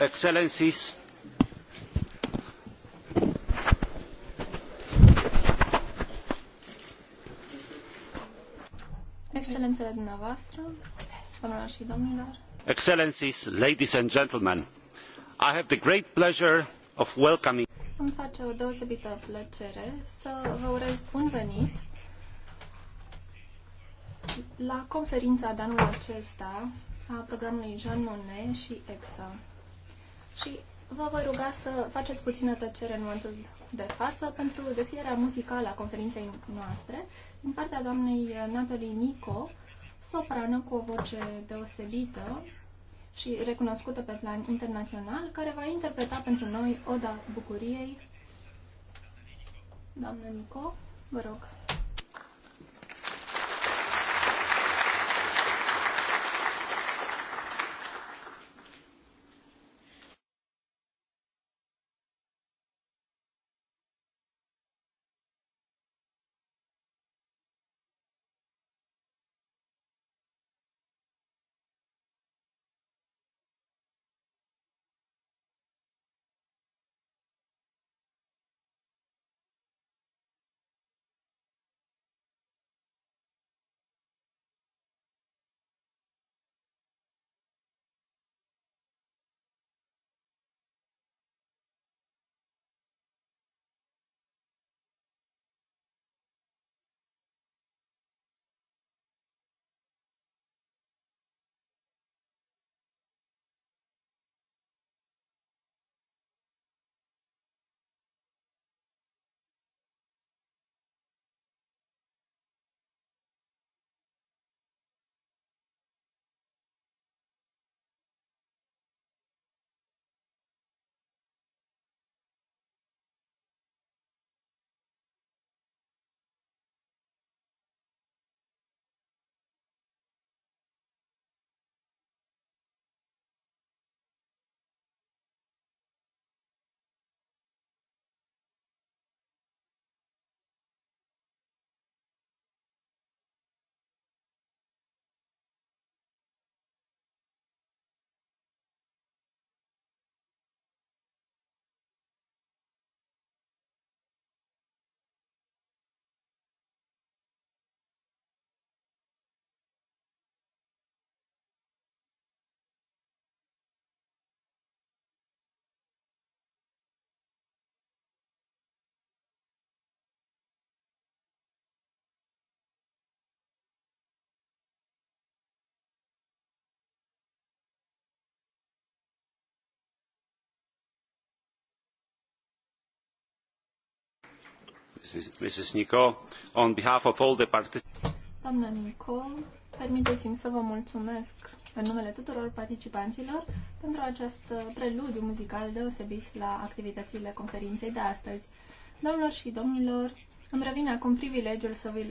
excellencies Excelențele dumneavoastră, doamnelor și domnilor. Excellencies, ladies and gentlemen, I have the great pleasure of welcoming. Îmi face o deosebită plăcere să vă urez bun venit la conferința de anul acesta a programului Jean Monnet și EXA și vă voi ruga să faceți puțină tăcere în momentul de față pentru deschiderea muzicală a conferinței noastre din partea doamnei Natalie Nico, soprană cu o voce deosebită și recunoscută pe plan internațional, care va interpreta pentru noi Oda Bucuriei. Doamnă Nico, vă rog. Mrs. Nico, on behalf of all the Doamna Nico, permiteți-mi să vă mulțumesc în numele tuturor participanților pentru acest preludiu muzical deosebit la activitățile conferinței de astăzi. Domnilor și domnilor, îmi revine acum privilegiul să vi,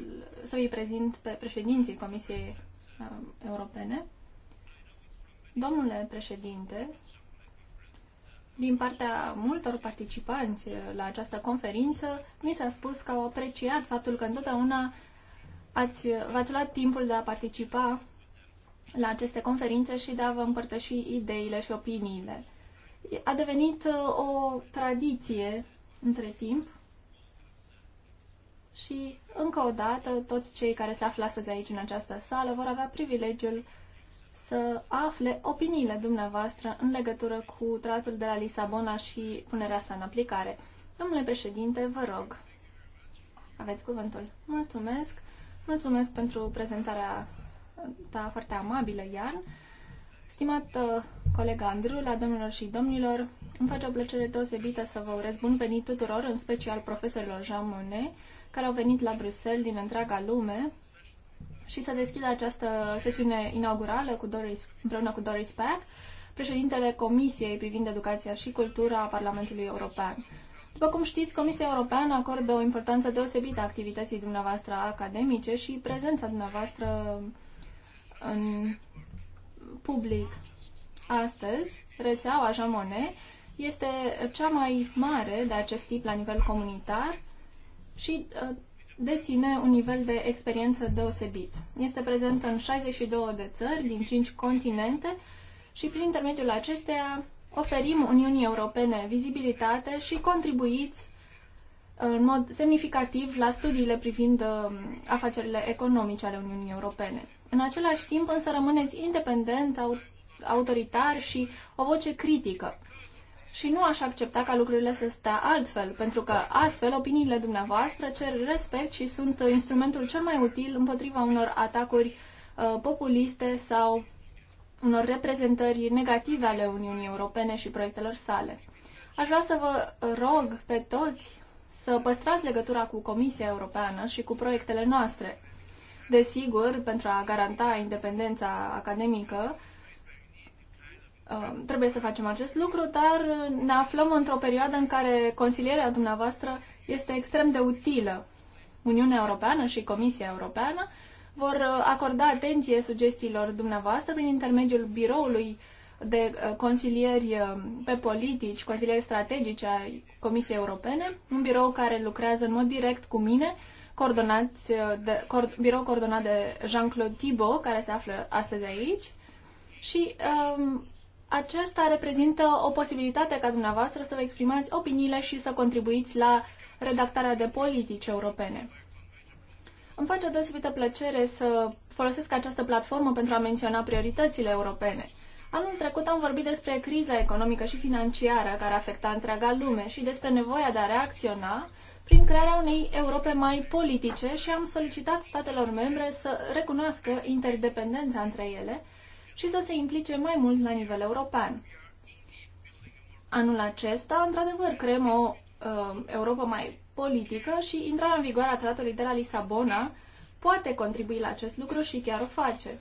să vi prezint pe președinții Comisiei uh, Europene. Domnule președinte, din partea multor participanți la această conferință, mi s-a spus că au apreciat faptul că întotdeauna ați, v-ați luat timpul de a participa la aceste conferințe și de a vă împărtăși ideile și opiniile. A devenit uh, o tradiție între timp și, încă o dată, toți cei care se află astăzi aici în această sală vor avea privilegiul să afle opiniile dumneavoastră în legătură cu tratul de la Lisabona și punerea sa în aplicare. Domnule președinte, vă rog, aveți cuvântul. Mulțumesc, mulțumesc pentru prezentarea ta foarte amabilă, Ian. Stimat uh, colega Andrew, la domnilor și domnilor, îmi face o plăcere deosebită să vă urez bun venit tuturor, în special profesorilor Jean Monnet, care au venit la Bruxelles din întreaga lume și să deschidă această sesiune inaugurală cu Doris, împreună cu Doris Pack, președintele Comisiei privind educația și cultura a Parlamentului European. După cum știți, Comisia Europeană acordă o importanță deosebită activității dumneavoastră academice și prezența dumneavoastră în public. Astăzi, rețeaua Jamone este cea mai mare de acest tip la nivel comunitar și uh, deține un nivel de experiență deosebit. Este prezentă în 62 de țări din 5 continente și prin intermediul acesteia oferim Uniunii Europene vizibilitate și contribuiți uh, în mod semnificativ la studiile privind uh, afacerile economice ale Uniunii Europene. În același timp, însă, rămâneți independent, autoritari și o voce critică și nu aș accepta ca lucrurile să stea altfel, pentru că astfel opiniile dumneavoastră cer respect și sunt instrumentul cel mai util împotriva unor atacuri uh, populiste sau unor reprezentări negative ale Uniunii Europene și proiectelor sale. Aș vrea să vă rog pe toți să păstrați legătura cu Comisia Europeană și cu proiectele noastre. Desigur, pentru a garanta independența academică, Um, trebuie să facem acest lucru, dar uh, ne aflăm într-o perioadă în care consilierea dumneavoastră este extrem de utilă. Uniunea Europeană și Comisia Europeană vor uh, acorda atenție sugestiilor dumneavoastră prin intermediul biroului de uh, consilieri pe politici, consilieri strategici ai Comisiei Europene, un birou care lucrează în mod direct cu mine, coordonați de, cor, birou coordonat de Jean-Claude Thibault, care se află astăzi aici, și um, aceasta reprezintă o posibilitate ca dumneavoastră să vă exprimați opiniile și să contribuiți la redactarea de politici europene. Îmi face o deosebită plăcere să folosesc această platformă pentru a menționa prioritățile europene. Anul trecut am vorbit despre criza economică și financiară care afecta întreaga lume și despre nevoia de a reacționa prin crearea unei Europe mai politice și am solicitat statelor membre să recunoască interdependența între ele și să se implice mai mult la nivel european. Anul acesta, într-adevăr, creăm o uh, Europa mai politică și intrarea în vigoare a tratatului de la Lisabona poate contribui la acest lucru și chiar o face.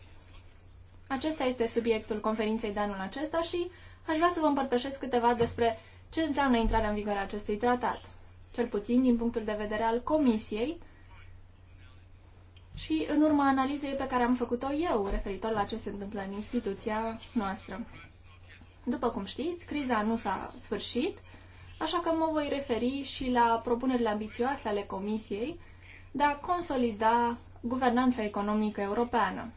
Acesta este subiectul conferinței de anul acesta și aș vrea să vă împărtășesc câteva despre ce înseamnă intrarea în vigoare a acestui tratat, cel puțin din punctul de vedere al Comisiei, și în urma analizei pe care am făcut-o eu referitor la ce se întâmplă în instituția noastră. După cum știți, criza nu s-a sfârșit, așa că mă voi referi și la propunerile ambițioase ale Comisiei de a consolida guvernanța economică europeană.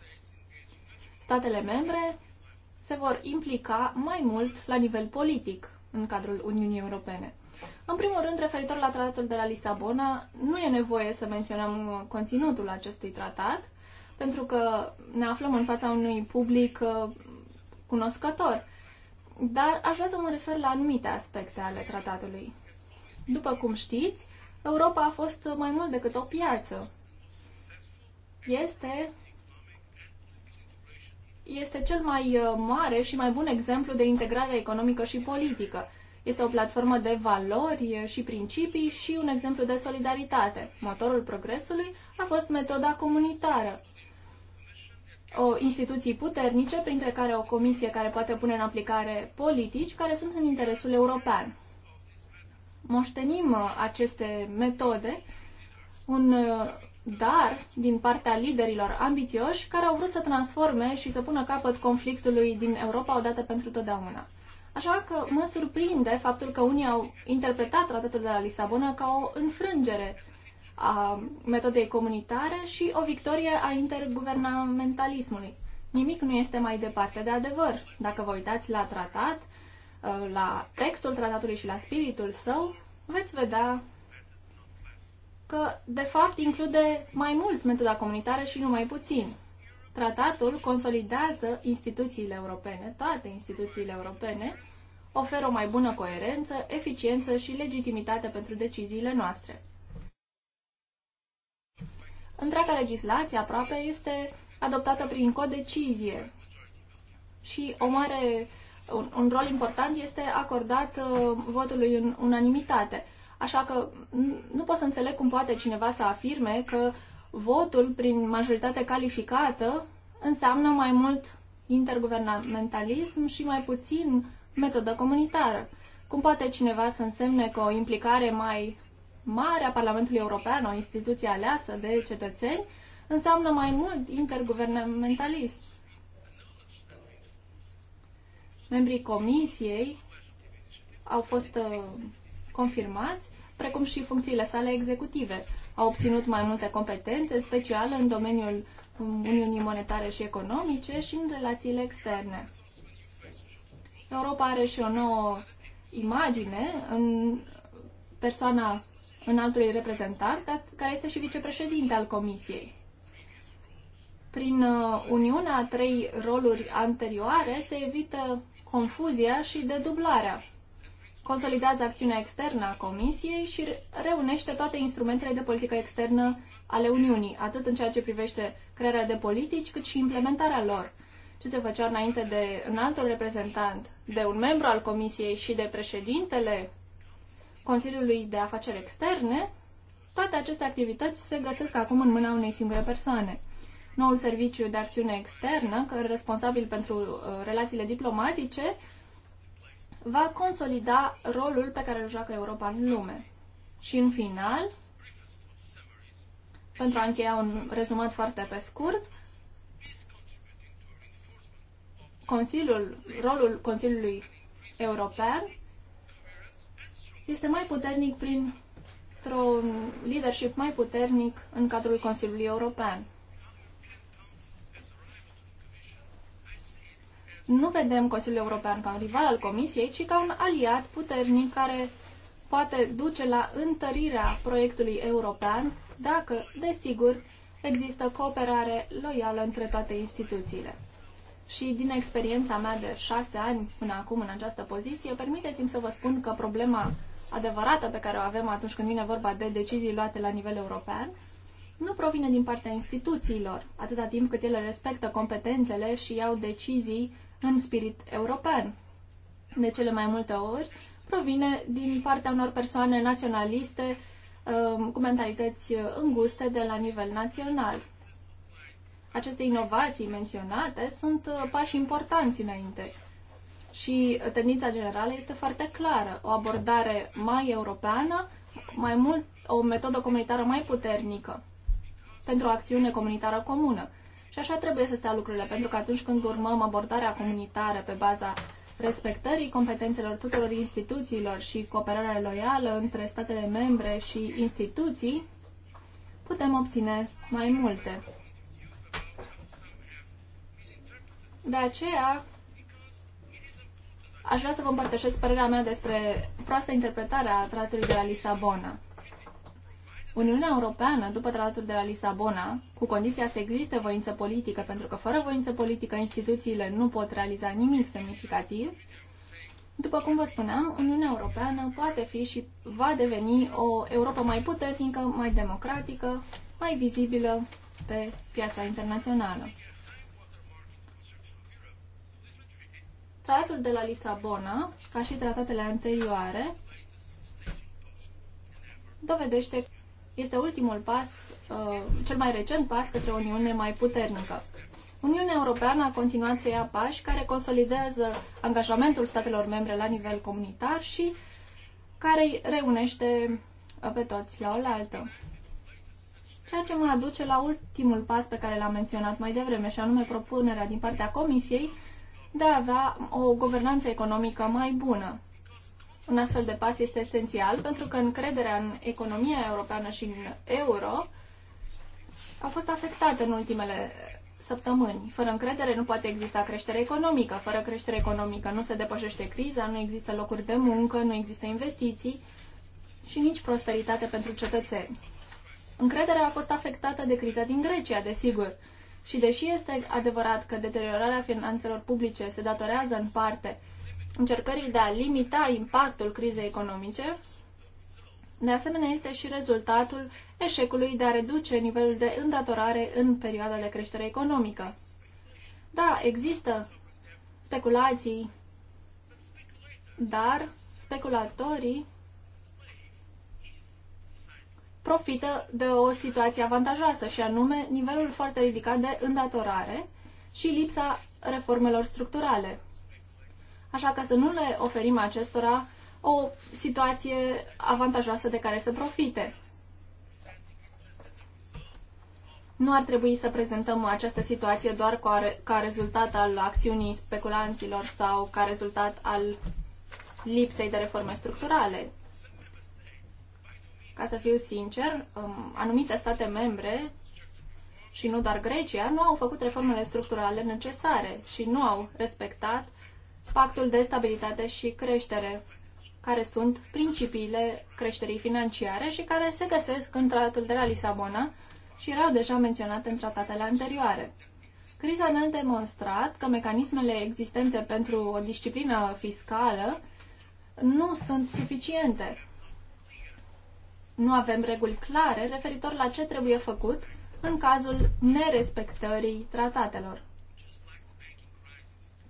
Statele membre se vor implica mai mult la nivel politic în cadrul Uniunii Europene. În primul rând, referitor la tratatul de la Lisabona, nu e nevoie să menționăm conținutul acestui tratat, pentru că ne aflăm în fața unui public uh, cunoscător. Dar aș vrea să mă refer la anumite aspecte ale tratatului. După cum știți, Europa a fost mai mult decât o piață. Este este cel mai uh, mare și mai bun exemplu de integrare economică și politică. Este o platformă de valori și principii și un exemplu de solidaritate. Motorul progresului a fost metoda comunitară. O instituții puternice, printre care o comisie care poate pune în aplicare politici care sunt în interesul european. Moștenim uh, aceste metode, un uh, dar din partea liderilor ambițioși care au vrut să transforme și să pună capăt conflictului din Europa odată pentru totdeauna. Așa că mă surprinde faptul că unii au interpretat tratatul de la Lisabona ca o înfrângere a metodei comunitare și o victorie a interguvernamentalismului. Nimic nu este mai departe de adevăr. Dacă vă uitați la tratat, uh, la textul tratatului și la spiritul său, veți vedea că, de fapt, include mai mult metoda comunitară și nu mai puțin. Tratatul consolidează instituțiile europene, toate instituțiile europene, oferă o mai bună coerență, eficiență și legitimitate pentru deciziile noastre. Întreaga legislație aproape este adoptată prin codecizie și o mare, un, un rol important este acordat uh, votului în unanimitate. Așa că nu pot să înțeleg cum poate cineva să afirme că uh, votul prin majoritate calificată înseamnă mai mult interguvernamentalism și mai puțin metodă comunitară. Cum poate cineva să însemne că o implicare mai mare a Parlamentului European, o instituție aleasă de cetățeni, înseamnă mai mult interguvernamentalism? Membrii comisiei au fost uh, confirmați, precum și funcțiile sale executive a obținut mai multe competențe, în special în domeniul Uniunii Monetare și Economice și în relațiile externe. Europa are și o nouă imagine în persoana înaltului reprezentant, care este și vicepreședinte al Comisiei. Prin uh, uniunea a trei roluri anterioare se evită confuzia și dedublarea consolidează acțiunea externă a Comisiei și reunește toate instrumentele de politică externă ale Uniunii, atât în ceea ce privește crearea de politici, cât și implementarea lor. Ce se făcea înainte de un alt reprezentant, de un membru al Comisiei și de președintele Consiliului de Afaceri Externe, toate aceste activități se găsesc acum în mâna unei singure persoane. Noul serviciu de acțiune externă, responsabil pentru uh, relațiile diplomatice, va consolida rolul pe care îl joacă Europa în lume. Și în final, pentru a încheia un rezumat foarte pe scurt, Consiliul, rolul Consiliului European este mai puternic prin un leadership mai puternic în cadrul Consiliului European. nu vedem Consiliul European ca un rival al Comisiei, ci ca un aliat puternic care poate duce la întărirea proiectului european dacă, desigur, există cooperare loială între toate instituțiile. Și din experiența mea de șase ani până acum în această poziție, permiteți-mi să vă spun că problema adevărată pe care o avem atunci când vine vorba de decizii luate la nivel european nu provine din partea instituțiilor, atâta timp cât ele respectă competențele și iau decizii în spirit european. De cele mai multe ori provine din partea unor persoane naționaliste um, cu mentalități uh, înguste de la nivel național. Aceste inovații menționate sunt uh, pași importanți înainte și tendința generală este foarte clară. O abordare mai europeană, mai mult o metodă comunitară mai puternică pentru o acțiune comunitară comună. Și așa trebuie să stea lucrurile, pentru că atunci când urmăm abordarea comunitară pe baza respectării competențelor tuturor instituțiilor și cooperarea loială între statele membre și instituții, putem obține mai multe. De aceea, aș vrea să vă împărtășesc părerea mea despre proasta interpretare a tratului de la Lisabona. Uniunea Europeană, după tratatul de la Lisabona, cu condiția să existe voință politică, pentru că fără voință politică instituțiile nu pot realiza nimic semnificativ, după cum vă spuneam, Uniunea Europeană poate fi și va deveni o Europa mai puternică, mai democratică, mai vizibilă pe piața internațională. Tratatul de la Lisabona, ca și tratatele anterioare, dovedește este ultimul pas, uh, cel mai recent pas către o Uniune mai puternică. Uniunea Europeană a continuat să ia pași care consolidează angajamentul statelor membre la nivel comunitar și care îi reunește uh, pe toți la oaltă. Ceea ce mă aduce la ultimul pas pe care l-am menționat mai devreme, și anume propunerea din partea Comisiei de a avea o guvernanță economică mai bună. Un astfel de pas este esențial pentru că încrederea în economia europeană și în euro a fost afectată în ultimele săptămâni. Fără încredere nu poate exista creștere economică. Fără creștere economică nu se depășește criza, nu există locuri de muncă, nu există investiții și nici prosperitate pentru cetățeni. Încrederea a fost afectată de criza din Grecia, desigur. Și deși este adevărat că deteriorarea finanțelor publice se datorează în parte încercării de a limita impactul crizei economice, de asemenea este și rezultatul eșecului de a reduce nivelul de îndatorare în perioada de creștere economică. Da, există speculații, dar speculatorii profită de o situație avantajoasă și anume nivelul foarte ridicat de îndatorare și lipsa reformelor structurale așa că să nu le oferim acestora o situație avantajoasă de care să profite. Nu ar trebui să prezentăm această situație doar ca rezultat al acțiunii speculanților sau ca rezultat al lipsei de reforme structurale. Ca să fiu sincer, um, anumite state membre și nu doar Grecia, nu au făcut reformele structurale necesare și nu au respectat pactul de stabilitate și creștere, care sunt principiile creșterii financiare și care se găsesc în tratatul de la Lisabona și erau deja menționate în tratatele anterioare. Criza ne-a demonstrat că mecanismele existente pentru o disciplină fiscală nu sunt suficiente. Nu avem reguli clare referitor la ce trebuie făcut în cazul nerespectării tratatelor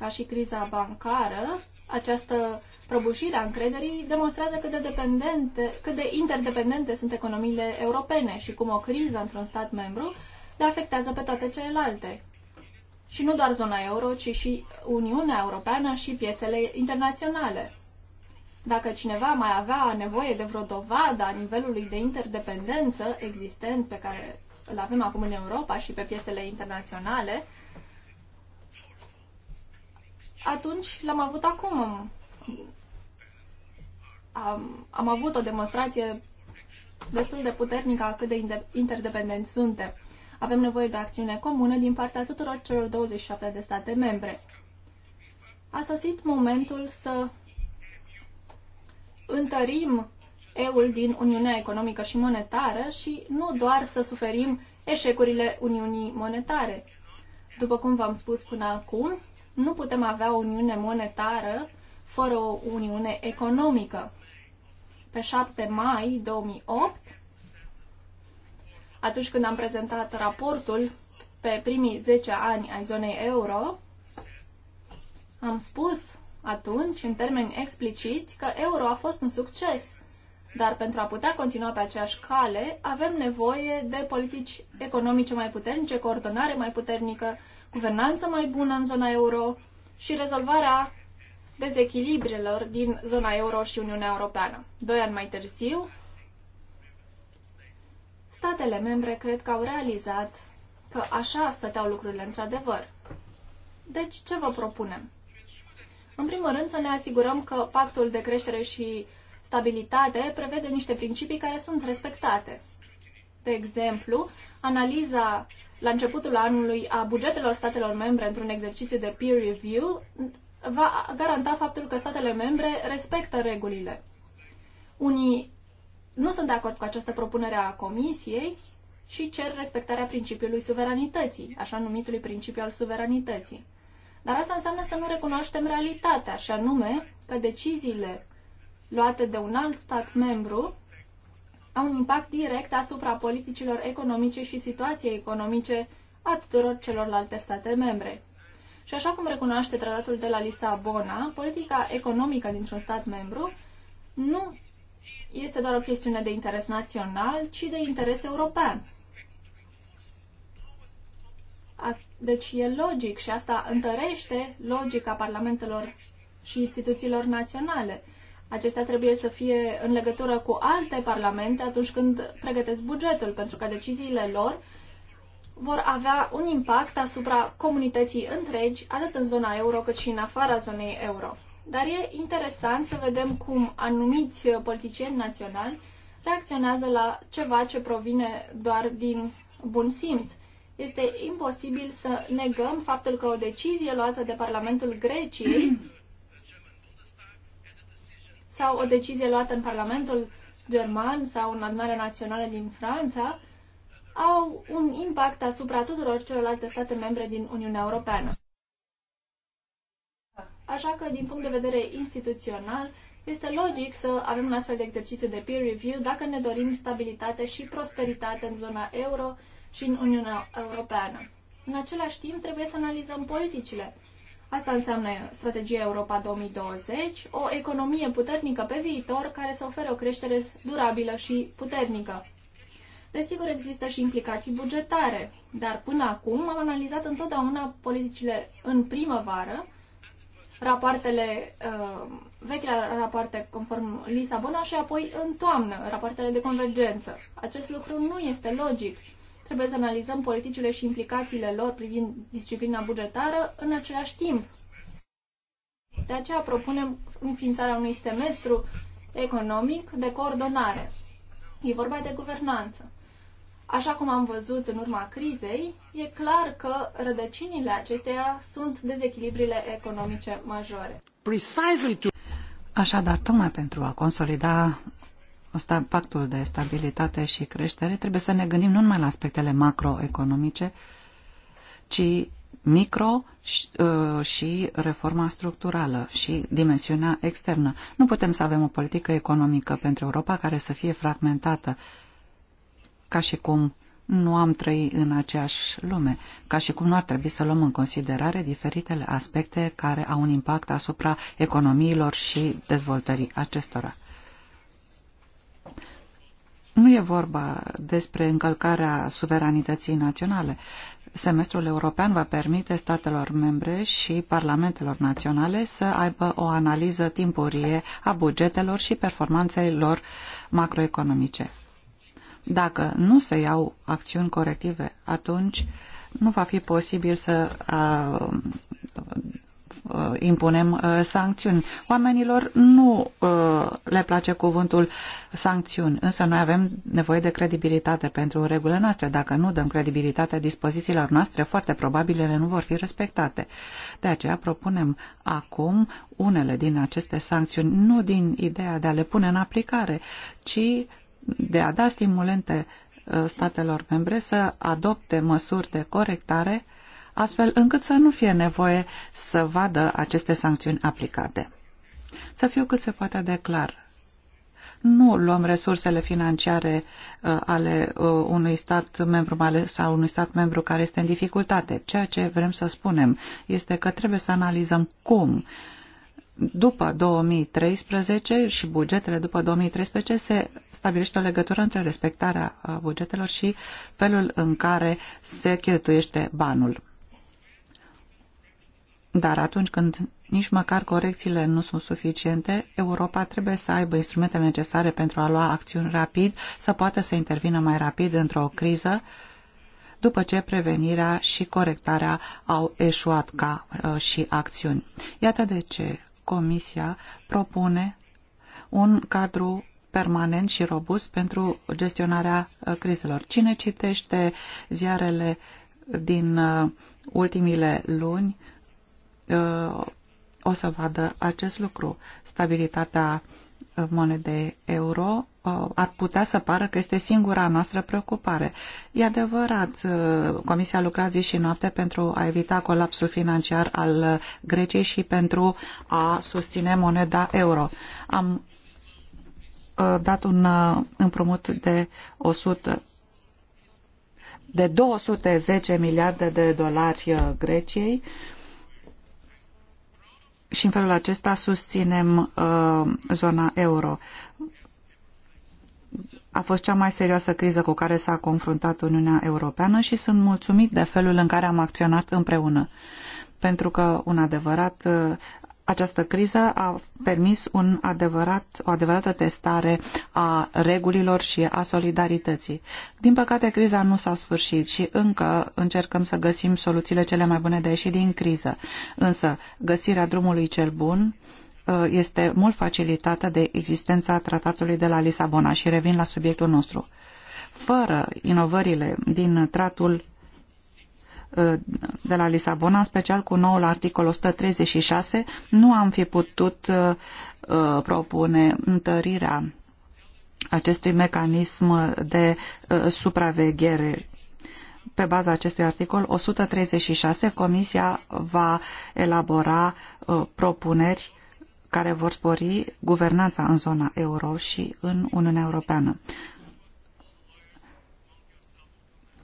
ca și criza bancară, această prăbușire a încrederii demonstrează cât de, dependente, cât de interdependente sunt economiile europene și cum o criză într-un stat membru le afectează pe toate celelalte. Și nu doar zona euro, ci și Uniunea Europeană și piețele internaționale. Dacă cineva mai avea nevoie de vreo dovadă a nivelului de interdependență existent pe care îl avem acum în Europa și pe piețele internaționale, atunci l-am avut acum. Am, am avut o demonstrație destul de puternică a cât de interdependenți suntem. Avem nevoie de o acțiune comună din partea tuturor celor 27 de state membre. A sosit momentul să întărim EU-ul din Uniunea Economică și Monetară și nu doar să suferim eșecurile Uniunii Monetare. După cum v-am spus până acum, nu putem avea o uniune monetară fără o uniune economică. Pe 7 mai 2008, atunci când am prezentat raportul pe primii 10 ani ai zonei euro, am spus atunci, în termeni expliciți, că euro a fost un succes, dar pentru a putea continua pe aceeași cale, avem nevoie de politici economice mai puternice, coordonare mai puternică, guvernanță mai bună în zona euro și rezolvarea dezechilibrelor din zona euro și Uniunea Europeană. Doi ani mai târziu, statele membre cred că au realizat că așa stăteau lucrurile într-adevăr. Deci, ce vă propunem? În primul rând, să ne asigurăm că pactul de creștere și stabilitate prevede niște principii care sunt respectate. De exemplu, analiza la începutul anului a bugetelor statelor membre într-un exercițiu de peer review va garanta faptul că statele membre respectă regulile. Unii nu sunt de acord cu această propunere a Comisiei și cer respectarea principiului suveranității, așa numitului principiu al suveranității. Dar asta înseamnă să nu recunoaștem realitatea, și anume că deciziile luate de un alt stat membru au un impact direct asupra politicilor economice și situației economice a tuturor celorlalte state membre. Și așa cum recunoaște tratatul de la Lisabona, politica economică dintr-un stat membru nu este doar o chestiune de interes național, ci de interes european. Deci e logic și asta întărește logica parlamentelor și instituțiilor naționale. Acestea trebuie să fie în legătură cu alte parlamente atunci când pregătesc bugetul, pentru că deciziile lor vor avea un impact asupra comunității întregi, atât în zona euro cât și în afara zonei euro. Dar e interesant să vedem cum anumiți politicieni naționali reacționează la ceva ce provine doar din bun simț. Este imposibil să negăm faptul că o decizie luată de Parlamentul Greciei sau o decizie luată în Parlamentul German sau în Adunarea Națională din Franța au un impact asupra tuturor celorlalte state membre din Uniunea Europeană. Așa că, din punct de vedere instituțional, este logic să avem un astfel de exercițiu de peer review dacă ne dorim stabilitate și prosperitate în zona euro și în Uniunea Europeană. În același timp, trebuie să analizăm politicile Asta înseamnă strategia Europa 2020, o economie puternică pe viitor care să ofere o creștere durabilă și puternică. Desigur, există și implicații bugetare, dar până acum am analizat întotdeauna politicile în primăvară, rapoartele, uh, vechile rapoarte conform Lisabona și apoi în toamnă, rapoartele de convergență. Acest lucru nu este logic trebuie să analizăm politicile și implicațiile lor privind disciplina bugetară în același timp. De aceea propunem înființarea unui semestru economic de coordonare. E vorba de guvernanță. Așa cum am văzut în urma crizei, e clar că rădăcinile acesteia sunt dezechilibrile economice majore. Așadar, tocmai pentru a consolida pactul de stabilitate și creștere, trebuie să ne gândim nu numai la aspectele macroeconomice, ci micro și, uh, și reforma structurală și dimensiunea externă. Nu putem să avem o politică economică pentru Europa care să fie fragmentată, ca și cum nu am trăi în aceeași lume, ca și cum nu ar trebui să luăm în considerare diferitele aspecte care au un impact asupra economiilor și dezvoltării acestora. Nu e vorba despre încălcarea suveranității naționale. Semestrul european va permite statelor membre și parlamentelor naționale să aibă o analiză timpurie a bugetelor și performanței lor macroeconomice. Dacă nu se iau acțiuni corective, atunci nu va fi posibil să uh, Uh, impunem uh, sancțiuni. Oamenilor nu uh, le place cuvântul sancțiuni, însă noi avem nevoie de credibilitate pentru regulile noastre. Dacă nu dăm credibilitate dispozițiilor noastre, foarte probabil ele nu vor fi respectate. De aceea propunem acum unele din aceste sancțiuni, nu din ideea de a le pune în aplicare, ci de a da stimulente statelor membre să adopte măsuri de corectare uh, astfel încât să nu fie nevoie să vadă aceste sancțiuni aplicate. Să fiu cât se poate de clar. Nu luăm resursele financiare uh, ale uh, unui stat membru sau unui stat membru care este în dificultate. Ceea ce vrem să spunem este că trebuie să analizăm cum după 2013 și bugetele după 2013 se stabilește o legătură între respectarea uh, bugetelor și felul în care se cheltuiește banul. Dar atunci când nici măcar corecțiile nu sunt suficiente, Europa trebuie să aibă instrumentele necesare pentru a lua acțiuni rapid, să poată să intervină mai rapid într-o criză, după ce prevenirea și corectarea au eșuat ca uh, și acțiuni. Iată de ce Comisia propune un cadru permanent și robust pentru gestionarea uh, crizelor. Cine citește ziarele din uh, ultimile luni Uh, o să vadă acest lucru. Stabilitatea monedei euro uh, ar putea să pară că este singura noastră preocupare. E adevărat, uh, Comisia lucra zi și noapte pentru a evita colapsul financiar al Greciei și pentru a susține moneda euro. Am dat un împrumut de 100 de 210 miliarde de dolari Greciei și în felul acesta susținem uh, zona euro. A fost cea mai serioasă criză cu care s-a confruntat Uniunea Europeană și sunt mulțumit de felul în care am acționat împreună. Pentru că un adevărat uh, această criză a permis un adevărat, o adevărată testare a regulilor și a solidarității. Din păcate, criza nu s-a sfârșit și încă încercăm să găsim soluțiile cele mai bune de a ieși din criză. Însă, găsirea drumului cel bun uh, este mult facilitată de existența tratatului de la Lisabona și revin la subiectul nostru. Fără inovările din tratul Uh, de la Lisabona, în special cu noul articol 136, nu am fi putut uh, uh, propune întărirea acestui mecanism de supraveghere pe baza acestui articol 136, Comisia va elabora propuneri care vor spori guvernanța în zona euro și în Uniunea Europeană.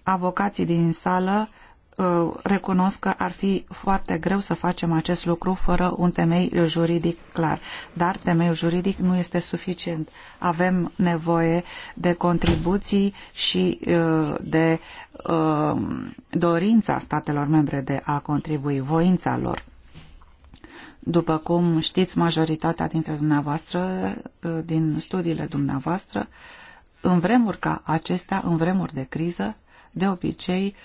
Avocații din sală Uh, recunosc că ar fi foarte greu să facem acest lucru fără un temei juridic clar. Dar temeiul juridic nu este suficient. Avem nevoie de contribuții și uh, de uh, dorința statelor membre de a contribui, voința lor. După cum știți, majoritatea dintre dumneavoastră, din studiile dumneavoastră, în vremuri ca acestea, în vremuri de criză, de obicei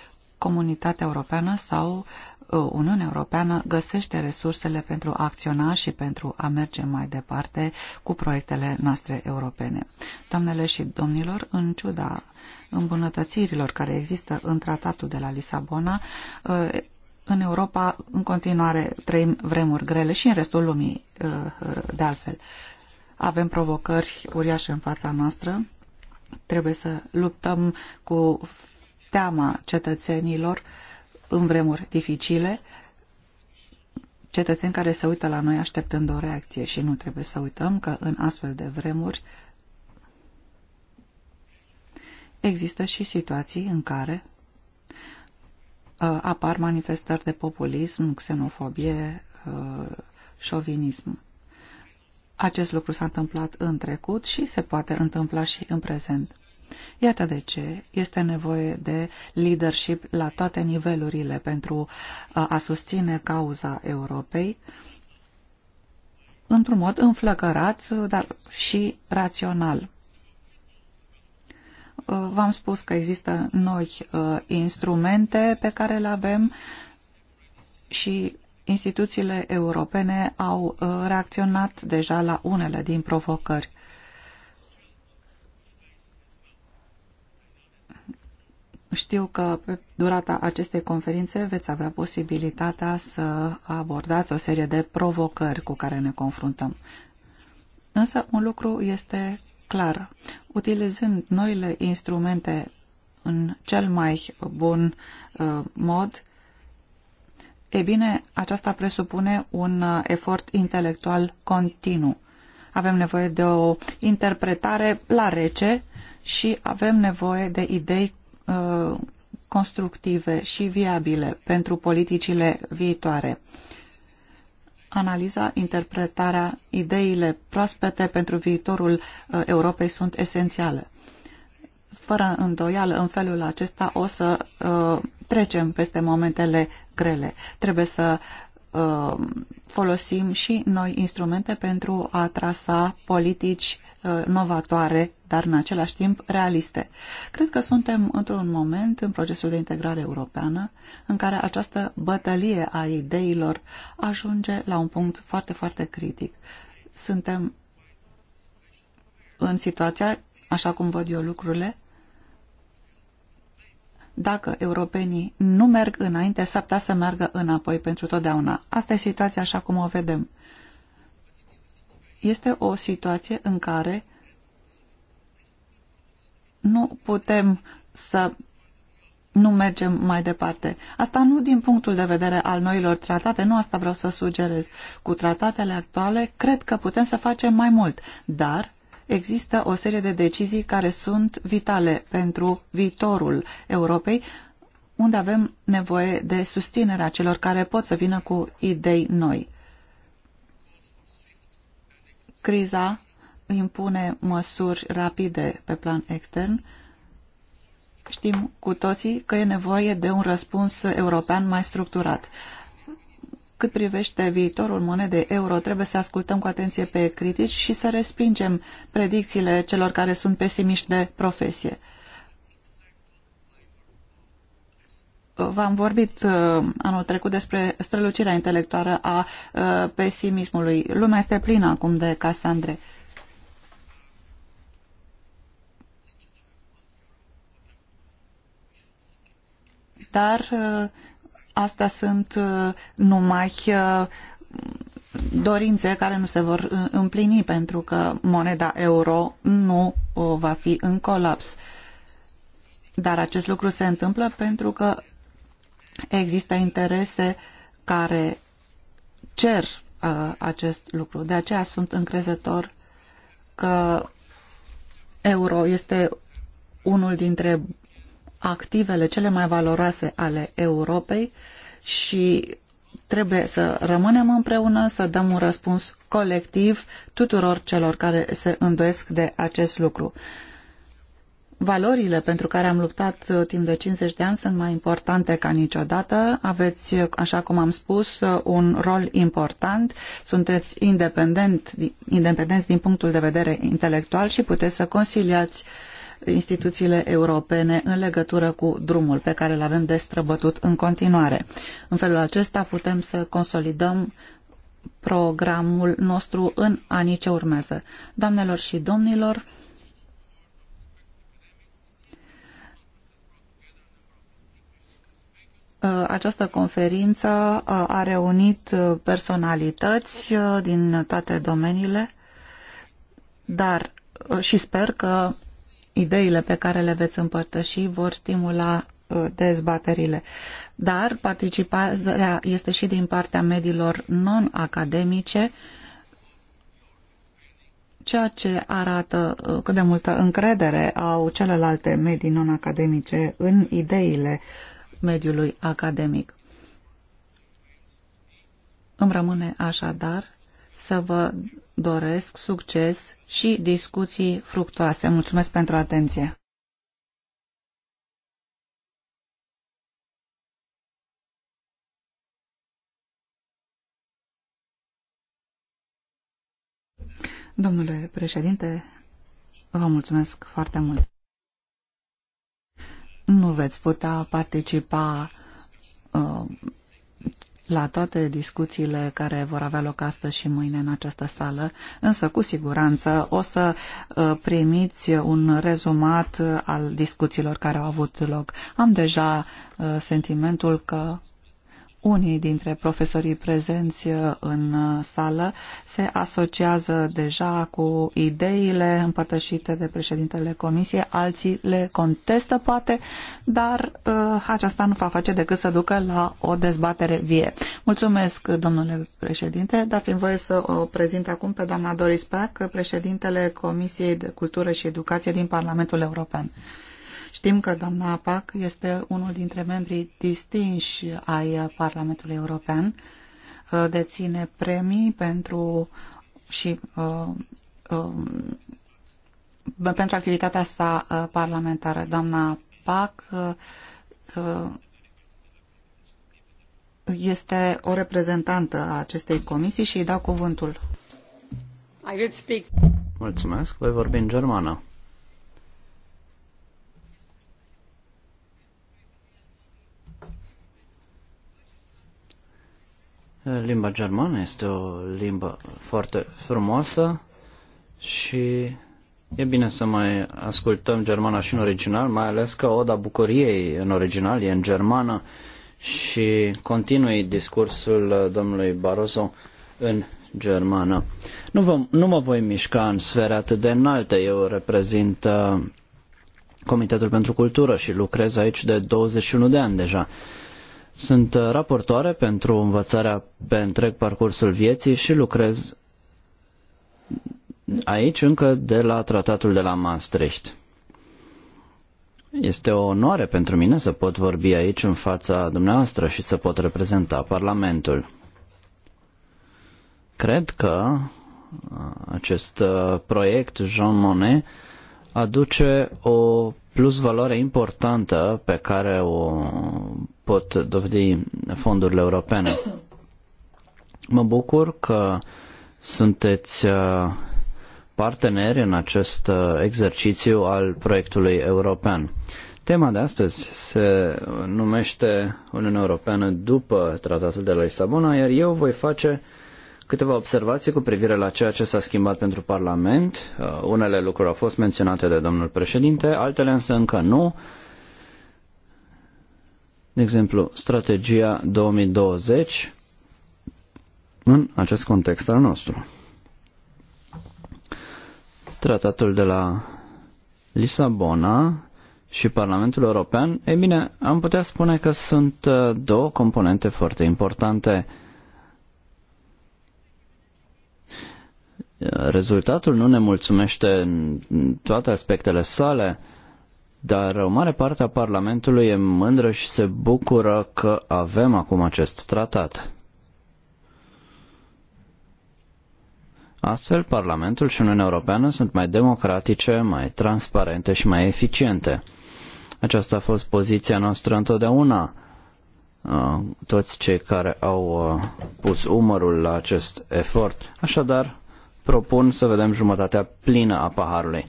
comunitatea europeană sau ă, Uniunea Europeană găsește resursele pentru a acționa și pentru a merge mai departe cu proiectele noastre europene. Doamnele și domnilor, în ciuda îmbunătățirilor care există în tratatul de la Lisabona, ă, în Europa în continuare trăim vremuri grele și în restul lumii ă, de altfel. Avem provocări uriașe în fața noastră, trebuie să luptăm cu teama cetățenilor în vremuri dificile, cetățeni care se uită la noi așteptând o reacție și nu trebuie să uităm că în astfel de vremuri există și situații în care uh, apar manifestări de populism, xenofobie, uh, șovinism. Acest lucru s-a întâmplat în trecut și se poate întâmpla și în prezent. Iată de ce este nevoie de leadership la toate nivelurile pentru a susține cauza Europei într-un mod înflăcărat, dar și rațional. V-am spus că există noi instrumente pe care le avem și instituțiile europene au reacționat deja la unele din provocări. Știu că pe durata acestei conferințe veți avea posibilitatea să abordați o serie de provocări cu care ne confruntăm. Însă un lucru este clar. Utilizând noile instrumente în cel mai bun uh, mod, e bine, aceasta presupune un uh, efort intelectual continuu. Avem nevoie de o interpretare la rece și avem nevoie de idei Uh, constructive și viabile pentru politicile viitoare. Analiza, interpretarea, ideile proaspete pentru viitorul uh, Europei sunt esențiale. Fără îndoială, în felul acesta o să uh, trecem peste momentele grele. Trebuie să folosim și noi instrumente pentru a trasa politici novatoare dar în același timp realiste. Cred că suntem într-un moment în procesul de integrare europeană în care această bătălie a ideilor ajunge la un punct foarte, foarte critic. Suntem în situația, așa cum văd eu lucrurile, dacă europenii nu merg înainte, s-ar putea să meargă înapoi pentru totdeauna. Asta e situația așa cum o vedem. Este o situație în care nu putem să nu mergem mai departe. Asta nu din punctul de vedere al noilor tratate, nu asta vreau să sugerez. Cu tratatele actuale, cred că putem să facem mai mult, dar există o serie de decizii care sunt vitale pentru viitorul Europei, unde avem nevoie de susținerea celor care pot să vină cu idei noi. Criza impune măsuri rapide pe plan extern, știm cu toții că e nevoie de un răspuns european mai structurat. Cât privește viitorul monedei euro, trebuie să ascultăm cu atenție pe critici și să respingem predicțiile celor care sunt pesimiști de profesie. V-am vorbit uh, anul trecut despre strălucirea intelectuală a uh, pesimismului. Lumea este plină acum de Casandre. Uh, dar uh, astea sunt uh, numai uh, dorințe care nu se vor împlini pentru că moneda euro nu va fi în colaps. Dar acest lucru se întâmplă pentru că există interese care cer uh, acest lucru. De aceea sunt încrezător că euro este unul dintre activele cele mai valoroase ale Europei și trebuie să rămânem împreună, să dăm un răspuns colectiv tuturor celor care se îndoiesc de acest lucru. Valorile pentru care am luptat uh, timp de 50 de ani sunt mai importante ca niciodată. Aveți, uh, așa cum am spus, uh, un rol important. Sunteți independent, independenți din punctul de vedere intelectual și puteți să conciliați uh, instituțiile europene în legătură cu drumul pe care îl avem de străbătut în continuare. În felul acesta putem să consolidăm programul nostru în anii ce urmează. Doamnelor și domnilor, Această conferință a reunit personalități din toate domeniile, dar și sper că ideile pe care le veți împărtăși vor stimula uh, dezbaterile. Dar participarea este și din partea mediilor non-academice, ceea ce arată uh, cât de multă încredere au celelalte medii non-academice în ideile mediului academic. Îmi rămâne așadar să vă doresc succes și discuții fructoase. Mulțumesc pentru atenție! Domnule președinte, vă mulțumesc foarte mult. Nu veți putea participa uh, la toate discuțiile care vor avea loc astăzi și mâine în această sală, însă cu siguranță o să uh, primiți un rezumat uh, al discuțiilor care au avut loc. Am deja uh, sentimentul că unii dintre profesorii prezenți uh, în uh, sală se asociază deja cu ideile împărtășite de președintele comisiei, alții le contestă poate, dar uh, aceasta nu va face decât să ducă la o dezbatere vie. Mulțumesc, domnule președinte. Dați-mi voie să o prezint acum pe doamna Doris Pack, președintele Comisiei de Cultură și Educație din Parlamentul European. Știm că doamna Apac este unul dintre membrii distinși ai Parlamentului European, uh, deține premii pentru și uh, um, pentru activitatea sa uh, parlamentară. Doamna Pac uh, este o reprezentantă a acestei comisii și îi dau cuvântul. Mulțumesc, voi vorbi în germană. Limba germană este o limbă foarte frumoasă și e bine să mai ascultăm germana și în original, mai ales că Oda Bucuriei în original e în germană și continui discursul domnului Barroso în germană. Nu, vă, nu mă voi mișca în sfere atât de înalte. Eu reprezint uh, Comitetul pentru Cultură și lucrez aici de 21 de ani deja. Uh, sunt uh, raportoare pentru învățarea pe întreg parcursul vieții și lucrez aici încă de la tratatul de la Maastricht. Este o onoare pentru mine să pot vorbi aici în fața dumneavoastră și să pot reprezenta Parlamentul. Cred că uh, acest uh, proiect Jean Monnet aduce o plus valoare importantă pe care o pot dovedi fondurile europene. Mă bucur că sunteți uh, parteneri în acest uh, exercițiu al proiectului european. Tema de astăzi se numește Uniunea Europeană după Tratatul de la Lisabona, iar eu voi face Câteva observații cu privire la ceea ce s-a schimbat pentru Parlament. Uh, unele lucruri au fost menționate de domnul președinte, altele însă încă nu. De exemplu, strategia 2020 în acest context al nostru. Tratatul de la Lisabona și Parlamentul European, e bine, am putea spune că sunt uh, două componente foarte importante Rezultatul nu ne mulțumește în toate aspectele sale, dar o mare parte a Parlamentului e mândră și se bucură că avem acum acest tratat. Astfel, Parlamentul și Uniunea Europeană sunt mai democratice, mai transparente și mai eficiente. Aceasta a fost poziția noastră întotdeauna. Uh, toți cei care au uh, pus umărul la acest efort. Așadar, propun să vedem jumătatea plină a paharului.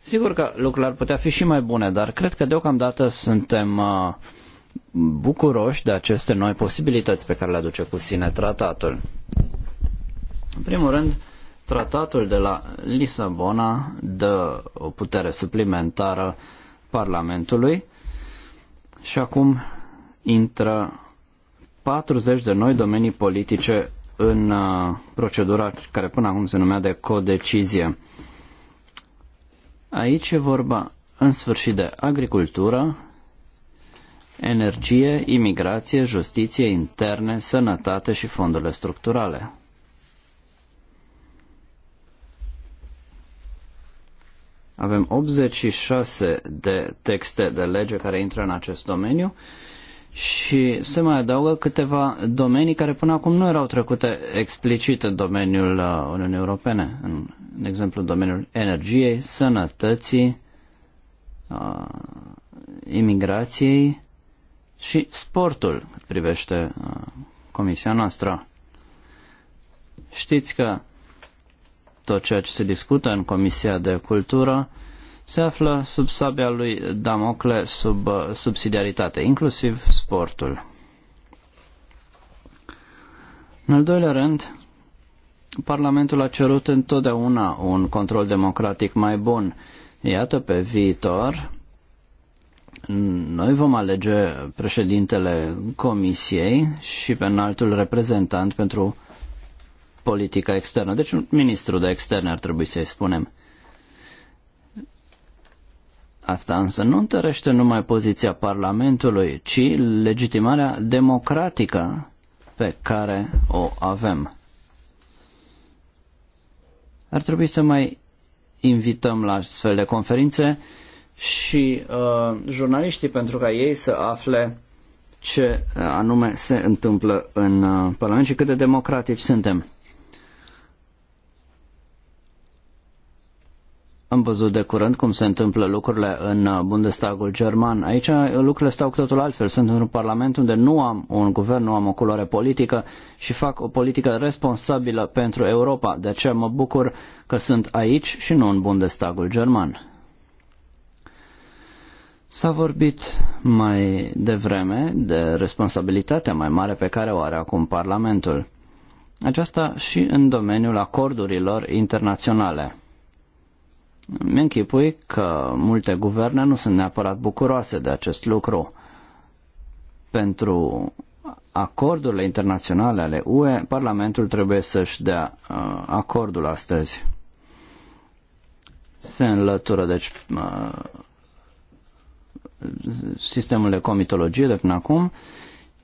Sigur că lucrurile ar putea fi și mai bune, dar cred că deocamdată suntem uh, bucuroși de aceste noi posibilități pe care le aduce cu sine tratatul. În primul rând, tratatul de la Lisabona dă o putere suplimentară Parlamentului și acum intră 40 de noi domenii politice în uh, procedura care până acum se numea de codecizie. Aici e vorba în sfârșit de agricultură, energie, imigrație, justiție, interne, sănătate și fondurile structurale. Avem 86 de texte de lege care intră în acest domeniu și se mai adaugă câteva domenii care până acum nu erau trecute explicit în domeniul uh, Uniunii Europene, în, în exemplu în domeniul energiei, sănătății, a, uh, imigrației și sportul, cât privește a, uh, comisia noastră. Știți că tot ceea ce se discută în Comisia de Cultură se află sub sabia lui Damocle, sub uh, subsidiaritate, inclusiv sportul. În al doilea rând, Parlamentul a cerut întotdeauna un control democratic mai bun. Iată, pe viitor, noi vom alege președintele Comisiei și pe înaltul reprezentant pentru politica externă. Deci un ministru de externe ar trebui să-i spunem. Asta însă nu întărește numai poziția Parlamentului, ci legitimarea democratică pe care o avem. Ar trebui să mai invităm la astfel de conferințe și uh, jurnaliștii pentru ca ei să afle ce anume se întâmplă în uh, Parlament și cât de democratici suntem. Am văzut de curând cum se întâmplă lucrurile în Bundestagul german. Aici lucrurile stau cu totul altfel. Sunt într-un parlament unde nu am un guvern, nu am o culoare politică și fac o politică responsabilă pentru Europa. De aceea mă bucur că sunt aici și nu în Bundestagul german. S-a vorbit mai devreme de responsabilitatea mai mare pe care o are acum Parlamentul. Aceasta și în domeniul acordurilor internaționale mi închipui că multe guverne nu sunt neapărat bucuroase de acest lucru. Pentru acordurile internaționale ale UE, Parlamentul trebuie să-și dea uh, acordul astăzi. Se înlătură, deci, uh, sistemul de comitologie de până acum,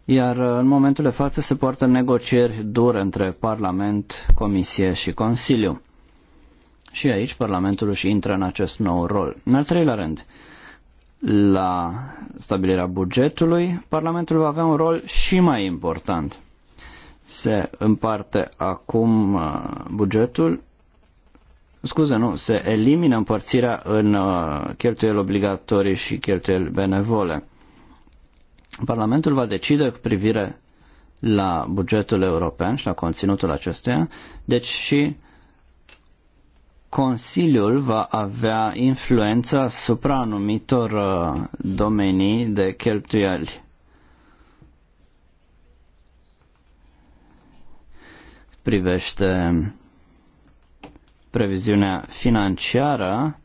iar uh, în momentul de față se poartă negocieri dure între Parlament, Comisie și Consiliu. Și aici Parlamentul își intră în acest nou rol. În al treilea rând, la stabilirea bugetului, Parlamentul va avea un rol și mai important. Se împarte acum uh, bugetul, scuze, nu, se elimină împărțirea în uh, cheltuieli obligatorii și cheltuieli benevole. Parlamentul va decide cu privire la bugetul european și la conținutul acestuia, deci și Consiliul va avea influența asupra anumitor uh, domenii de cheltuieli. Privește previziunea financiară,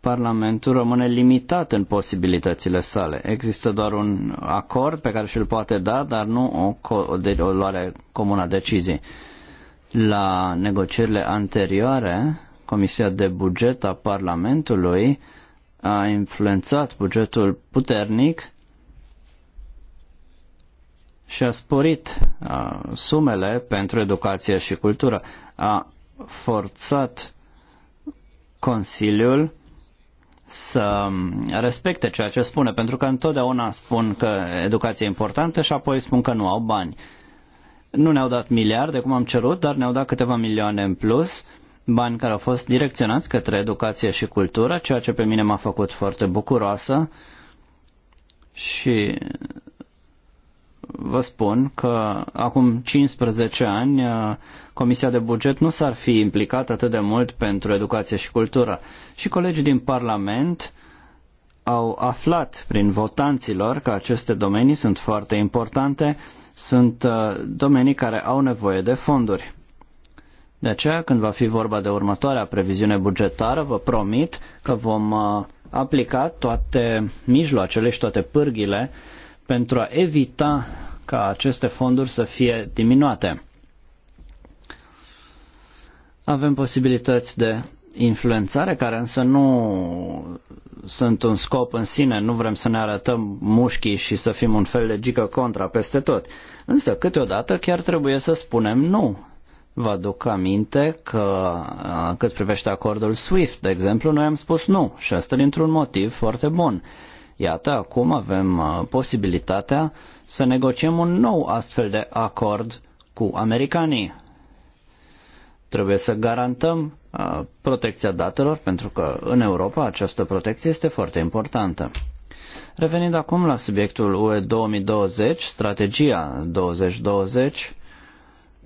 Parlamentul rămâne limitat în posibilitățile sale. Există doar un acord pe care și-l poate da, dar nu o, o, o luare comună a decizii. La negocierile anterioare, Comisia de Buget a Parlamentului a influențat bugetul puternic și a sporit a, sumele pentru educație și cultură. A forțat Consiliul să respecte ceea ce spune, pentru că întotdeauna spun că educația e importantă și apoi spun că nu au bani. Nu ne-au dat miliarde, cum am cerut, dar ne-au dat câteva milioane în plus, bani care au fost direcționați către educație și cultură, ceea ce pe mine m-a făcut foarte bucuroasă și vă spun că acum 15 ani uh, Comisia de Buget nu s-ar fi implicat atât de mult pentru educație și cultură. Și colegii din Parlament au aflat prin votanților că aceste domenii sunt foarte importante sunt uh, domenii care au nevoie de fonduri. De aceea, când va fi vorba de următoarea previziune bugetară, vă promit că vom uh, aplica toate mijloacele și toate pârghile pentru a evita ca aceste fonduri să fie diminuate. Avem posibilități de influențare care însă nu sunt un scop în sine, nu vrem să ne arătăm mușchii și să fim un fel de gică contra peste tot. Însă câteodată chiar trebuie să spunem nu. Vă aduc aminte că cât privește acordul SWIFT, de exemplu, noi am spus nu și asta dintr-un motiv foarte bun. Iată, acum avem posibilitatea să negociem un nou astfel de acord cu americanii. Trebuie să garantăm protecția datelor, pentru că în Europa această protecție este foarte importantă. Revenind acum la subiectul UE 2020, strategia 2020,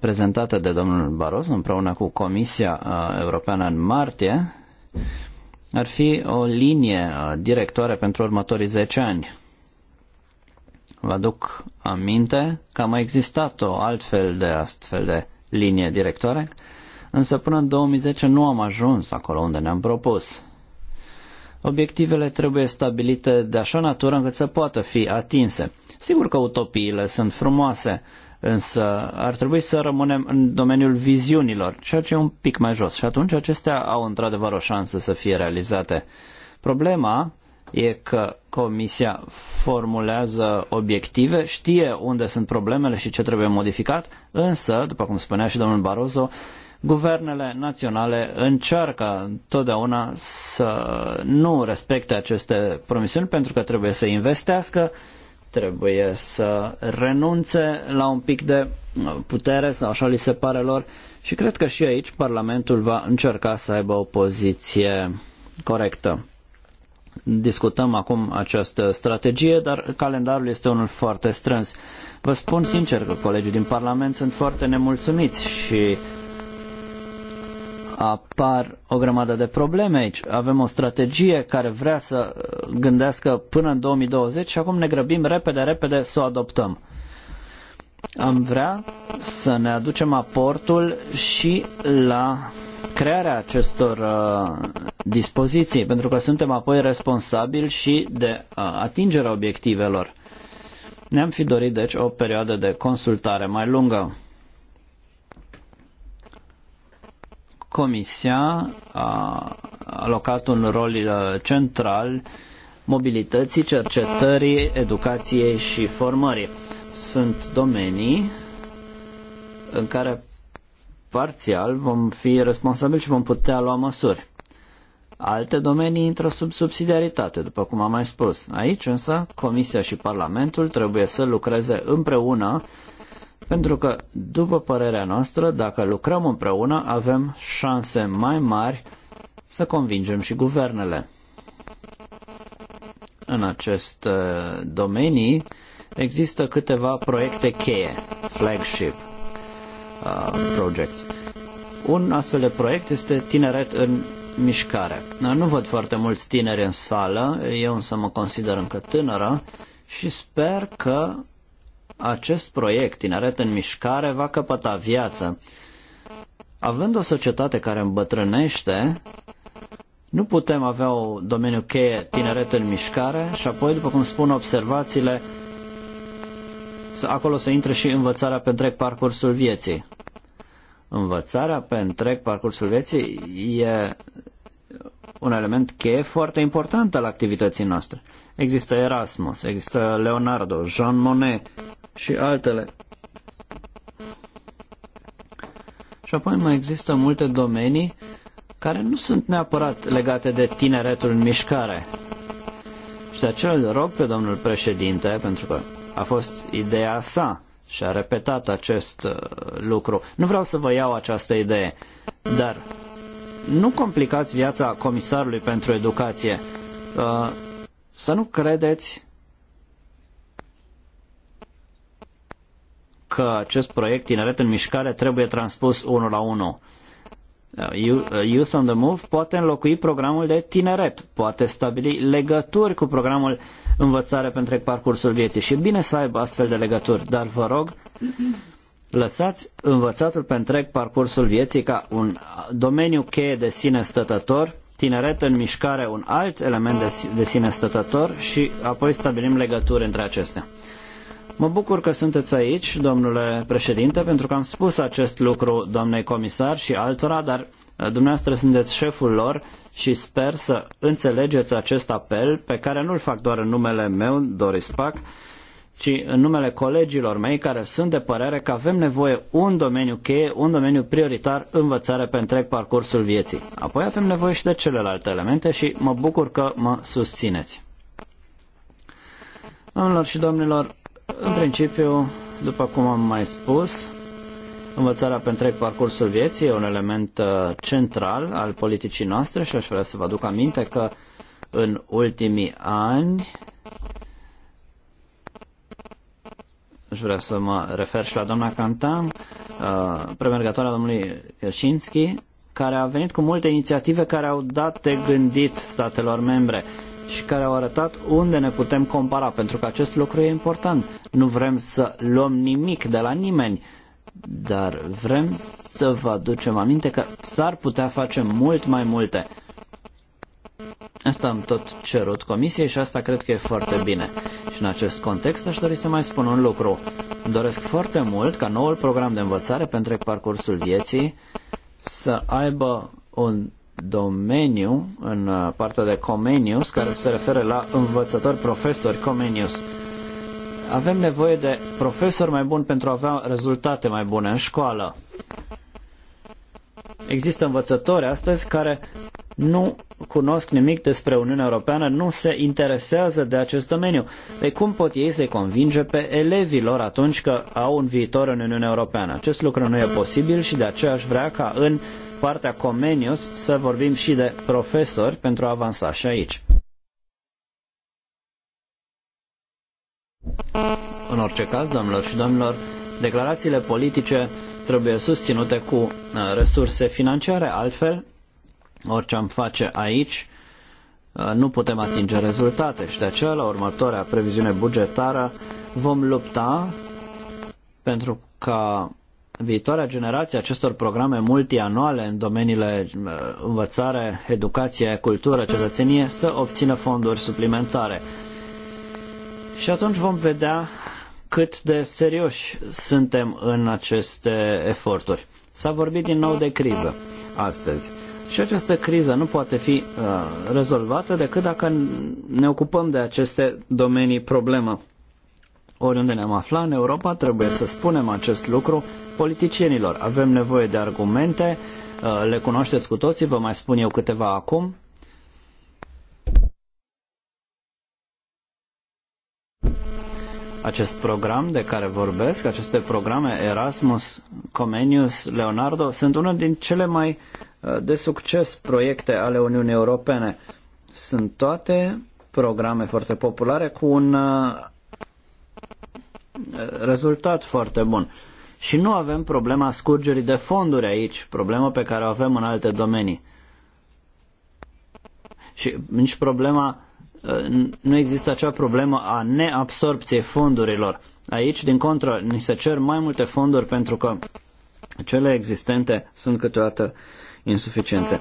prezentată de domnul Barroso împreună cu Comisia Europeană în martie, ar fi o linie directoare pentru următorii 10 ani. Vă aduc aminte că a mai existat o altfel de astfel de linie directoare însă până în 2010 nu am ajuns acolo unde ne-am propus. Obiectivele trebuie stabilite de așa natură încât să poată fi atinse. Sigur că utopiile sunt frumoase, însă ar trebui să rămânem în domeniul viziunilor, ceea ce e un pic mai jos și atunci acestea au într-adevăr o șansă să fie realizate. Problema e că Comisia formulează obiective, știe unde sunt problemele și ce trebuie modificat, însă, după cum spunea și domnul Barroso, Guvernele naționale încearcă totdeauna să nu respecte aceste promisiuni pentru că trebuie să investească, trebuie să renunțe la un pic de putere sau așa li se pare lor și cred că și aici Parlamentul va încerca să aibă o poziție corectă. Discutăm acum această strategie, dar calendarul este unul foarte strâns. Vă spun sincer că colegii din Parlament sunt foarte nemulțumiți și apar o grămadă de probleme aici. Avem o strategie care vrea să gândească până în 2020 și acum ne grăbim repede, repede să o adoptăm. Am vrea să ne aducem aportul și la crearea acestor uh, dispoziții, pentru că suntem apoi responsabili și de uh, atingerea obiectivelor. Ne-am fi dorit, deci, o perioadă de consultare mai lungă. Comisia a alocat un rol uh, central mobilității, cercetării, educației și formării. Sunt domenii în care parțial vom fi responsabili și vom putea lua măsuri. Alte domenii intră sub subsidiaritate, după cum am mai spus. Aici însă Comisia și Parlamentul trebuie să lucreze împreună pentru că, după părerea noastră, dacă lucrăm împreună, avem șanse mai mari să convingem și guvernele. În acest uh, domenii există câteva proiecte cheie, flagship uh, projects. Un astfel de proiect este Tineret în mișcare. Nu văd foarte mulți tineri în sală, eu însă mă consider încă tânără și sper că acest proiect tineret în mișcare va căpăta viață. Având o societate care îmbătrânește, nu putem avea o domeniu cheie tineret în mișcare și apoi, după cum spun observațiile, acolo să intre și învățarea pe întreg parcursul vieții. Învățarea pe întreg parcursul vieții e un element cheie foarte important al activității noastre. Există Erasmus, există Leonardo, Jean Monnet, și altele. Și apoi mai există multe domenii care nu sunt neapărat legate de tineretul în mișcare. Și de aceea îl rog pe domnul președinte, pentru că a fost ideea sa și a repetat acest uh, lucru. Nu vreau să vă iau această idee, dar nu complicați viața comisarului pentru educație. Uh, să nu credeți că acest proiect Tineret în Mișcare trebuie transpus unul la unul. Uh, uh, Youth on the Move poate înlocui programul de tineret, poate stabili legături cu programul învățare pentru parcursul vieții și bine să aibă astfel de legături, dar vă rog, lăsați învățatul pe întreg parcursul vieții ca un domeniu cheie de sine stătător, tineret în mișcare un alt element de, de sine stătător și apoi stabilim legături între acestea. Mă bucur că sunteți aici, domnule președinte, pentru că am spus acest lucru doamnei comisar și altora, dar uh, dumneavoastră sunteți șeful lor și sper să înțelegeți acest apel pe care nu-l fac doar în numele meu, Doris Pac, ci în numele colegilor mei care sunt de părere că avem nevoie un domeniu cheie, un domeniu prioritar, învățare pe întreg parcursul vieții. Apoi avem nevoie și de celelalte elemente și mă bucur că mă susțineți. Domnilor și domnilor, în principiu, după cum am mai spus, învățarea pe întreg parcursul vieții e un element uh, central al politicii noastre și aș vrea să vă aduc aminte că în ultimii ani aș vrea să mă refer și la doamna Cantam, uh, premergătoarea domnului Kaczynski, care a venit cu multe inițiative care au dat de gândit statelor membre și care au arătat unde ne putem compara, pentru că acest lucru e important. Nu vrem să luăm nimic de la nimeni, dar vrem să vă aducem aminte că s-ar putea face mult mai multe. Asta am tot cerut comisiei și asta cred că e foarte bine. Și în acest context aș dori să mai spun un lucru. doresc foarte mult ca noul program de învățare pentru parcursul vieții să aibă un domeniu, în uh, partea de Comenius, care se referă la învățători, profesori, Comenius. Avem nevoie de profesori mai buni pentru a avea rezultate mai bune în școală. Există învățători astăzi care nu cunosc nimic despre Uniunea Europeană, nu se interesează de acest domeniu. Pe cum pot ei să-i convinge pe elevii lor atunci că au un viitor în Uniunea Europeană? Acest lucru nu e posibil și de aceea aș vrea ca în partea Comenius să vorbim și de profesori pentru a avansa și aici. În orice caz, domnilor și domnilor, declarațiile politice trebuie susținute cu uh, resurse financiare, altfel Orice am face aici, uh, nu putem atinge rezultate și de aceea la următoarea previziune bugetară vom lupta pentru ca viitoarea generație acestor programe multianuale în domeniile uh, învățare, educație, cultură, cetățenie să obțină fonduri suplimentare. Și atunci vom vedea cât de serioși suntem în aceste eforturi. S-a vorbit din nou de criză astăzi. Și această criză nu poate fi uh, rezolvată decât dacă ne ocupăm de aceste domenii problemă. Oriunde ne-am aflat în Europa, trebuie să spunem acest lucru politicienilor. Avem nevoie de argumente, uh, le cunoașteți cu toții, vă mai spun eu câteva acum. acest program de care vorbesc, aceste programe Erasmus, Comenius, Leonardo, sunt una din cele mai de succes proiecte ale Uniunii Europene. Sunt toate programe foarte populare cu un uh, rezultat foarte bun. Și nu avem problema scurgerii de fonduri aici, problemă pe care o avem în alte domenii. Și nici problema, uh, nu există acea problemă a neabsorpției fondurilor. Aici, din contră, ni se cer mai multe fonduri pentru că cele existente sunt câteodată uh, insuficiente.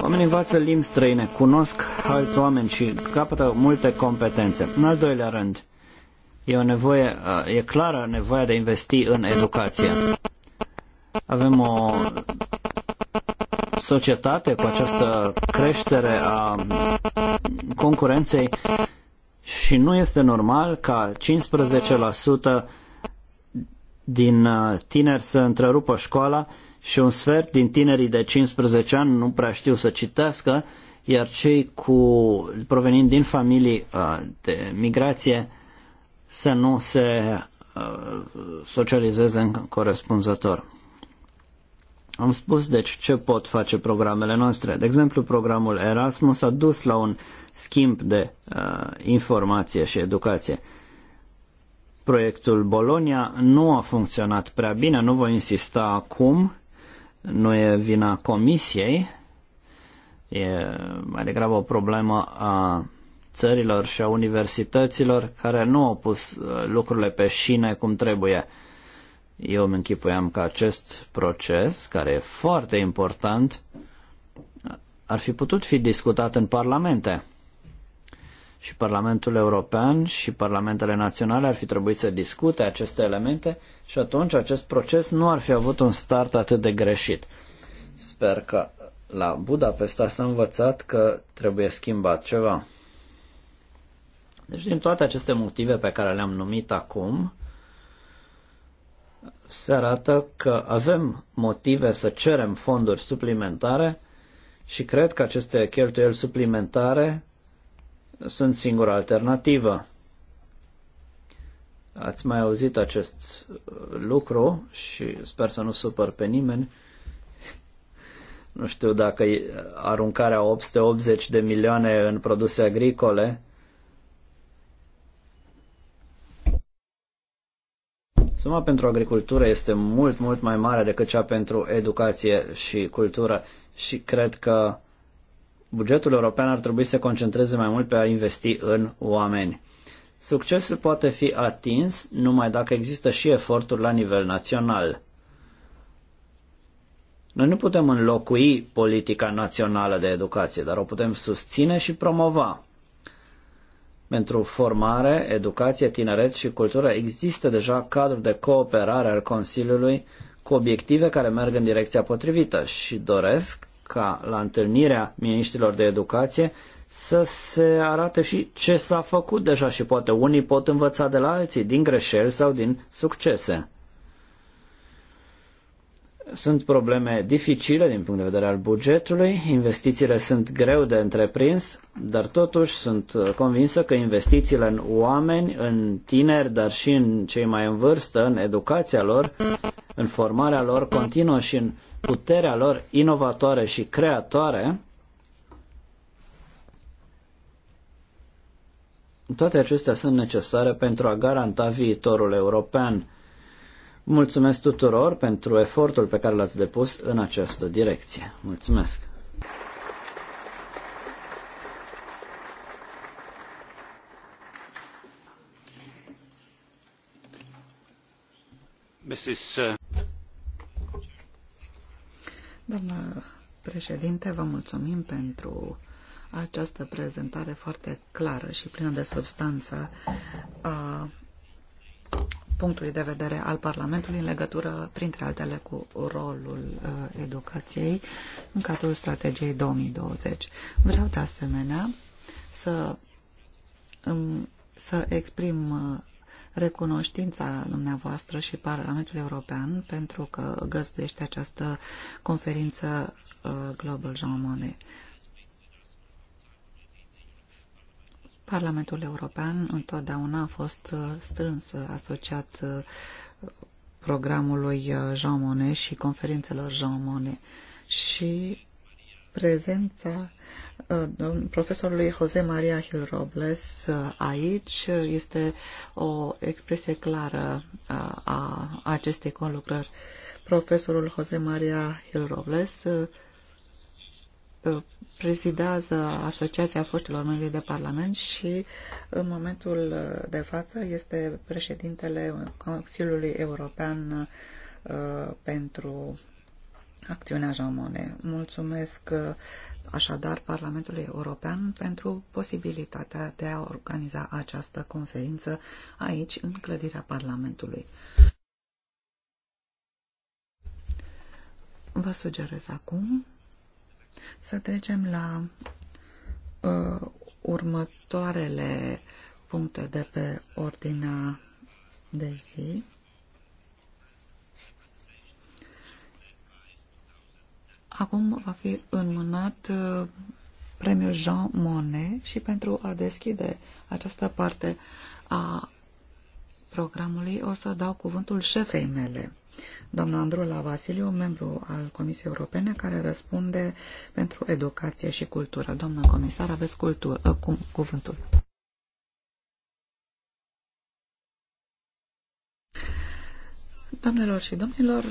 Oamenii învață limbi străine, cunosc alți oameni și capătă multe competențe. În al doilea rând, e, o nevoie, e clară nevoia de a investi în educație. Avem o societate cu această creștere a concurenței și nu este normal ca 15% din tineri să întrerupă școala și un sfert din tinerii de 15 ani nu prea știu să citească, iar cei cu, provenind din familii uh, de migrație să nu se uh, socializeze în corespunzător. Am spus, deci, ce pot face programele noastre. De exemplu, programul Erasmus a dus la un schimb de uh, informație și educație. Proiectul Bologna nu a funcționat prea bine, nu voi insista acum, nu e vina comisiei, e mai degrabă o problemă a țărilor și a universităților care nu au pus uh, lucrurile pe șine cum trebuie. Eu îmi închipuiam că acest proces, care e foarte important, ar fi putut fi discutat în parlamente. Și Parlamentul European și Parlamentele Naționale ar fi trebuit să discute aceste elemente și atunci acest proces nu ar fi avut un start atât de greșit. Sper că la Budapesta s-a învățat că trebuie schimbat ceva. Deci din toate aceste motive pe care le-am numit acum, se arată că avem motive să cerem fonduri suplimentare și cred că aceste cheltuieli suplimentare sunt singura alternativă. Ați mai auzit acest uh, lucru și sper să nu supăr pe nimeni. Nu știu dacă aruncarea 880 de milioane în produse agricole Suma pentru agricultură este mult, mult mai mare decât cea pentru educație și cultură și cred că bugetul european ar trebui să se concentreze mai mult pe a investi în oameni. Succesul poate fi atins numai dacă există și eforturi la nivel național. Noi nu putem înlocui politica națională de educație, dar o putem susține și promova. Pentru formare, educație, tineret și cultură există deja cadrul de cooperare al Consiliului cu obiective care merg în direcția potrivită și doresc ca la întâlnirea ministrilor de educație să se arate și ce s-a făcut deja și poate unii pot învăța de la alții, din greșeli sau din succese. Sunt probleme dificile din punct de vedere al bugetului, investițiile sunt greu de întreprins, dar totuși sunt uh, convinsă că investițiile în oameni, în tineri, dar și în cei mai în vârstă, în educația lor, în formarea lor continuă și în puterea lor inovatoare și creatoare, Toate acestea sunt necesare pentru a garanta viitorul european. Mulțumesc tuturor pentru efortul pe care l-ați depus în această direcție. Mulțumesc! Mrs. Uh, Doamnă președinte, vă mulțumim pentru această prezentare foarte clară și plină de substanță a punctului de vedere al Parlamentului în legătură, printre altele, cu rolul uh, educației în cadrul strategiei 2020. Vreau, de asemenea, să, să exprim uh, recunoștința dumneavoastră și Parlamentul European pentru că găzduiește această conferință uh, Global Jean Monnet. Parlamentul European întotdeauna a fost uh, strâns uh, asociat uh, programului Jean Monnet și conferințelor Jean Monnet și prezența profesorului Jose Maria Gil Robles aici este o expresie clară a acestei conlucrări. Profesorul Jose Maria Gil Robles prezidează Asociația Foștilor Membri de Parlament și în momentul de față este președintele Consiliului European uh, pentru acțiunea Jamone. Mulțumesc uh, așadar Parlamentului European pentru posibilitatea de a organiza această conferință aici, în clădirea Parlamentului. Vă sugerez acum să trecem la uh, următoarele puncte de pe ordinea de zi. Acum va fi înmânat uh, premiul Jean Monnet și pentru a deschide această parte a programului, o să dau cuvântul șefei mele, doamna Andrula Vasiliu, membru al Comisiei Europene, care răspunde pentru educație și cultură. Doamna comisar, aveți cultură, uh, cu, cuvântul. Doamnelor și domnilor,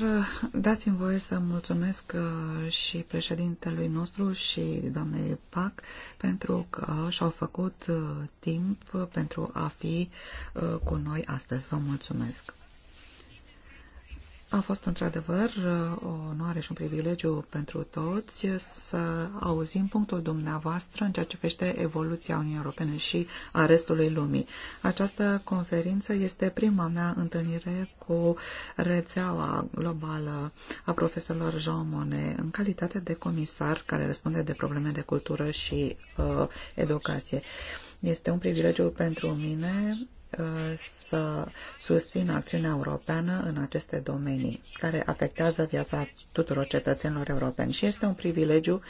dați-mi voie să mulțumesc uh, și președintelui nostru și doamnei PAC pentru că și-au făcut uh, timp pentru a fi uh, cu noi astăzi. Vă mulțumesc! A fost într-adevăr uh, o onoare și un privilegiu pentru toți să auzim punctul dumneavoastră în ceea ce privește evoluția Uniunii Europene și a restului lumii. Această conferință este prima mea întâlnire cu rețeaua globală a profesorilor Jean Monnet în calitate de comisar care răspunde de probleme de cultură și uh, educație. Este un privilegiu pentru mine să susțin acțiunea europeană în aceste domenii care afectează viața tuturor cetățenilor europeni și este un privilegiu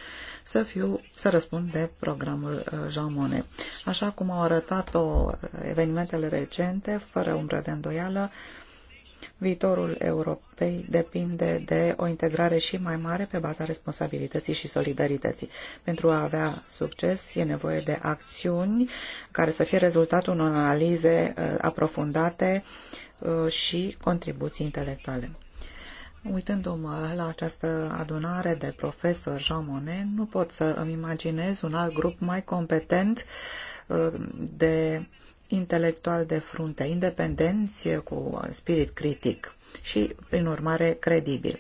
să, fiu, să răspund de programul uh, Jean Monnet. Așa cum au arătat-o evenimentele recente, fără umbră de îndoială, uh, Viitorul Europei depinde de o integrare și mai mare pe baza responsabilității și solidarității. Pentru a avea succes e nevoie de acțiuni care să fie rezultatul unor analize uh, aprofundate uh, și contribuții intelectuale. Uitându-mă la această adunare de profesor Jean Monnet, nu pot să îmi imaginez un alt grup mai competent uh, de intelectual de frunte, independenți cu spirit critic și, prin urmare, credibil.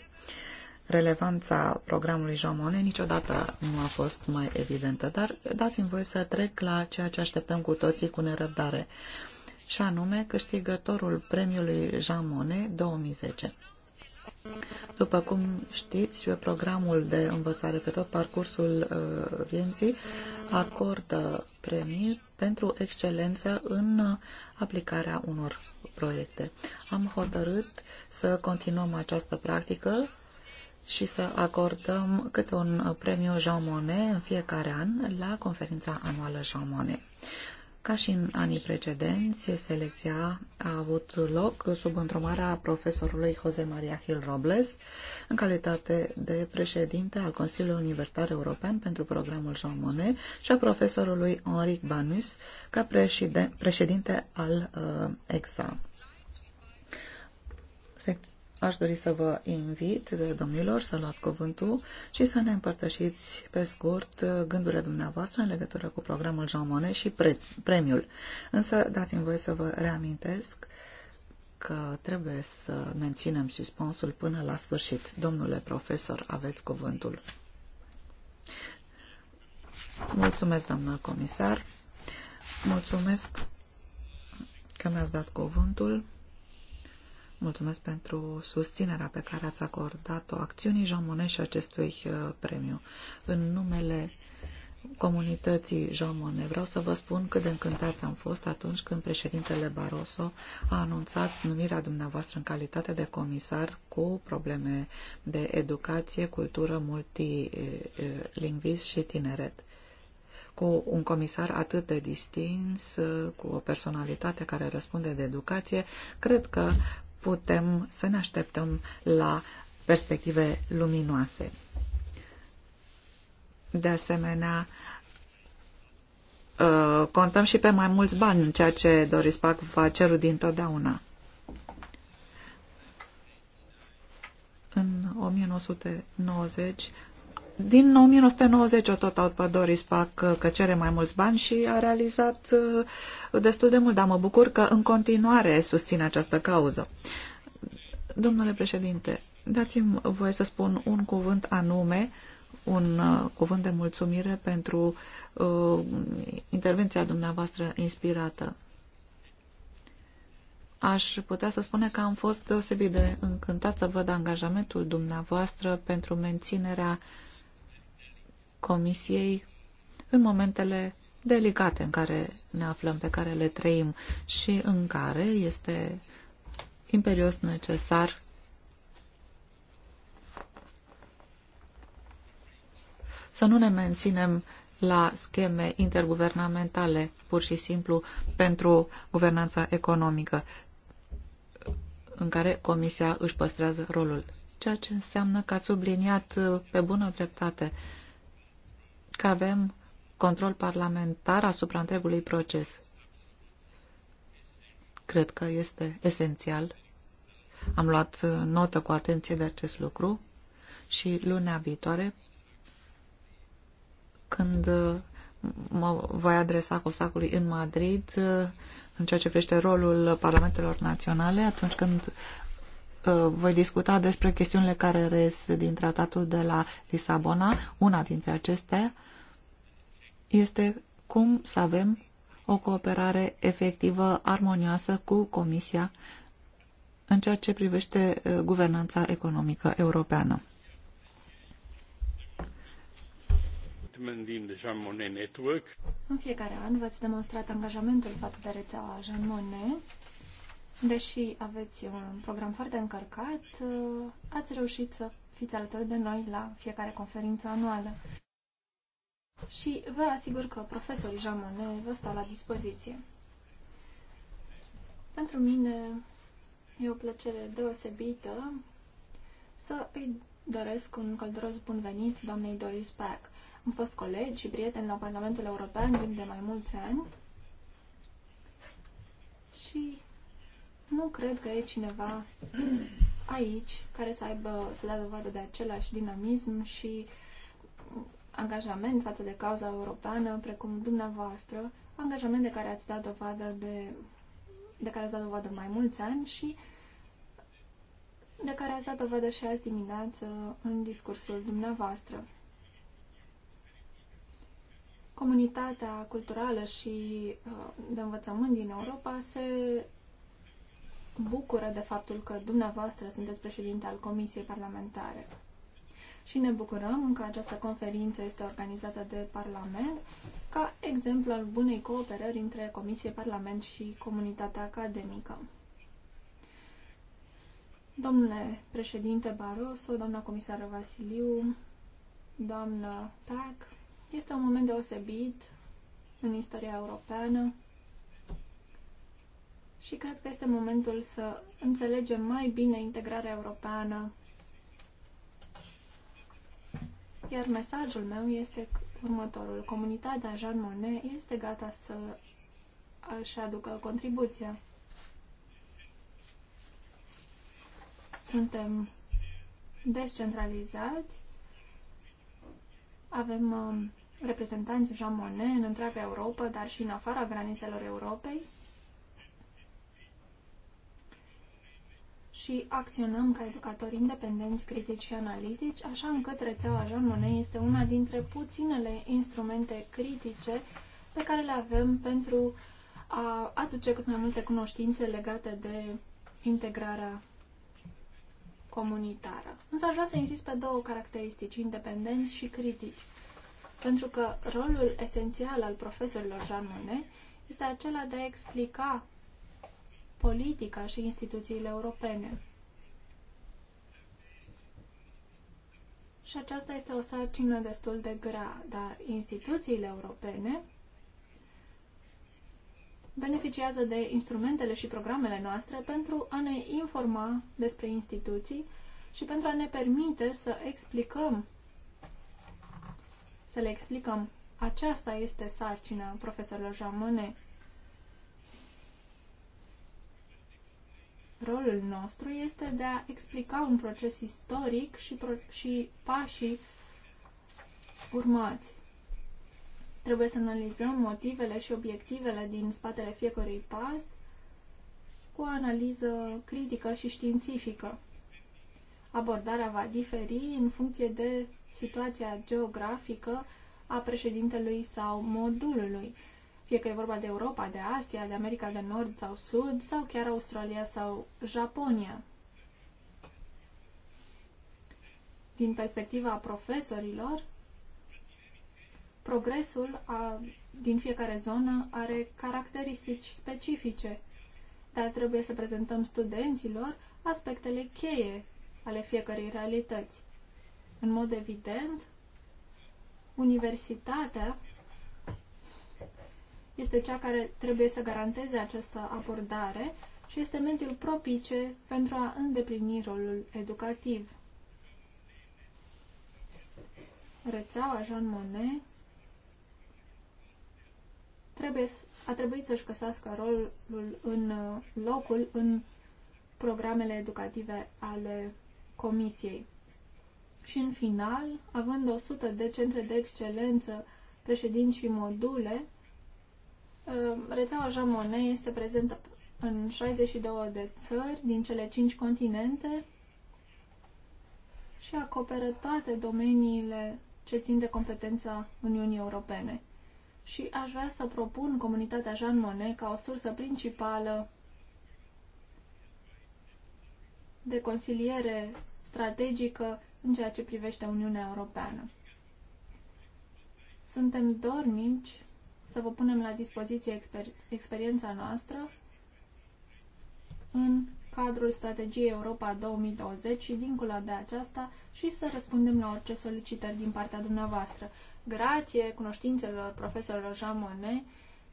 Relevanța programului Jean Monnet niciodată nu a fost mai evidentă, dar dați-mi voie să trec la ceea ce așteptăm cu toții cu nerăbdare, și anume câștigătorul premiului Jean Monnet 2010. După cum știți, programul de învățare pe tot parcursul uh, vieții acordă premii pentru excelență în aplicarea unor proiecte. Am hotărât să continuăm această practică și să acordăm câte un premiu Jean Monnet în fiecare an la conferința anuală Jean Monnet. Ca și în anii precedenți, selecția a avut loc sub întrumarea profesorului Jose Maria Gil Robles, în calitate de președinte al Consiliului Universitar European pentru programul Jean Monnet și a profesorului Henri Banus, ca președinte al uh, EXA. Aș dori să vă invit, domnilor, să luați cuvântul și să ne împărtășiți pe scurt uh, gândurile dumneavoastră în legătură cu programul Jean Monnet și pre premiul. Însă dați-mi voie să vă reamintesc că trebuie să menținem suspansul până la sfârșit. Domnule profesor, aveți cuvântul. Mulțumesc, doamnă comisar. Mulțumesc că mi-ați dat cuvântul. Mulțumesc pentru susținerea pe care ați acordat-o acțiunii Jean Monnet și acestui uh, premiu. În numele comunității Jean Monnet. Vreau să vă spun cât de încântați am fost atunci când președintele Barroso a anunțat numirea dumneavoastră în calitate de comisar cu probleme de educație, cultură, multilingvism și tineret. Cu un comisar atât de distins, uh, cu o personalitate care răspunde de educație, cred că putem să ne așteptăm la perspective luminoase. De asemenea, ă, contăm și pe mai mulți bani, ceea ce Doris Pac va cerut dintotdeauna. În 1990 din 1990 o tot aud pe Doris Pac uh, că cere mai mulți bani și a realizat uh, destul de mult, dar mă bucur că în continuare susține această cauză. Domnule președinte, dați-mi voie să spun un cuvânt anume, un uh, cuvânt de mulțumire pentru uh, intervenția dumneavoastră inspirată. Aș putea să spune că am fost deosebit de încântat să văd angajamentul dumneavoastră pentru menținerea uh, Comisiei în momentele delicate în care ne aflăm, pe care le trăim și în care este imperios necesar să nu ne menținem la scheme interguvernamentale, pur și simplu, pentru guvernanța economică, în care Comisia își păstrează rolul. Ceea ce înseamnă că ați subliniat uh, pe bună dreptate uh, că avem control parlamentar asupra întregului proces. Cred că este esențial. Am luat notă cu atenție de acest lucru și lunea viitoare, când uh, mă voi adresa Cosacului în Madrid uh, în ceea ce privește rolul parlamentelor naționale atunci când Uh, voi discuta despre chestiunile care res din tratatul de la Lisabona. Una dintre acestea este cum să avem o cooperare efectivă, armonioasă cu Comisia în ceea ce privește uh, guvernanța economică europeană. În fiecare an v-ați demonstrat angajamentul față de rețeaua Jean Monnet Deși aveți un program foarte încărcat, uh, ați reușit să fiți alături de noi la fiecare conferință anuală. Și vă asigur că profesorii Jamone vă stau la dispoziție. Pentru mine e o plăcere deosebită să îi doresc un călduros bun venit doamnei Doris Pack. Am fost colegi și prieteni la Parlamentul European timp de mai mulți ani și nu cred că e cineva aici care să aibă, să dea dovadă de același dinamism și angajament față de cauza europeană, precum dumneavoastră, angajament de care ați dat dovadă de, de care ați dat dovadă mai mulți ani și de care ați dat dovadă și azi dimineață în discursul dumneavoastră. Comunitatea culturală și uh, de învățământ din Europa se bucură de faptul că dumneavoastră sunteți președinte al Comisiei Parlamentare. Și ne bucurăm că această conferință este organizată de Parlament ca exemplu al bunei cooperări între Comisie, Parlament și comunitatea academică. Domnule președinte Barroso, doamna comisară Vasiliu, doamnă Pac, este un moment deosebit în istoria europeană și cred că este momentul să înțelegem mai bine integrarea europeană. Iar mesajul meu este următorul. Comunitatea Jean Monnet este gata să își aducă contribuția. Suntem descentralizați, avem um, reprezentanți Jean Monnet în întreaga Europa, dar și în afara granițelor Europei și acționăm ca educatori independenți, critici și analitici, așa încât rețeaua Jean Monnet este una dintre puținele instrumente critice pe care le avem pentru a aduce cât mai multe cunoștințe legate de integrarea comunitară. Însă aș vrea să insist pe două caracteristici, independenți și critici, pentru că rolul esențial al profesorilor Jean Monnet este acela de a explica politica și instituțiile europene. Și aceasta este o sarcină destul de grea, dar instituțiile europene beneficiază de instrumentele și programele noastre pentru a ne informa despre instituții și pentru a ne permite să explicăm, să le explicăm. Aceasta este sarcina profesorilor Jean Monnet. Rolul nostru este de a explica un proces istoric și, pro- și pașii urmați. Trebuie să analizăm motivele și obiectivele din spatele fiecărui pas cu o analiză critică și științifică. Abordarea va diferi în funcție de situația geografică a președintelui sau modulului fie că e vorba de Europa, de Asia, de America de Nord sau Sud, sau chiar Australia sau Japonia. Din perspectiva profesorilor, progresul a, din fiecare zonă are caracteristici specifice, dar trebuie să prezentăm studenților aspectele cheie ale fiecărei realități. În mod evident, universitatea este cea care trebuie să garanteze această abordare și este mediul propice pentru a îndeplini rolul educativ. Rețeaua Jean Monnet trebuie, a trebuit să-și găsească rolul în uh, locul în programele educative ale Comisiei. Și în final, având 100 de centre de excelență, președinți și module, Ehm, rețeaua Jamone este prezentă în 62 de țări din cele 5 continente și acoperă toate domeniile ce țin de competența Uniunii Europene. Și aș vrea să propun comunitatea Jean Monnet ca o sursă principală de consiliere strategică în ceea ce privește Uniunea Europeană. Suntem dornici să vă punem la dispoziție exper- experiența noastră în cadrul strategiei Europa 2020 și dincolo de aceasta și să răspundem la orice solicitări din partea dumneavoastră. Grație cunoștințelor profesorilor Jean Monnet,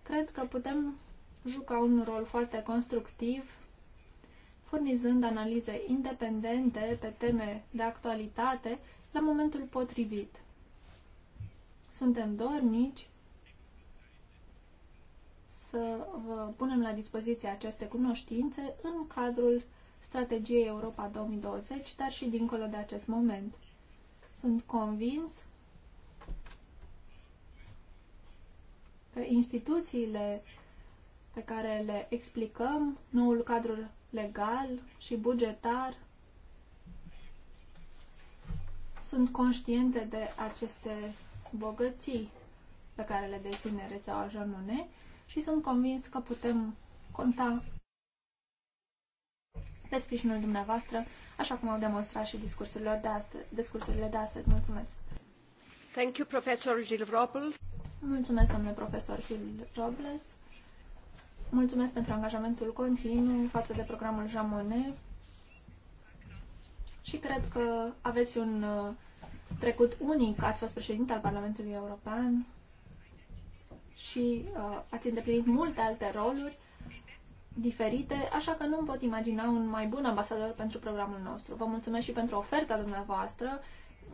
cred că putem juca un rol foarte constructiv, furnizând analize independente pe teme de actualitate la momentul potrivit. Suntem dornici să vă punem la dispoziție aceste cunoștințe în cadrul strategiei Europa 2020, dar și dincolo de acest moment. Sunt convins că instituțiile pe care le explicăm, noul cadru legal și bugetar, sunt conștiente de aceste bogății pe care le deține rețeaua Monnet și sunt convins că putem conta pe sprijinul dumneavoastră, așa cum au demonstrat și discursurile de astăzi. Discursurile de astăzi. Mulțumesc! Thank you, Professor Gil Robles. Mulțumesc, domnule profesor Gil Robles. Mulțumesc pentru angajamentul continuu față de programul jamone. și cred că aveți un uh, trecut unic, ați fost președinte al Parlamentului European, și uh, ați îndeplinit multe alte roluri diferite, așa că nu îmi pot imagina un mai bun ambasador pentru programul nostru. Vă mulțumesc și pentru oferta dumneavoastră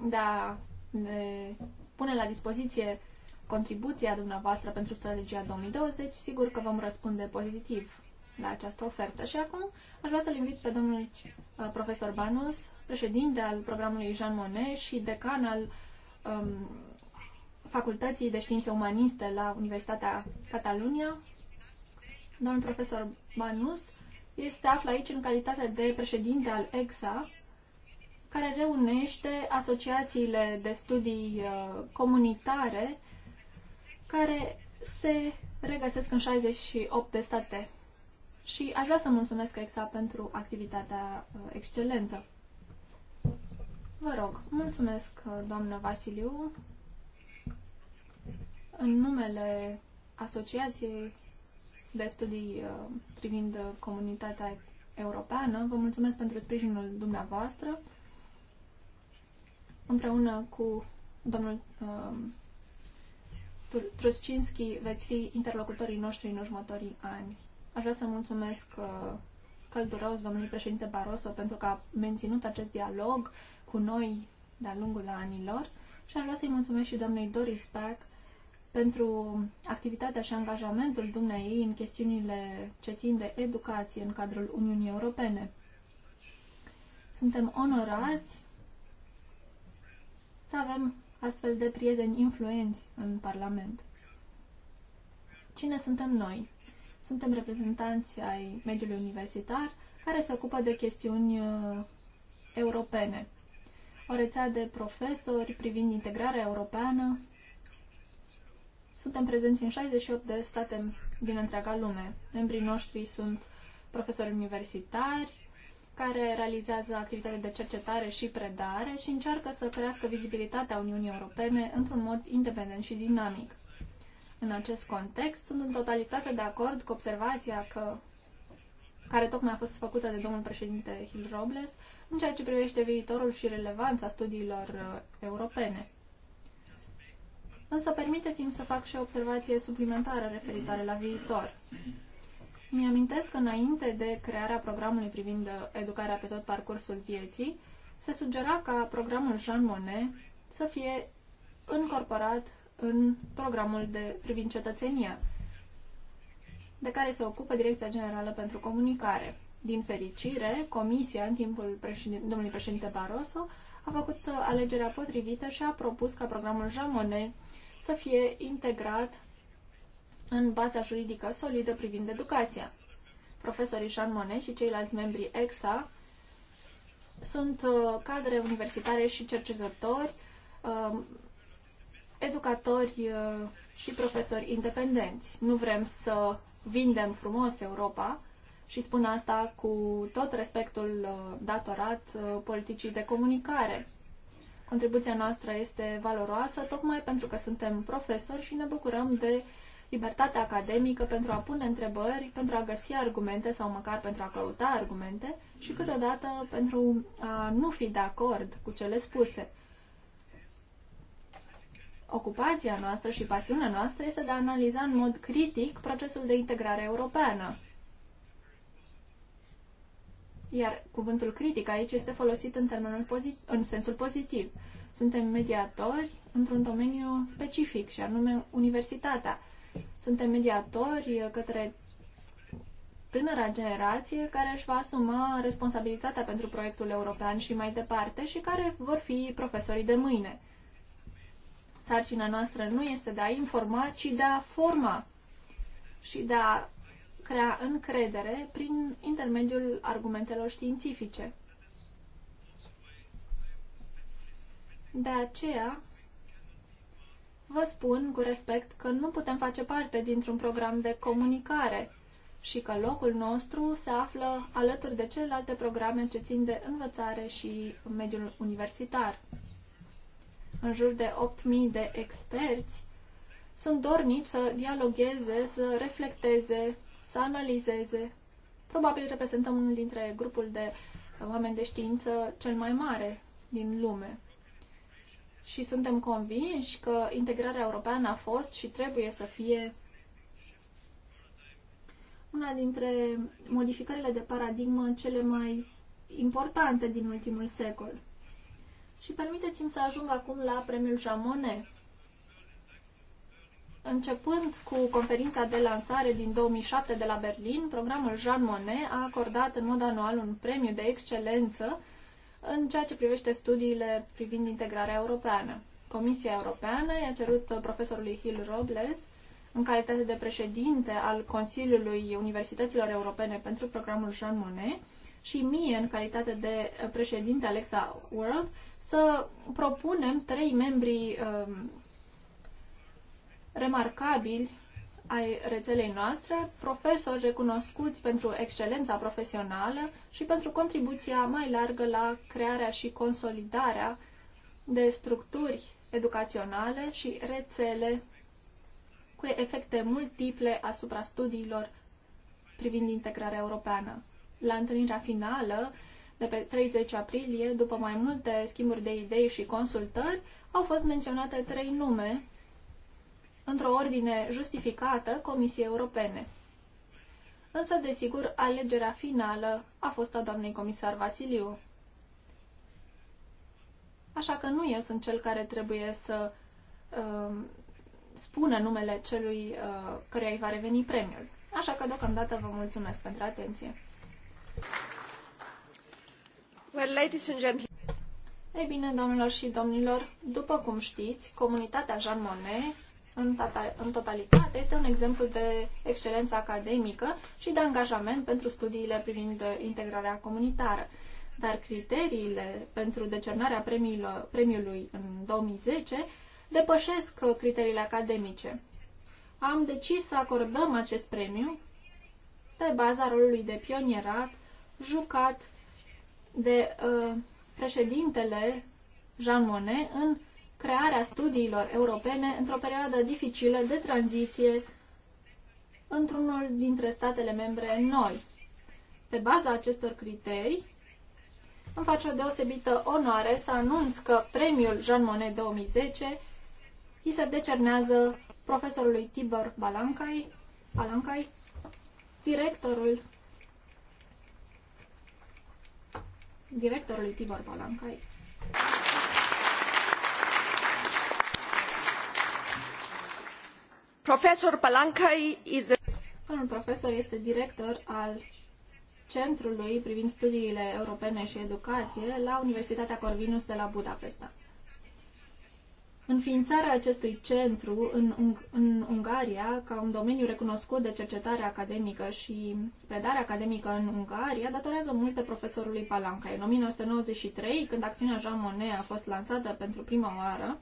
de a ne pune la dispoziție contribuția dumneavoastră pentru strategia 2020. Sigur că vom răspunde pozitiv la această ofertă. Și acum aș vrea să-l invit pe domnul uh, profesor Banus, președinte al programului Jean Monnet și decan al um, Facultății de Științe Umaniste la Universitatea Catalunia. Domnul profesor Banus se află aici în calitate de președinte al EXA, care reunește asociațiile de studii uh, comunitare care se regăsesc în 68 de state. Și aș vrea să mulțumesc EXA pentru activitatea uh, excelentă. Vă rog, mulțumesc, uh, doamnă Vasiliu, în numele Asociației de Studii uh, privind uh, comunitatea europeană, vă mulțumesc pentru sprijinul dumneavoastră. Împreună cu domnul uh, Truscinski veți fi interlocutorii noștri în următorii ani. Aș vrea să mulțumesc uh, călduros domnului președinte Barroso pentru că a menținut acest dialog cu noi de-a lungul anilor și aș vrea să-i mulțumesc și domnului Doris Pack pentru activitatea și angajamentul dumneei în chestiunile ce țin de educație în cadrul Uniunii Europene. Suntem onorați să avem astfel de prieteni influenți în Parlament. Cine suntem noi? Suntem reprezentanți ai mediului universitar care se ocupă de chestiuni uh, europene. O rețea de profesori privind integrarea europeană, suntem prezenți în 68 de state din întreaga lume. Membrii noștri sunt profesori universitari care realizează activitate de cercetare și predare și încearcă să crească vizibilitatea Uniunii Europene într-un mod independent și dinamic. În acest context, sunt în totalitate de acord cu observația că care tocmai a fost făcută de domnul președinte Hill Robles, în ceea ce privește viitorul și relevanța studiilor uh, europene. Însă permiteți-mi să fac și o observație suplimentară referitoare la viitor. Mi-amintesc că înainte de crearea programului privind educarea pe tot parcursul vieții, se sugera ca programul Jean Monnet să fie încorporat în programul de privind cetățenia, de care se ocupă Direcția Generală pentru Comunicare. Din fericire, Comisia, în timpul președin... domnului președinte Barroso, a făcut alegerea potrivită și a propus ca programul Jean Monnet să fie integrat în baza juridică solidă privind educația. Profesorii Jean Monnet și ceilalți membri EXA sunt uh, cadre universitare și cercetători, uh, educatori uh, și profesori independenți. Nu vrem să vindem frumos Europa și spun asta cu tot respectul datorat politicii de comunicare Contribuția noastră este valoroasă tocmai pentru că suntem profesori și ne bucurăm de libertatea academică pentru a pune întrebări, pentru a găsi argumente sau măcar pentru a căuta argumente și câteodată pentru a nu fi de acord cu cele spuse. Ocupația noastră și pasiunea noastră este de a analiza în mod critic procesul de integrare europeană iar cuvântul critic aici este folosit în, termenul pozit- în sensul pozitiv. Suntem mediatori într-un domeniu specific, și anume universitatea. Suntem mediatori către tânăra generație care își va asuma responsabilitatea pentru proiectul european și mai departe și care vor fi profesorii de mâine. Sarcina noastră nu este de a informa, ci de a forma și de a crea încredere prin intermediul argumentelor științifice. De aceea, vă spun cu respect că nu putem face parte dintr-un program de comunicare și că locul nostru se află alături de celelalte programe ce țin de învățare și mediul universitar. În jur de 8.000 de experți sunt dornici să dialogueze, să reflecteze să analizeze. Probabil reprezentăm unul dintre grupul de oameni de știință cel mai mare din lume. Și suntem convinși că integrarea europeană a fost și trebuie să fie una dintre modificările de paradigmă cele mai importante din ultimul secol. Și permiteți-mi să ajung acum la premiul Jamonet. Începând cu conferința de lansare din 2007 de la Berlin, programul Jean Monnet a acordat în mod anual un premiu de excelență în ceea ce privește studiile privind integrarea europeană. Comisia Europeană i-a cerut profesorului Hill Robles, în calitate de președinte al Consiliului Universităților Europene pentru programul Jean Monnet, și mie, în calitate de președinte Alexa World, să propunem trei membri um, remarcabili ai rețelei noastre, profesori recunoscuți pentru excelența profesională și pentru contribuția mai largă la crearea și consolidarea de structuri educaționale și rețele cu efecte multiple asupra studiilor privind integrarea europeană. La întâlnirea finală, de pe 30 aprilie, după mai multe schimburi de idei și consultări, au fost menționate trei nume într-o ordine justificată Comisiei Europene. Însă, desigur, alegerea finală a fost a doamnei comisar Vasiliu. Așa că nu eu sunt cel care trebuie să uh, spună numele celui uh, căruia îi va reveni premiul. Așa că, deocamdată, vă mulțumesc pentru atenție. Well, ladies and gentlemen. Ei bine, domnilor și domnilor, după cum știți, comunitatea Jean Monnet în, totalitate este un exemplu de excelență academică și de angajament pentru studiile privind integrarea comunitară. Dar criteriile pentru decernarea premiilor, premiului în 2010 depășesc criteriile academice. Am decis să acordăm acest premiu pe baza rolului de pionierat jucat de uh, președintele Jean Monnet în crearea studiilor europene într-o perioadă dificilă de tranziție într-unul dintre statele membre noi. Pe baza acestor criterii, îmi face o deosebită onoare să anunț că premiul Jean Monnet 2010 îi se decernează profesorului Tibor Balancai, Balancai directorul directorului Tibor Balancai Professor Palankai is a... Domnul profesor este director al Centrului privind studiile europene și educație la Universitatea Corvinus de la Budapesta. Înființarea acestui centru în, Ung- în Ungaria, ca un domeniu recunoscut de cercetare academică și predare academică în Ungaria, datorează multe profesorului Palanca. În 1993, când acțiunea Jean Monnet a fost lansată pentru prima oară,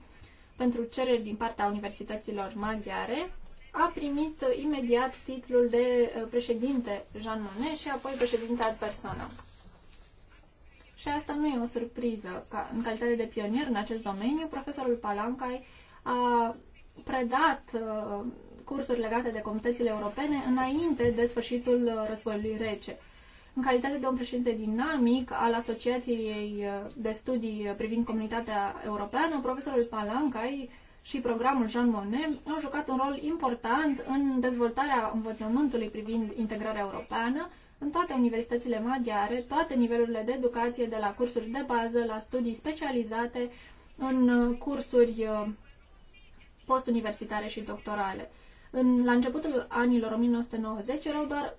pentru cereri din partea universităților maghiare, a primit imediat titlul de uh, președinte Jean Monnet și apoi președinte ad persona. Și asta nu e o surpriză. Ca, în calitate de pionier în acest domeniu, profesorul Palancai a predat uh, cursuri legate de comunitățile europene înainte de sfârșitul uh, războiului rece. În calitate de un președinte dinamic al Asociației de Studii privind Comunitatea Europeană, profesorul Palancai și programul Jean Monnet au jucat un rol important în dezvoltarea învățământului privind integrarea europeană în toate universitățile maghiare, toate nivelurile de educație, de la cursuri de bază la studii specializate în cursuri uh, postuniversitare și doctorale. În, la începutul anilor 1990 erau doar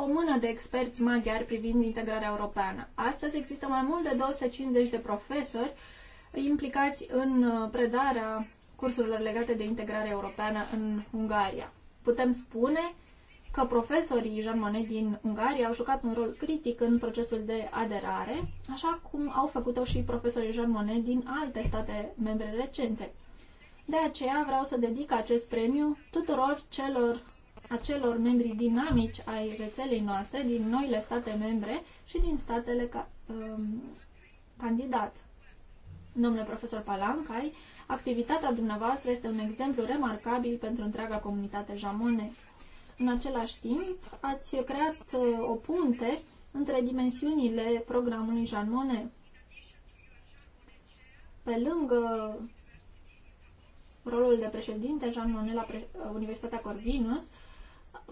o mână de experți maghiari privind integrarea europeană. Astăzi există mai mult de 250 de profesori implicați în uh, predarea cursurilor legate de integrare europeană în Ungaria. Putem spune că profesorii Jean Monnet din Ungaria au jucat un rol critic în procesul de aderare, așa cum au făcut-o și profesorii Jean Monnet din alte state membre recente. De aceea vreau să dedic acest premiu tuturor celor acelor membri dinamici ai rețelei noastre din noile state membre și din statele ca, um, candidat. Domnule profesor Palancai, activitatea dumneavoastră este un exemplu remarcabil pentru întreaga comunitate jamone. În același timp, ați creat uh, o punte între dimensiunile programului jamone. Pe lângă rolul de președinte Jean Monnet la Universitatea Corvinus,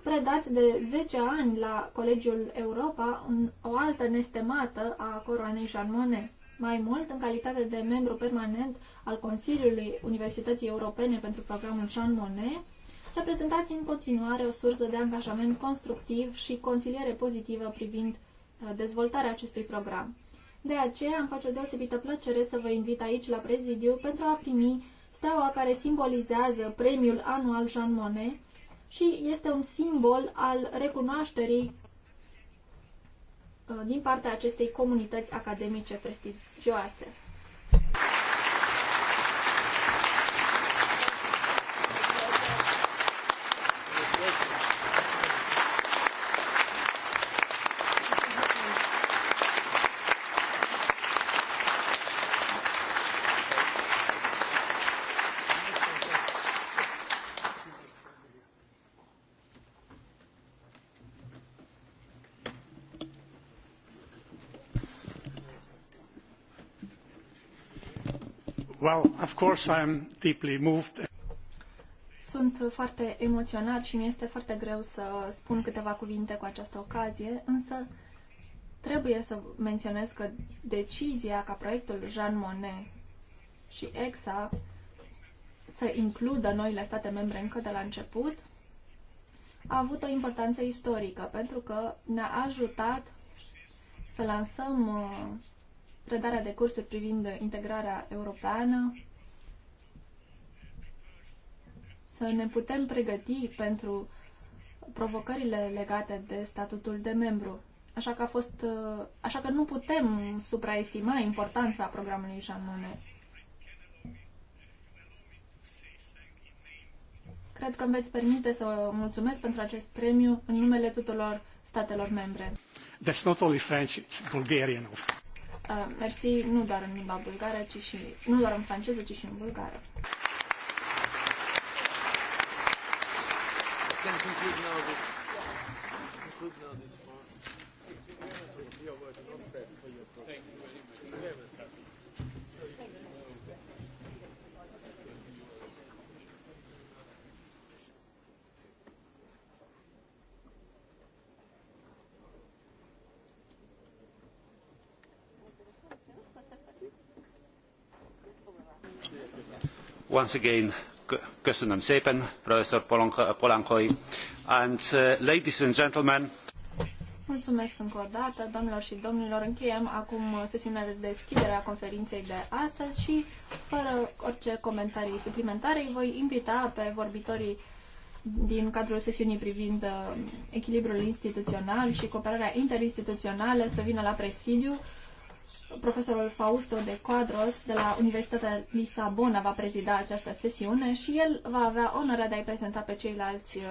predați de 10 ani la Colegiul Europa, în o altă nestemată a coroanei Jean Monnet. Mai mult, în calitate de membru permanent al Consiliului Universității Europene pentru programul Jean Monnet, reprezentați în continuare o sursă de angajament constructiv și consiliere pozitivă privind uh, dezvoltarea acestui program. De aceea îmi face o deosebită plăcere să vă invit aici la prezidiu pentru a primi steaua care simbolizează premiul anual Jean Monnet, și este un simbol al recunoașterii uh, din partea acestei comunități academice prestigioase. Sunt foarte emoționat și mi-este foarte greu să spun câteva cuvinte cu această ocazie, însă trebuie să menționez că decizia ca proiectul Jean Monnet și EXA să includă noile state membre încă de la început a avut o importanță istorică pentru că ne-a ajutat să lansăm uh, predarea de cursuri privind integrarea europeană, să ne putem pregăti pentru provocările legate de statutul de membru. Așa că, a fost, așa că nu putem supraestima importanța programului Jean Monnet. Cred că îmi veți permite să mulțumesc pentru acest premiu în numele tuturor statelor membre. That's not only French, it's Bulgarian also. Uh, mersi nu doar în limba bulgară, ci și, nu doar în franceză, ci și în bulgară. Can conclude now this. Conclude now this. once again köszönöm szépen professzor Polankai and uh, ladies and gentlemen Mulțumesc încă o dată, domnilor și domnilor. Încheiem acum sesiunea de deschidere a conferinței de astăzi și, fără orice comentarii suplimentare, îi voi invita pe vorbitorii din cadrul sesiunii privind uh, echilibrul instituțional și cooperarea interinstituțională să vină la presidiu Profesorul Fausto de Quadros de la Universitatea Lisabona va prezida această sesiune și el va avea onoarea de a-i prezenta pe ceilalți uh,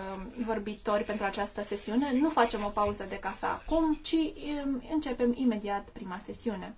vorbitori pentru această sesiune. Nu facem o pauză de cafea acum, ci um, începem imediat prima sesiune.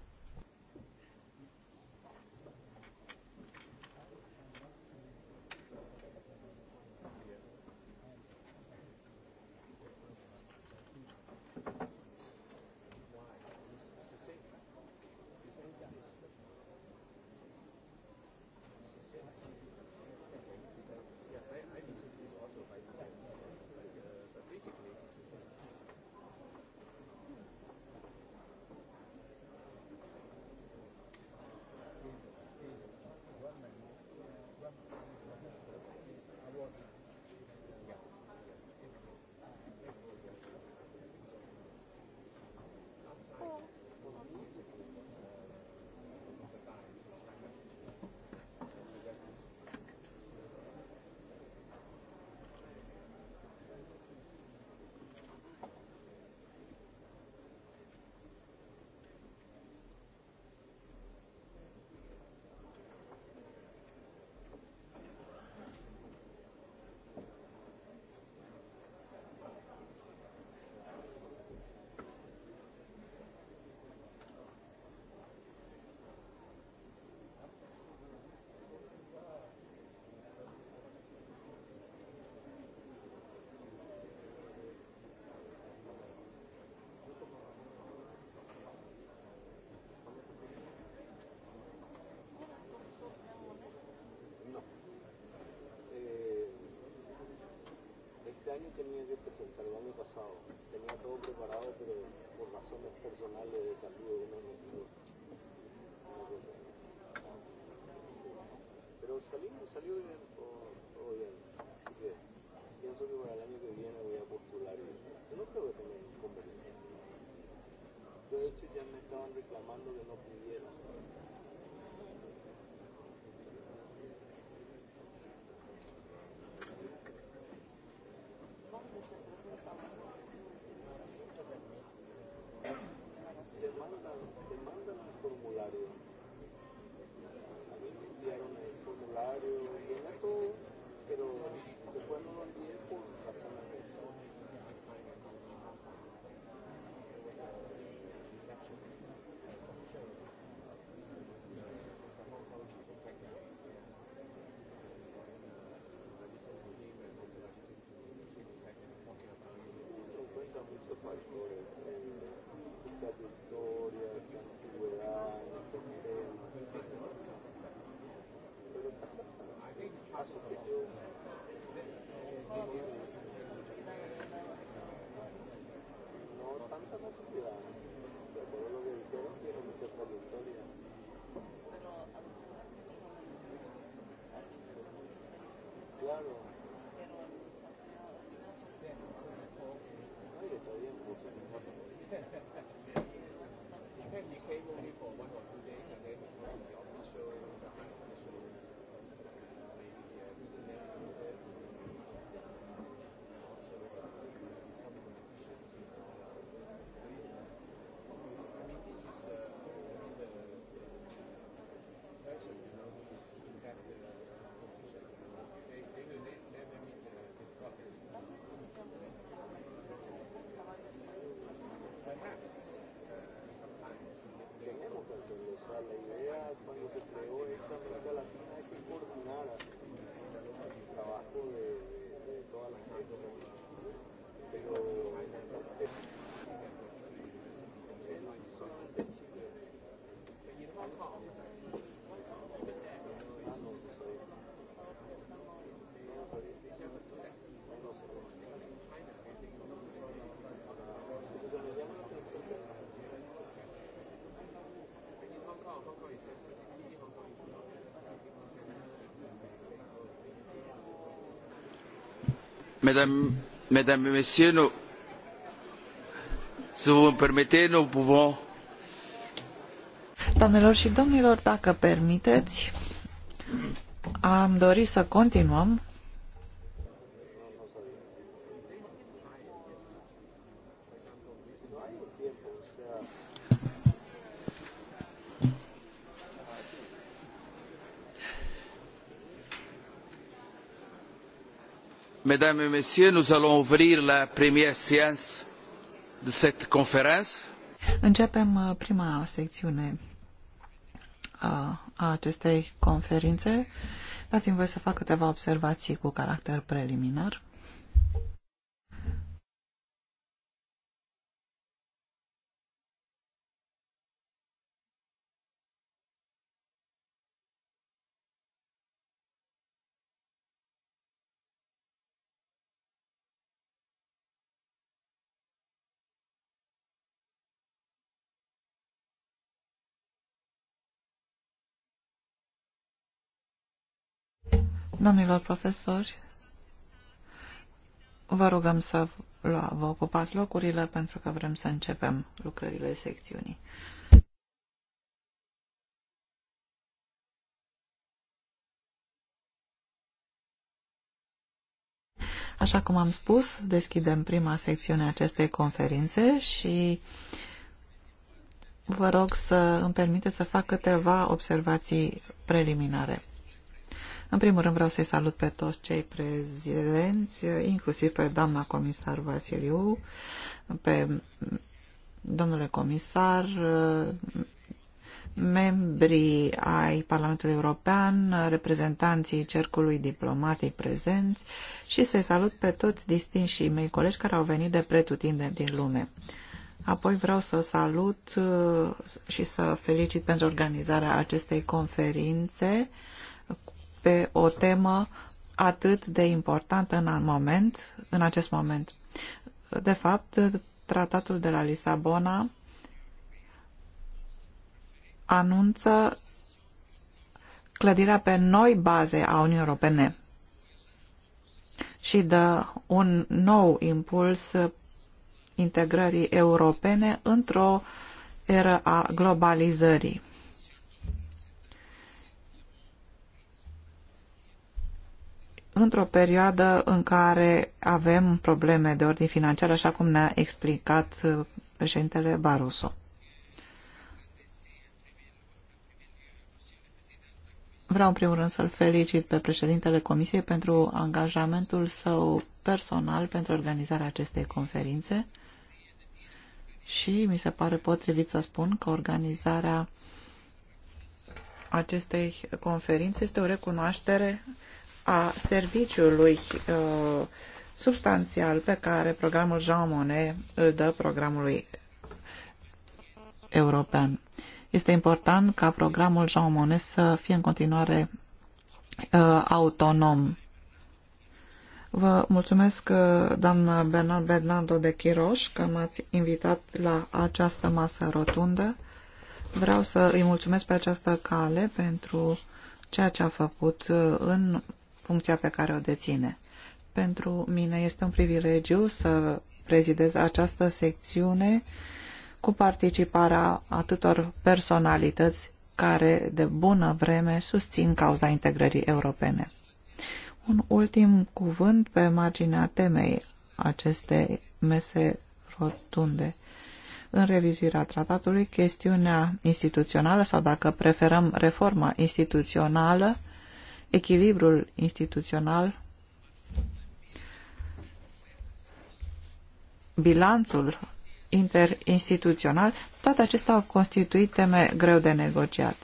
año tenía que presentar el año pasado. Tenía todo preparado, pero por razones personales de salud de no me Pero salimos, salió bien, todo, bien. Así que pienso que para el año que viene voy a postular. Yo no creo que tenga inconveniente. Yo De hecho ya me estaban reclamando que no pudiera. la ley Mesdames, et Messieurs, nous, si vous me permettez, nous pouvons. Doamnelor și domnilor, dacă permiteți, am dori să continuăm mesdames et messieurs nous allons ouvrir la première séance de cette conférence. Începem uh, prima secțiune uh, a acestei conferințe. Dați-mi voie să fac câteva observații cu caracter preliminar. Domnilor profesori, vă rugăm să vă ocupați locurile pentru că vrem să începem lucrările secțiunii. Așa cum am spus, deschidem prima secțiune a acestei conferințe și vă rog să îmi permiteți să fac câteva observații preliminare. În primul rând vreau să-i salut pe toți cei prezenți, inclusiv pe doamna comisar Vasiliu, pe domnule comisar, membrii ai Parlamentului European, reprezentanții cercului diplomatic prezenți și să-i salut pe toți distinșii mei colegi care au venit de pretutindeni din lume. Apoi vreau să salut uh, și să felicit pentru organizarea acestei conferințe pe o temă atât de importantă în, moment, în acest moment. De fapt, tratatul de la Lisabona anunță clădirea pe noi baze a Uniunii Europene și dă un nou impuls integrării europene într-o era a globalizării. într-o perioadă în care avem probleme de ordin financiar, așa cum ne-a explicat uh, președintele Barroso. Vreau în primul rând să-l felicit pe președintele Comisiei pentru angajamentul său personal pentru organizarea acestei conferințe și mi se pare potrivit să spun că organizarea acestei conferințe este o recunoaștere a serviciului uh, substanțial pe care programul Jean Monnet îl dă programului european. Este important ca programul Jean Monnet să fie în continuare uh, autonom. Vă mulțumesc, uh, doamnă Bernard Bernardo de Chiroș, că m-ați invitat la această masă rotundă. Vreau să îi mulțumesc pe această cale pentru ceea ce a făcut uh, în funcția pe care o deține. Pentru mine este un privilegiu să prezidez această secțiune cu participarea atâtor personalități care de bună vreme susțin cauza integrării europene. Un ultim cuvânt pe marginea temei acestei mese rotunde. În revizuirea tratatului, chestiunea instituțională sau, dacă preferăm, reforma instituțională echilibrul instituțional, bilanțul interinstituțional, toate acestea au constituit teme greu de negociat.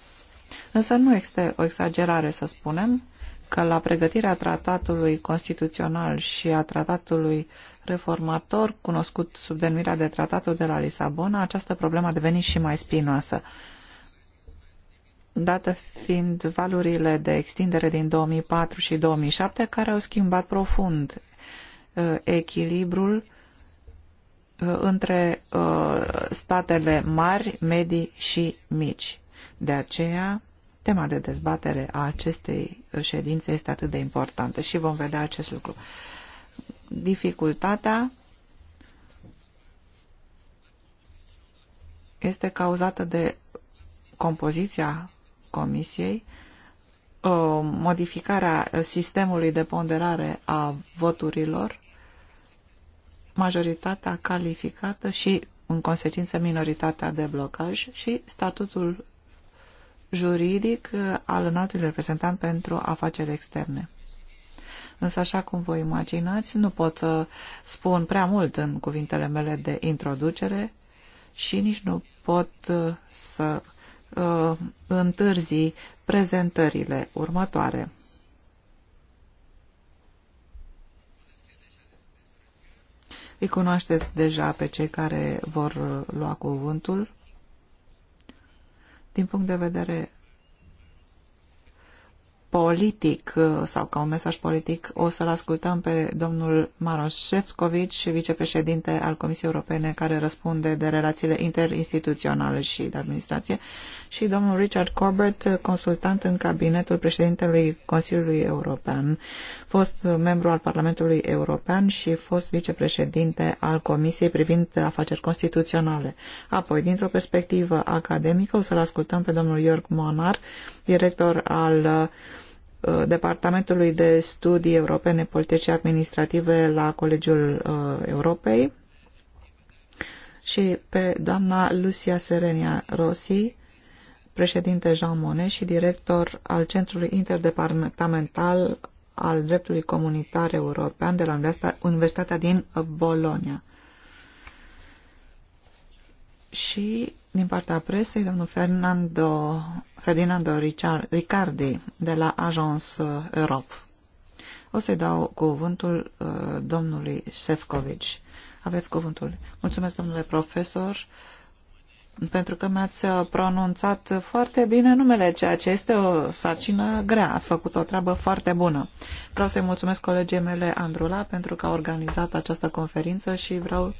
Însă nu este o exagerare să spunem că la pregătirea tratatului constituțional și a tratatului reformator, cunoscut sub denumirea de tratatul de la Lisabona, această problemă a devenit și mai spinoasă dată fiind valurile de extindere din 2004 și 2007 care au schimbat profund uh, echilibrul uh, între uh, statele mari, medii și mici. De aceea, tema de dezbatere a acestei ședințe este atât de importantă și vom vedea acest lucru. Dificultatea este cauzată de compoziția Comisiei, uh, modificarea sistemului de ponderare a voturilor, majoritatea calificată și, în consecință, minoritatea de blocaj și statutul juridic uh, al înaltului reprezentant pentru afaceri externe. Însă, așa cum vă imaginați, nu pot să spun prea mult în cuvintele mele de introducere și nici nu pot uh, să uh, întârzi prezentările următoare. Îi cunoașteți deja pe cei care vor lua cuvântul. Din punct de vedere politic uh, sau ca un mesaj politic, o să-l ascultăm pe domnul Maros Șefcovici, vicepreședinte al Comisiei Europene care răspunde de relațiile interinstituționale și de administrație și domnul Richard Corbett, consultant în cabinetul președintelui Consiliului European, fost membru al Parlamentului European și fost vicepreședinte al Comisiei privind afaceri constituționale. Apoi, dintr-o perspectivă academică, o să-l ascultăm pe domnul Iorg Monar, director al uh, Departamentului de Studii Europene, Politice și Administrative la Colegiul uh, Europei și pe doamna Lucia Serenia Rossi, președinte Jean Monnet și director al Centrului Interdepartamental al Dreptului Comunitar European de la Universitatea din Bologna. Și din partea presei, domnul Fernando, Ferdinando Richard, Ricardi de la Agence Europe. O să-i dau cuvântul uh, domnului Sefcovici. Aveți cuvântul. Mulțumesc, domnule profesor. Uh, pentru că mi-ați uh, pronunțat foarte bine numele, ceea ce este o sarcină grea. Ați făcut o treabă foarte bună. Vreau să-i mulțumesc colegii mele Andrula pentru că a organizat această conferință și vreau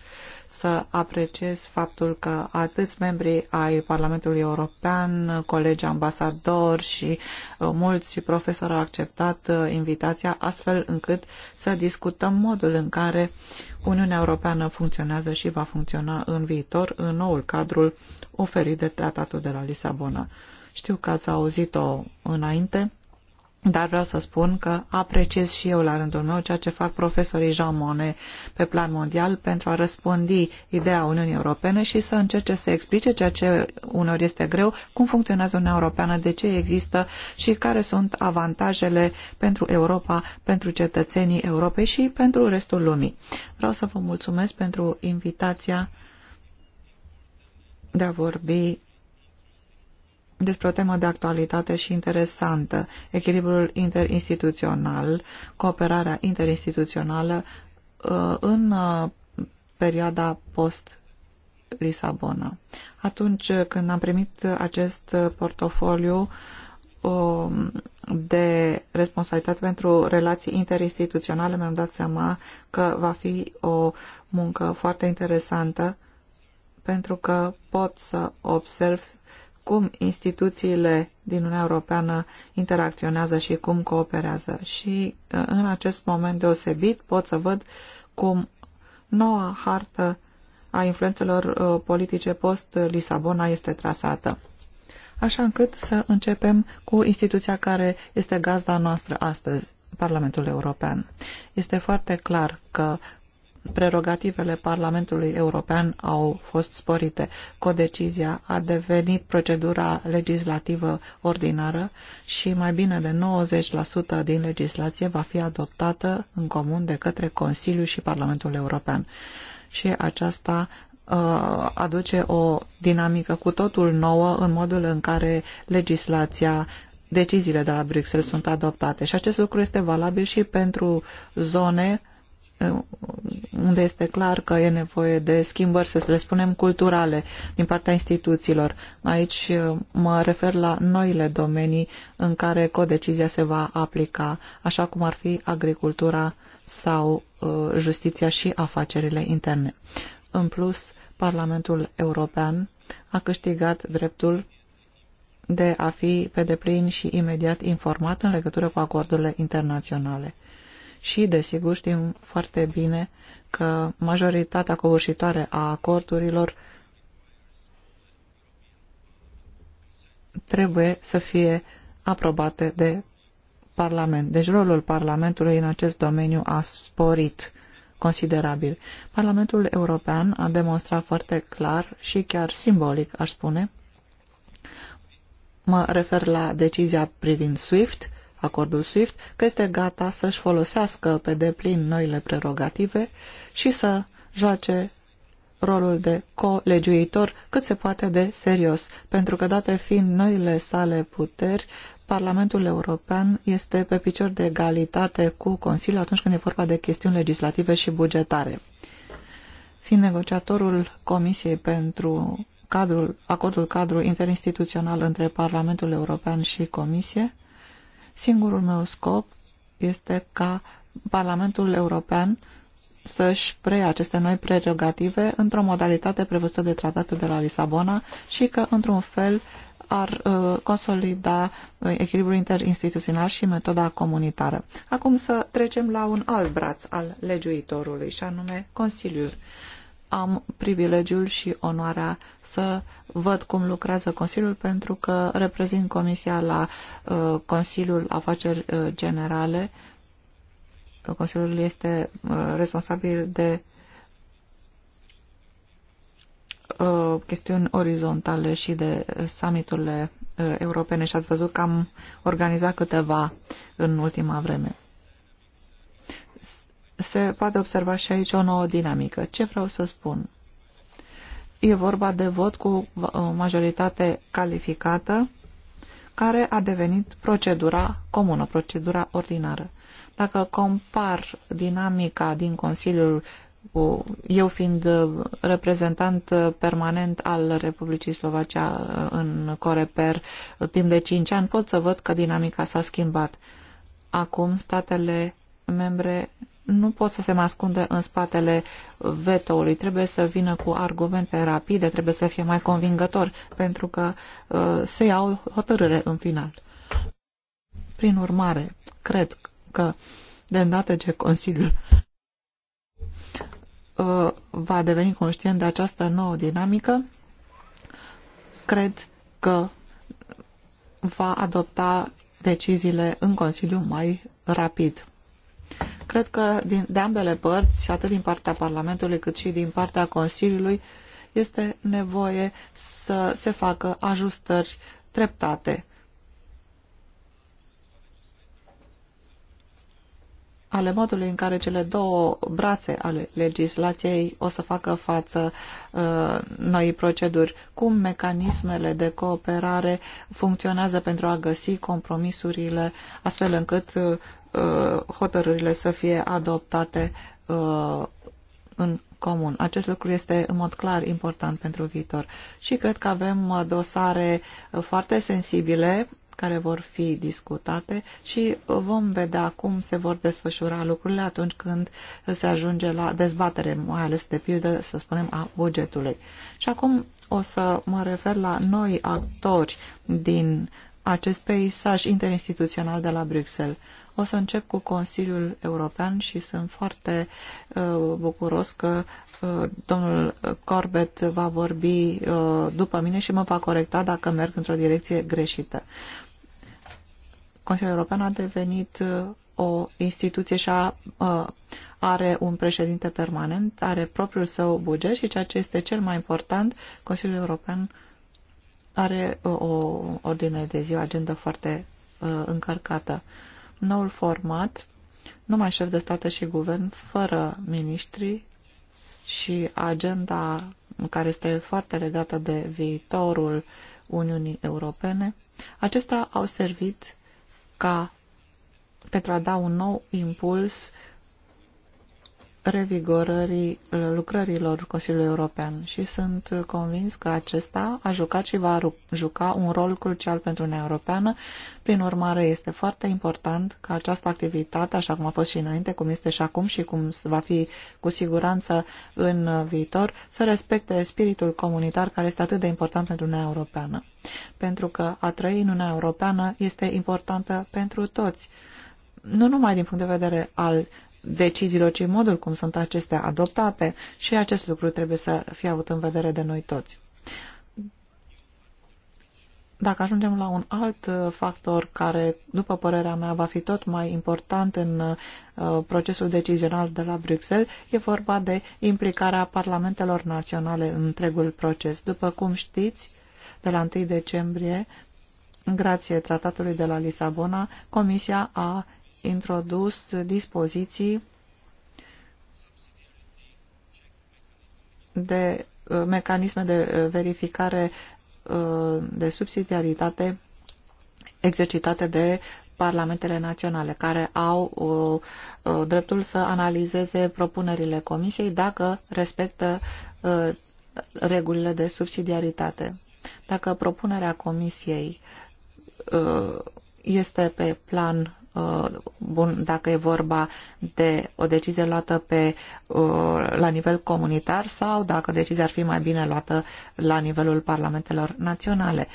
să apreciez faptul că atâți membrii ai Parlamentului European, colegi ambasadori și uh, mulți profesori au acceptat uh, invitația astfel încât să discutăm modul în care Uniunea Europeană funcționează și va funcționa în viitor în noul cadrul oferit de Tratatul de la Lisabona. Știu că ați auzit-o înainte dar vreau să spun că apreciez și eu la rândul meu ceea ce fac profesorii Jean Monnet pe plan mondial pentru a răspândi ideea Uniunii Europene și să încerce să explice ceea ce unor este greu, cum funcționează Uniunea Europeană, de ce există și care sunt avantajele pentru Europa, pentru cetățenii Europei și pentru restul lumii. Vreau să vă mulțumesc pentru invitația de a vorbi despre o temă de actualitate și interesantă, echilibrul interinstituțional, cooperarea interinstituțională uh, în uh, perioada post Lisabona. Atunci când am primit acest portofoliu um, de responsabilitate pentru relații interinstituționale, mi-am dat seama că va fi o muncă foarte interesantă pentru că pot să observ cum instituțiile din Uniunea Europeană interacționează și cum cooperează. Și uh, în acest moment deosebit pot să văd cum noua hartă a influențelor uh, politice post-Lisabona este trasată. Așa încât să începem cu instituția care este gazda noastră astăzi, Parlamentul European. Este foarte clar că prerogativele Parlamentului European au fost sporite. Codecizia a devenit procedura legislativă ordinară și mai bine de 90% din legislație va fi adoptată în comun de către Consiliu și Parlamentul European. Și aceasta uh, aduce o dinamică cu totul nouă în modul în care legislația deciziile de la Bruxelles sunt adoptate și acest lucru este valabil și pentru zone unde este clar că e nevoie de schimbări, să le spunem, culturale din partea instituțiilor. Aici uh, mă refer la noile domenii în care codecizia se va aplica, așa cum ar fi agricultura sau uh, justiția și afacerile interne. În plus, Parlamentul European a câștigat dreptul de a fi pe deplin și imediat informat în legătură cu acordurile internaționale și, desigur, știm foarte bine că majoritatea covârșitoare a acordurilor trebuie să fie aprobate de Parlament. Deci rolul Parlamentului în acest domeniu a sporit considerabil. Parlamentul European a demonstrat foarte clar și chiar simbolic, aș spune, mă refer la decizia privind SWIFT, acordul SWIFT, că este gata să-și folosească pe deplin noile prerogative și să joace rolul de colegiuitor cât se poate de serios, pentru că date fiind noile sale puteri, Parlamentul European este pe picior de egalitate cu Consiliul atunci când e vorba de chestiuni legislative și bugetare. Fiind negociatorul Comisiei pentru cadrul, acordul cadru interinstituțional între Parlamentul European și Comisie, Singurul meu scop este ca Parlamentul European să-și preia aceste noi prerogative într-o modalitate prevăzută de tratatul de la Lisabona și că, într-un fel, ar uh, consolida uh, echilibrul interinstituțional și metoda comunitară. Acum să trecem la un alt braț al legiuitorului, și anume Consiliul am privilegiul și onoarea să văd cum lucrează Consiliul pentru că reprezint Comisia la uh, Consiliul Afaceri uh, Generale. Consiliul este uh, responsabil de uh, chestiuni orizontale și de summiturile uh, europene și ați văzut că am organizat câteva în ultima vreme se poate observa și aici o nouă dinamică. Ce vreau să spun? E vorba de vot cu uh, majoritate calificată care a devenit procedura comună, procedura ordinară. Dacă compar dinamica din Consiliul cu, eu fiind uh, reprezentant uh, permanent al Republicii Slovacia în Coreper timp de 5 ani, pot să văd că dinamica s-a schimbat. Acum statele membre nu pot să se mai ascundă în spatele vetoului. Trebuie să vină cu argumente rapide, trebuie să fie mai convingător, pentru că uh, se iau hotărâre în final. Prin urmare, cred că de îndată ce Consiliul uh, va deveni conștient de această nouă dinamică, cred că va adopta deciziile în Consiliu mai rapid Cred că din, de ambele părți, atât din partea Parlamentului cât și din partea Consiliului, este nevoie să se facă ajustări treptate ale modului în care cele două brațe ale legislației o să facă față uh, noi proceduri, cum mecanismele de cooperare funcționează pentru a găsi compromisurile astfel încât uh, Uh, hotărârile să fie adoptate uh, în comun. Acest lucru este în mod clar important pentru viitor. Și cred că avem uh, dosare foarte sensibile care vor fi discutate și vom vedea cum se vor desfășura lucrurile atunci când se ajunge la dezbatere, mai ales de pildă, să spunem, a bugetului. Și acum o să mă refer la noi actori din acest peisaj interinstituțional de la Bruxelles. O să încep cu Consiliul European și sunt foarte uh, bucuros că uh, domnul Corbett va vorbi uh, după mine și mă va corecta dacă merg într-o direcție greșită. Consiliul European a devenit uh, o instituție și a, uh, are un președinte permanent, are propriul său buget și ceea ce este cel mai important, Consiliul European are uh, o ordine de zi, o agendă foarte încărcată noul format, numai șef de state și guvern, fără miniștri și agenda care este foarte legată de viitorul Uniunii Europene, acestea au servit ca pentru a da un nou impuls revigorării lucrărilor Consiliului European și sunt convins că acesta a jucat și va juca un rol crucial pentru Uniunea Europeană. Prin urmare, este foarte important ca această activitate, așa cum a fost și înainte, cum este și acum și cum va fi cu siguranță în viitor, să respecte spiritul comunitar care este atât de important pentru Uniunea Europeană. Pentru că a trăi în Uniunea Europeană este importantă pentru toți nu numai din punct de vedere al deciziilor, ci modul cum sunt acestea adoptate și acest lucru trebuie să fie avut în vedere de noi toți. Dacă ajungem la un alt uh, factor care, după părerea mea, va fi tot mai important în uh, procesul decizional de la Bruxelles, e vorba de implicarea parlamentelor naționale în întregul proces. După cum știți, de la 1 decembrie, grație tratatului de la Lisabona, Comisia a introdus dispoziții de uh, mecanisme de uh, verificare uh, de subsidiaritate exercitate de parlamentele naționale, care au dreptul să analizeze propunerile comisiei dacă respectă regulile de subsidiaritate. Dacă propunerea comisiei este pe plan Uh, bun, dacă e vorba de o decizie luată pe, uh, la nivel comunitar sau dacă decizia ar fi mai bine luată la nivelul parlamentelor naționale.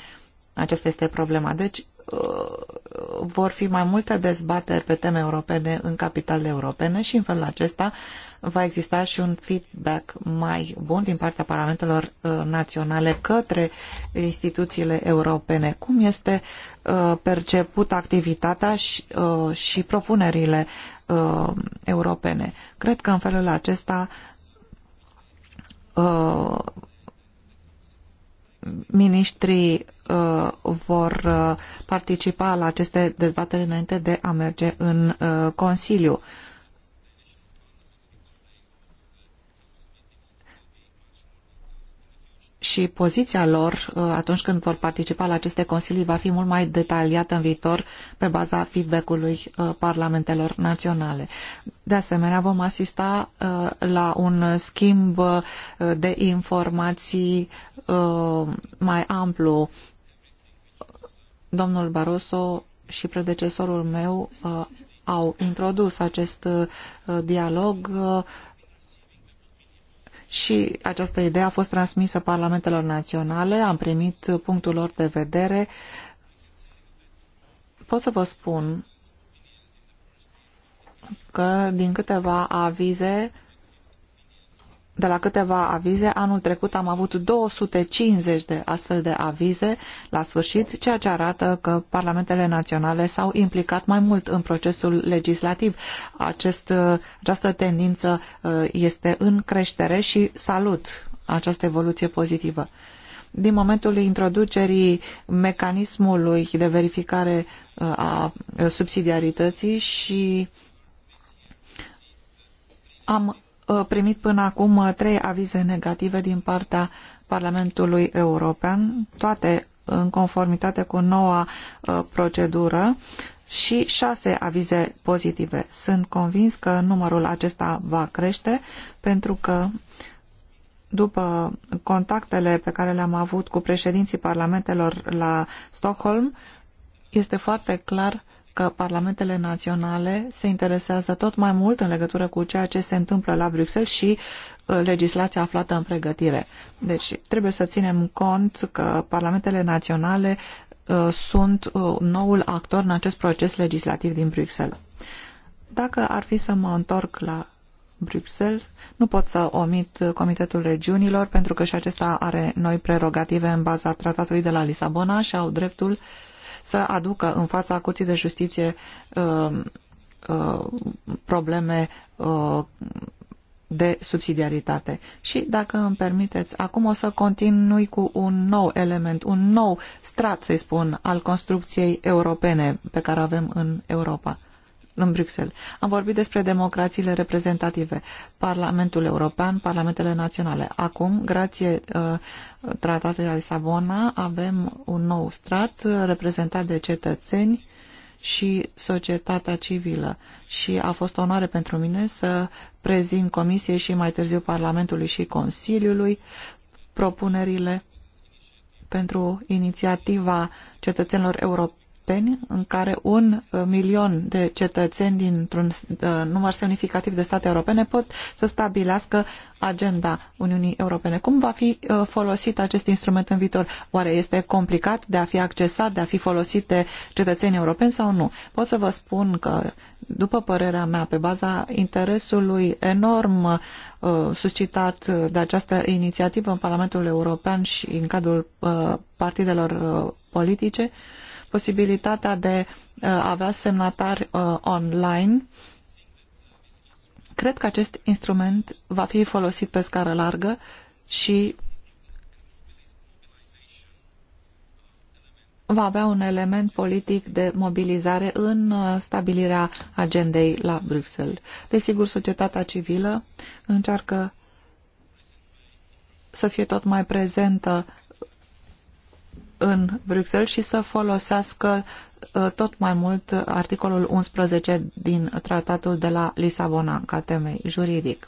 Aceasta este problema. Deci uh, vor fi mai multe dezbateri pe teme europene în capitale europene și în felul acesta uh, va exista și un feedback mai bun din partea parlamentelor uh, naționale către instituțiile europene. Cum este uh, percepută activitatea și, uh, și propunerile europene? Cred că în felul acesta ministrii uh, vor uh, participa la aceste dezbateri înainte de a merge în uh, Consiliu. și poziția lor uh, atunci când vor participa la aceste consilii va fi mult mai detaliată în viitor pe baza feedback-ului uh, parlamentelor naționale. De asemenea, vom asista uh, la un schimb de informații mai amplu. Domnul Barroso și predecesorul meu au introdus acest dialog și această idee a fost transmisă parlamentelor naționale, am primit punctul lor de vedere. Pot să vă spun că din câteva avize de la câteva avize. Anul trecut am avut 250 de astfel de avize la sfârșit, ceea ce arată că parlamentele naționale s-au implicat mai mult în procesul legislativ. Acest, uh, această tendință uh, este în creștere și salut această evoluție pozitivă. Din momentul introducerii mecanismului de verificare uh, a subsidiarității și am Uh, primit până acum uh, trei avize negative din partea Parlamentului European, toate în conformitate cu noua uh, procedură și șase avize pozitive. Sunt convins că numărul acesta va crește pentru că după contactele pe care le-am avut cu președinții parlamentelor la Stockholm, este foarte clar că parlamentele naționale se interesează tot mai mult în legătură cu ceea ce se întâmplă la Bruxelles și uh, legislația aflată în pregătire. Deci trebuie să ținem cont că parlamentele naționale uh, sunt uh, noul actor în acest proces legislativ din Bruxelles. Dacă ar fi să mă întorc la Bruxelles. Nu pot să omit Comitetul Regiunilor pentru că și acesta are noi prerogative în baza tratatului de la Lisabona și au dreptul uh, să aducă în fața Curții de Justiție uh, uh, probleme uh, de subsidiaritate. Și, dacă îmi permiteți, acum o să continui cu un nou element, un nou strat, să-i spun, al construcției europene pe care avem în Europa în Bruxelles. Am vorbit despre democrațiile reprezentative, Parlamentul European, Parlamentele Naționale. Acum, grație uh, tratatului de Lisabona, avem un nou strat uh, reprezentat de cetățeni și societatea civilă și a fost o onoare pentru mine să prezint Comisiei și mai târziu Parlamentului și Consiliului propunerile pentru inițiativa cetățenilor europeni europeni în care un uh, milion de cetățeni dintr-un uh, număr semnificativ de state europene pot să stabilească agenda Uniunii Europene. Cum va fi uh, folosit acest instrument în viitor? Oare este complicat de a fi accesat, de a fi folosit de cetățenii europeni sau nu? Pot să vă spun că, după părerea mea, pe baza interesului enorm suscitat de această inițiativă în Parlamentul European și în cadrul partidelor politice, posibilitatea de uh, a avea semnatari uh, online. Cred că acest instrument va fi folosit pe scară largă și va avea un element politic de mobilizare în uh, stabilirea agendei la Bruxelles. Desigur, societatea civilă încearcă să fie tot mai prezentă în Bruxelles și să folosească uh, tot mai mult articolul 11 din tratatul de la Lisabona ca temei juridic.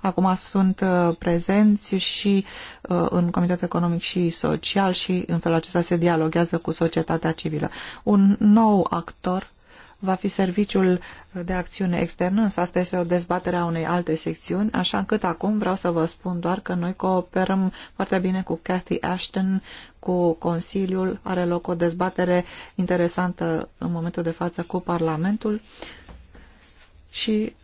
Acum sunt uh, prezenți și uh, în Comitetul Economic și Social și în felul acesta se dialoghează cu societatea civilă. Un nou actor va fi serviciul de acțiune externă, însă asta este o dezbatere a unei alte secțiuni, așa încât acum vreau să vă spun doar că noi cooperăm foarte bine cu Cathy Ashton, cu Consiliul, are loc o dezbatere interesantă în momentul de față cu Parlamentul și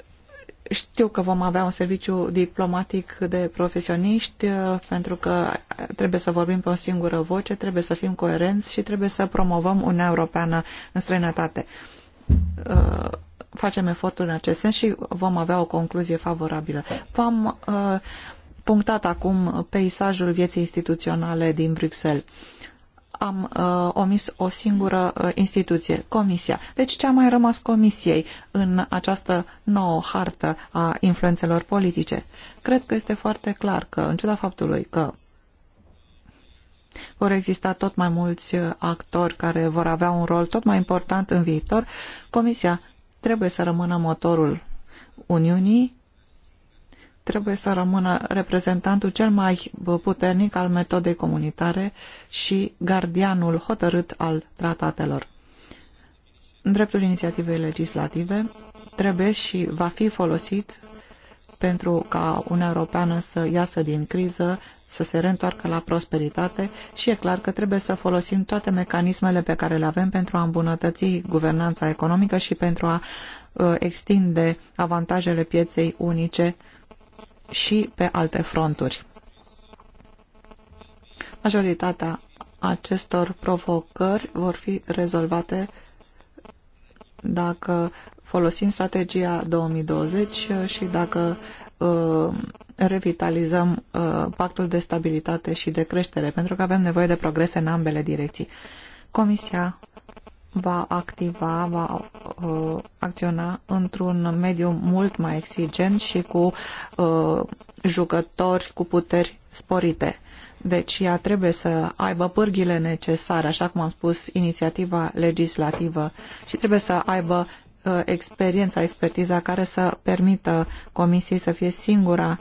știu că vom avea un serviciu diplomatic de profesioniști uh, pentru că trebuie să vorbim pe o singură voce, trebuie să fim coerenți și trebuie să promovăm Uniunea Europeană în străinătate. Uh, facem eforturi în acest sens și vom avea o concluzie favorabilă. V-am uh, punctat acum peisajul vieții instituționale din Bruxelles. Am uh, omis o singură uh, instituție, Comisia. Deci ce a mai rămas Comisiei în această nouă hartă a influențelor politice? Cred că este foarte clar că, în ciuda faptului că vor exista tot mai mulți uh, actori care vor avea un rol tot mai important în viitor, Comisia trebuie să rămână motorul Uniunii trebuie să rămână reprezentantul cel mai puternic al metodei comunitare și gardianul hotărât al tratatelor. Dreptul inițiativei legislative trebuie și va fi folosit pentru ca Uniunea Europeană să iasă din criză, să se reîntoarcă la prosperitate și e clar că trebuie să folosim toate mecanismele pe care le avem pentru a îmbunătăți guvernanța economică și pentru a uh, extinde avantajele pieței unice și pe alte fronturi. Majoritatea acestor provocări vor fi rezolvate dacă folosim strategia 2020 și dacă uh, revitalizăm uh, pactul de stabilitate și de creștere, pentru că avem nevoie de progrese în ambele direcții. Comisia va activa, va uh, acționa într-un mediu mult mai exigent și cu uh, jucători cu puteri sporite. Deci ea trebuie să aibă pârghile necesare, așa cum am spus, inițiativa legislativă și trebuie să aibă uh, experiența, expertiza care să permită comisiei să fie singura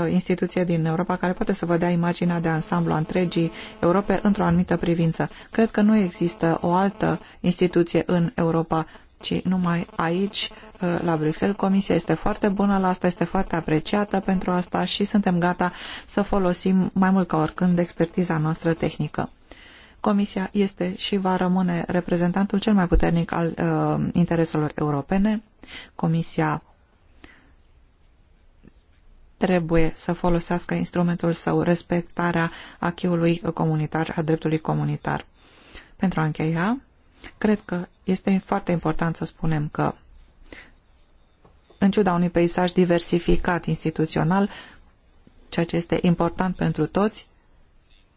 Uh, instituție din Europa care poate să vă dea imaginea de ansamblu a întregii Europe într-o anumită privință. Cred că nu există o altă instituție în Europa ci numai aici, uh, la Bruxelles. Comisia este foarte bună la asta, este foarte apreciată pentru asta și suntem gata să folosim mai mult ca oricând expertiza noastră tehnică. Comisia este și va rămâne reprezentantul cel mai puternic al uh, intereselor europene. Comisia trebuie să folosească instrumentul său, respectarea achiului comunitar, a dreptului comunitar. Pentru a încheia, cred că este foarte important să spunem că, în ciuda unui peisaj diversificat instituțional, ceea ce este important pentru toți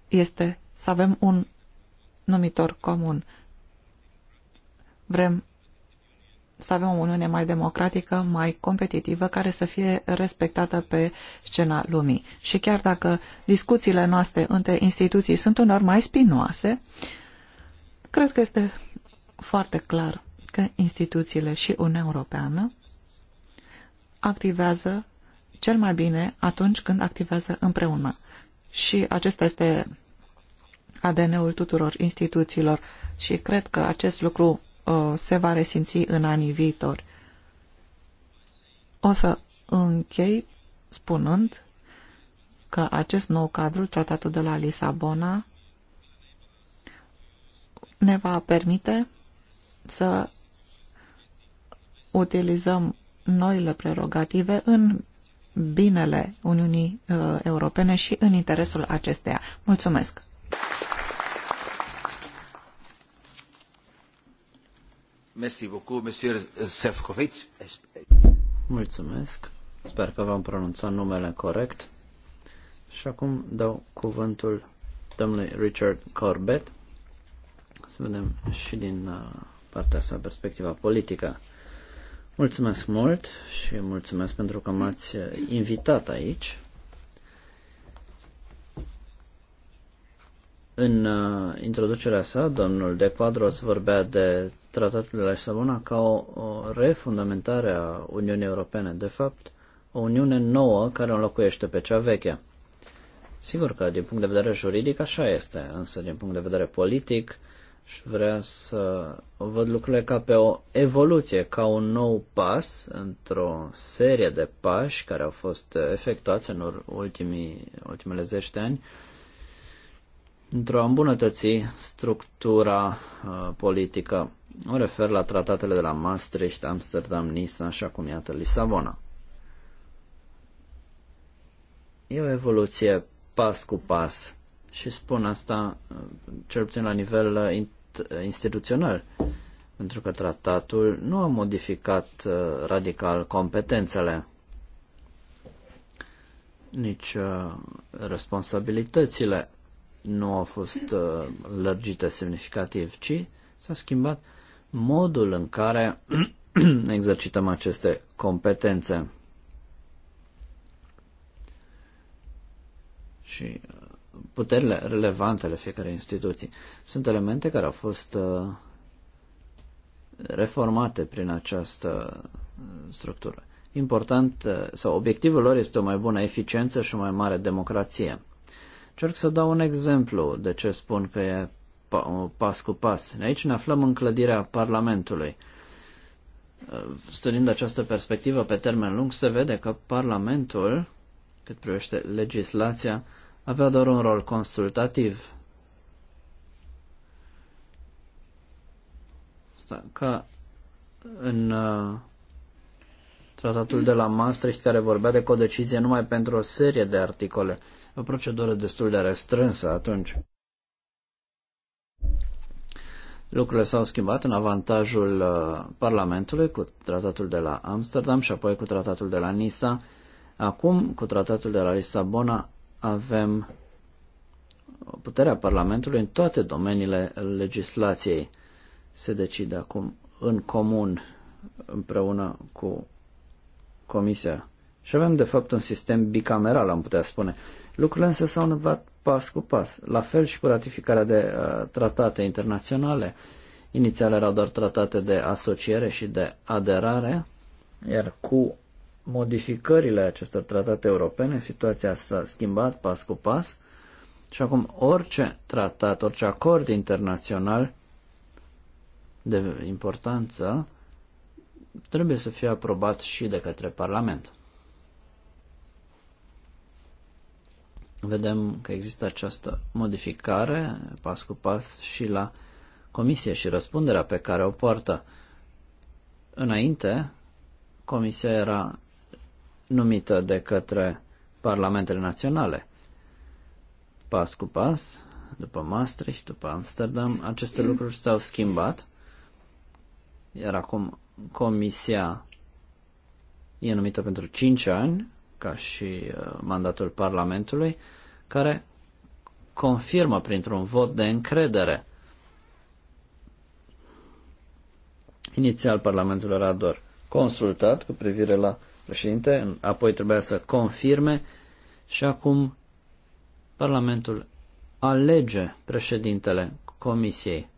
este să avem un numitor comun. Vrem să avem o Uniune mai democratică, mai competitivă, care să fie respectată pe scena lumii. Și chiar dacă discuțiile noastre între instituții sunt unor mai spinoase, cred că este foarte clar că instituțiile și Uniunea Europeană activează cel mai bine atunci când activează împreună. Și acesta este ADN-ul tuturor instituțiilor și cred că acest lucru Uh, se va resimți în anii viitori. O să închei spunând că acest nou cadru, tratatul de la Lisabona, ne va permite să utilizăm noile prerogative în binele Uniunii uh, Europene și în interesul acesteia. Mulțumesc! Merci beaucoup, monsieur Mulțumesc. Sper că v-am pronunțat numele corect. Și acum dau cuvântul domnului Richard Corbett. Să vedem și din uh, partea sa perspectiva politică. Mulțumesc mult și mulțumesc pentru că m-ați invitat aici. În uh, introducerea sa, domnul De Quadros vorbea de tratatul de la Lisabona ca o, refundamentare a Uniunii Europene, de fapt o Uniune nouă care înlocuiește pe cea veche. Sigur că din punct de vedere juridic așa este, însă din punct de vedere politic și vrea să văd lucrurile ca pe o evoluție, ca un nou pas într-o serie de pași care au fost efectuați în ultimii, ultimele zeci de ani într-o îmbunătăți structura uh, politică. Mă refer la tratatele de la Maastricht, Amsterdam, Nisa și acum iată Lisabona. E o evoluție pas cu pas și spun asta cel puțin la nivel uh, uh, instituțional, pentru că tratatul nu a modificat uh, radical competențele, nici responsabilitățile nu au fost lărgite semnificativ, ci s-a schimbat modul în care exercităm aceste competențe. Și uh, puterile relevante ale fiecarei instituții sunt elemente care au fost uh, reformate prin această uh, structură. Important, sau obiectivul lor este o mai bună eficiență și o mai mare democrație. Cerc să dau un exemplu de ce spun că e pas cu pas. Aici ne aflăm în clădirea Parlamentului. Studiind această perspectivă pe termen lung, se vede că Parlamentul, cât privește legislația, avea doar un rol consultativ. Asta ca în uh, tratatul de la Maastricht care vorbea de codecizie numai pentru o serie de articole. O procedură destul de restrânsă atunci. Lucrurile s-au schimbat în avantajul uh, Parlamentului cu tratatul de la Amsterdam și apoi cu tratatul de la Nisa. Acum, cu tratatul de la Lisabona, avem puterea Parlamentului în toate domeniile legislației. Se decide acum în comun împreună cu Comisia și avem, de fapt, un sistem bicameral, am putea spune. Lucrurile însă s-au înălbat pas cu pas. La fel și cu ratificarea de uh, tratate internaționale. Inițial erau doar tratate de asociere și de aderare, iar cu modificările acestor tratate europene, situația s-a schimbat pas cu pas și acum orice tratat, orice acord internațional de importanță trebuie să fie aprobat și de către Parlament. Vedem că există această modificare pas cu pas și la comisie și răspunderea pe care o poartă. Înainte, comisia era numită de către parlamentele naționale. Pas cu pas, după Maastricht, după Amsterdam, aceste lucruri s-au schimbat, iar acum comisia e numită pentru 5 ani ca și uh, mandatul Parlamentului, care confirmă printr-un vot de încredere. Inițial Parlamentul era doar consultat cu privire la președinte, apoi trebuia să confirme și acum Parlamentul alege președintele Comisiei.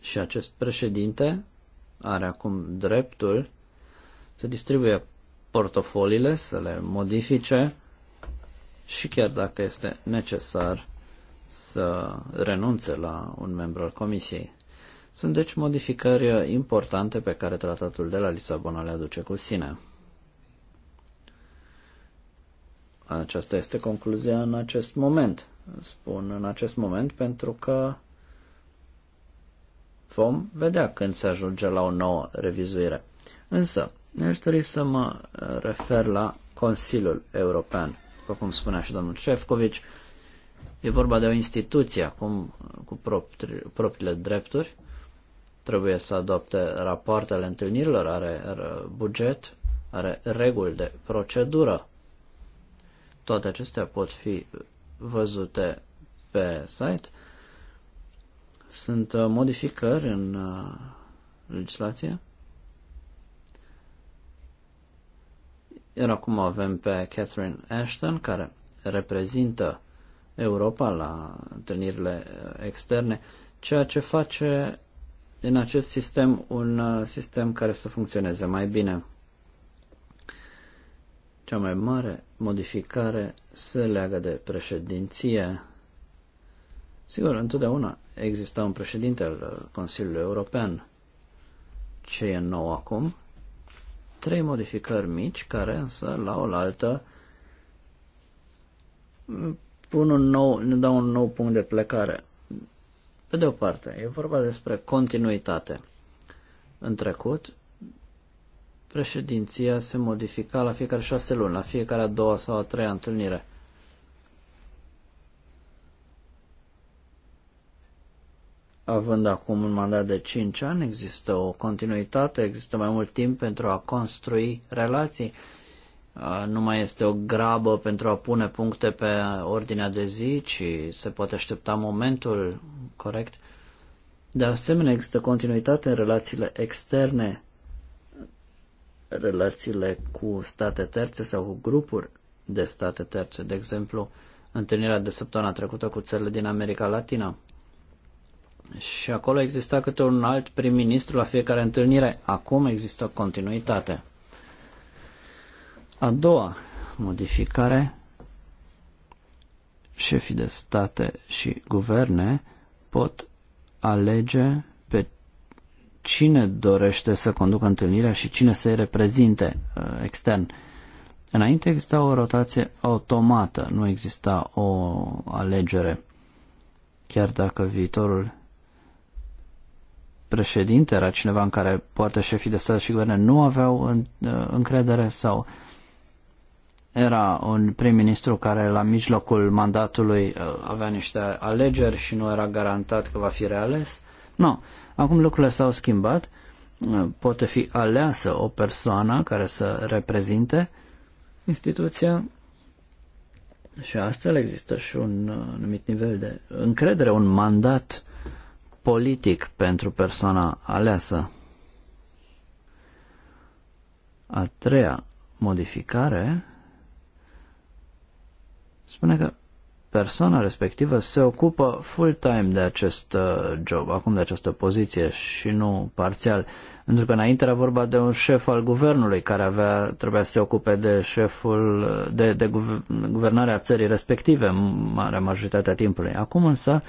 Și acest președinte are acum dreptul să distribuie portofoliile, să le modifice și chiar dacă este necesar să renunțe la un membru al Comisiei. Sunt deci modificări importante pe care tratatul de la Lisabona le aduce cu sine. Aceasta este concluzia în acest moment. Spun în acest moment pentru că vom vedea când se ajunge la o nouă revizuire. Însă, Aș dori să mă refer la Consiliul European. După cum spunea și domnul Șefcovici, e vorba de o instituție acum cu propri, propriile drepturi. Trebuie să adopte rapoartele întâlnirilor, are buget, are reguli de procedură. Toate acestea pot fi văzute pe site. Sunt uh, modificări în uh, legislație Iar acum avem pe Catherine Ashton, care reprezintă Europa la întâlnirile uh, externe, ceea ce face în acest sistem un uh, sistem care să funcționeze mai bine. Cea mai mare modificare se leagă de președinție. Sigur, întotdeauna exista un președinte al uh, Consiliului European. Ce e nou acum trei modificări mici care însă la oaltă pun un nou, ne dau un nou punct de plecare. Pe de o parte, e vorba despre continuitate. În trecut, președinția se modifica la fiecare șase luni, la fiecare a doua sau a treia întâlnire. având acum un mandat de 5 ani, există o continuitate, există mai mult timp pentru a construi relații. Nu mai este o grabă pentru a pune puncte pe ordinea de zi, ci se poate aștepta momentul corect. De asemenea, există continuitate în relațiile externe, relațiile cu state terțe sau cu grupuri de state terțe, de exemplu, întâlnirea de săptămâna trecută cu țările din America Latina și acolo exista câte un alt prim-ministru la fiecare întâlnire. Acum există o continuitate. A doua modificare, șefii de state și guverne pot alege pe cine dorește să conducă întâlnirea și cine să-i reprezinte uh, extern. Înainte exista o rotație automată, nu exista o alegere. Chiar dacă viitorul președinte era cineva în care poate șefii de stat și guverne nu aveau uh, încredere sau era un prim-ministru care la mijlocul mandatului uh, avea niște alegeri și nu era garantat că va fi reales. Nu. Acum lucrurile s-au schimbat. Uh, poate fi aleasă o persoană care să reprezinte instituția și astfel există și un anumit nivel de încredere, un mandat politic pentru persoana aleasă. A treia modificare spune că persoana respectivă se ocupă full-time de acest uh, job, acum de această poziție și nu parțial. Pentru că înainte era vorba de un șef al guvernului care avea, trebuia să se ocupe de șeful, de, de guvernarea țării respective, marea majoritatea timpului. Acum însă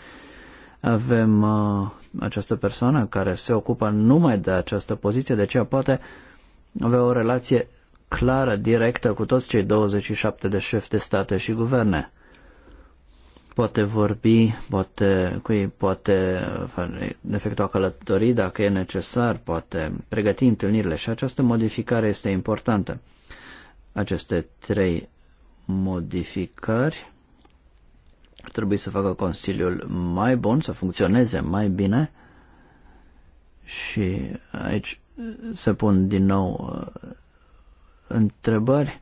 avem uh, această persoană care se ocupă numai de această poziție, de aceea poate avea o relație clară, directă cu toți cei 27 de șefi de state și guverne. Poate vorbi, poate cu ei, poate efectua călătorii dacă e necesar, poate pregăti întâlnirile și această modificare este importantă. Aceste trei modificări ar trebui să facă Consiliul mai bun, să funcționeze mai bine și aici se pun din nou uh, întrebări.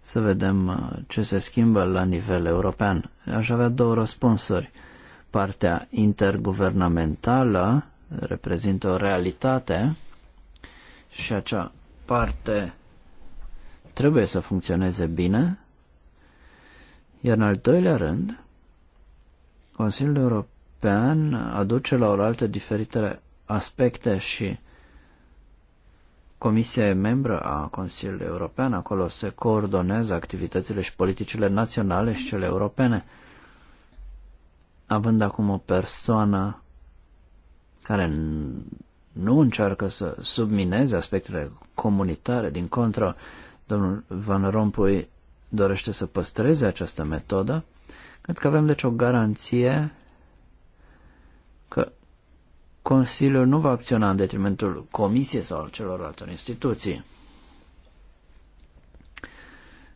Să vedem uh, ce se schimbă la nivel european. Aș avea două răspunsuri. Partea interguvernamentală reprezintă o realitate și acea parte trebuie să funcționeze bine, iar în al doilea rând, Consiliul European aduce la oaltă diferite aspecte și Comisia e membră a Consiliului European, acolo se coordonează activitățile și politicile naționale și cele europene. Având acum o persoană care nu încearcă să submineze aspectele comunitare, din contră, Domnul Van Rompuy dorește să păstreze această metodă. Cred că avem deci o garanție că Consiliul nu va acționa în detrimentul Comisiei sau al celorlalte instituții.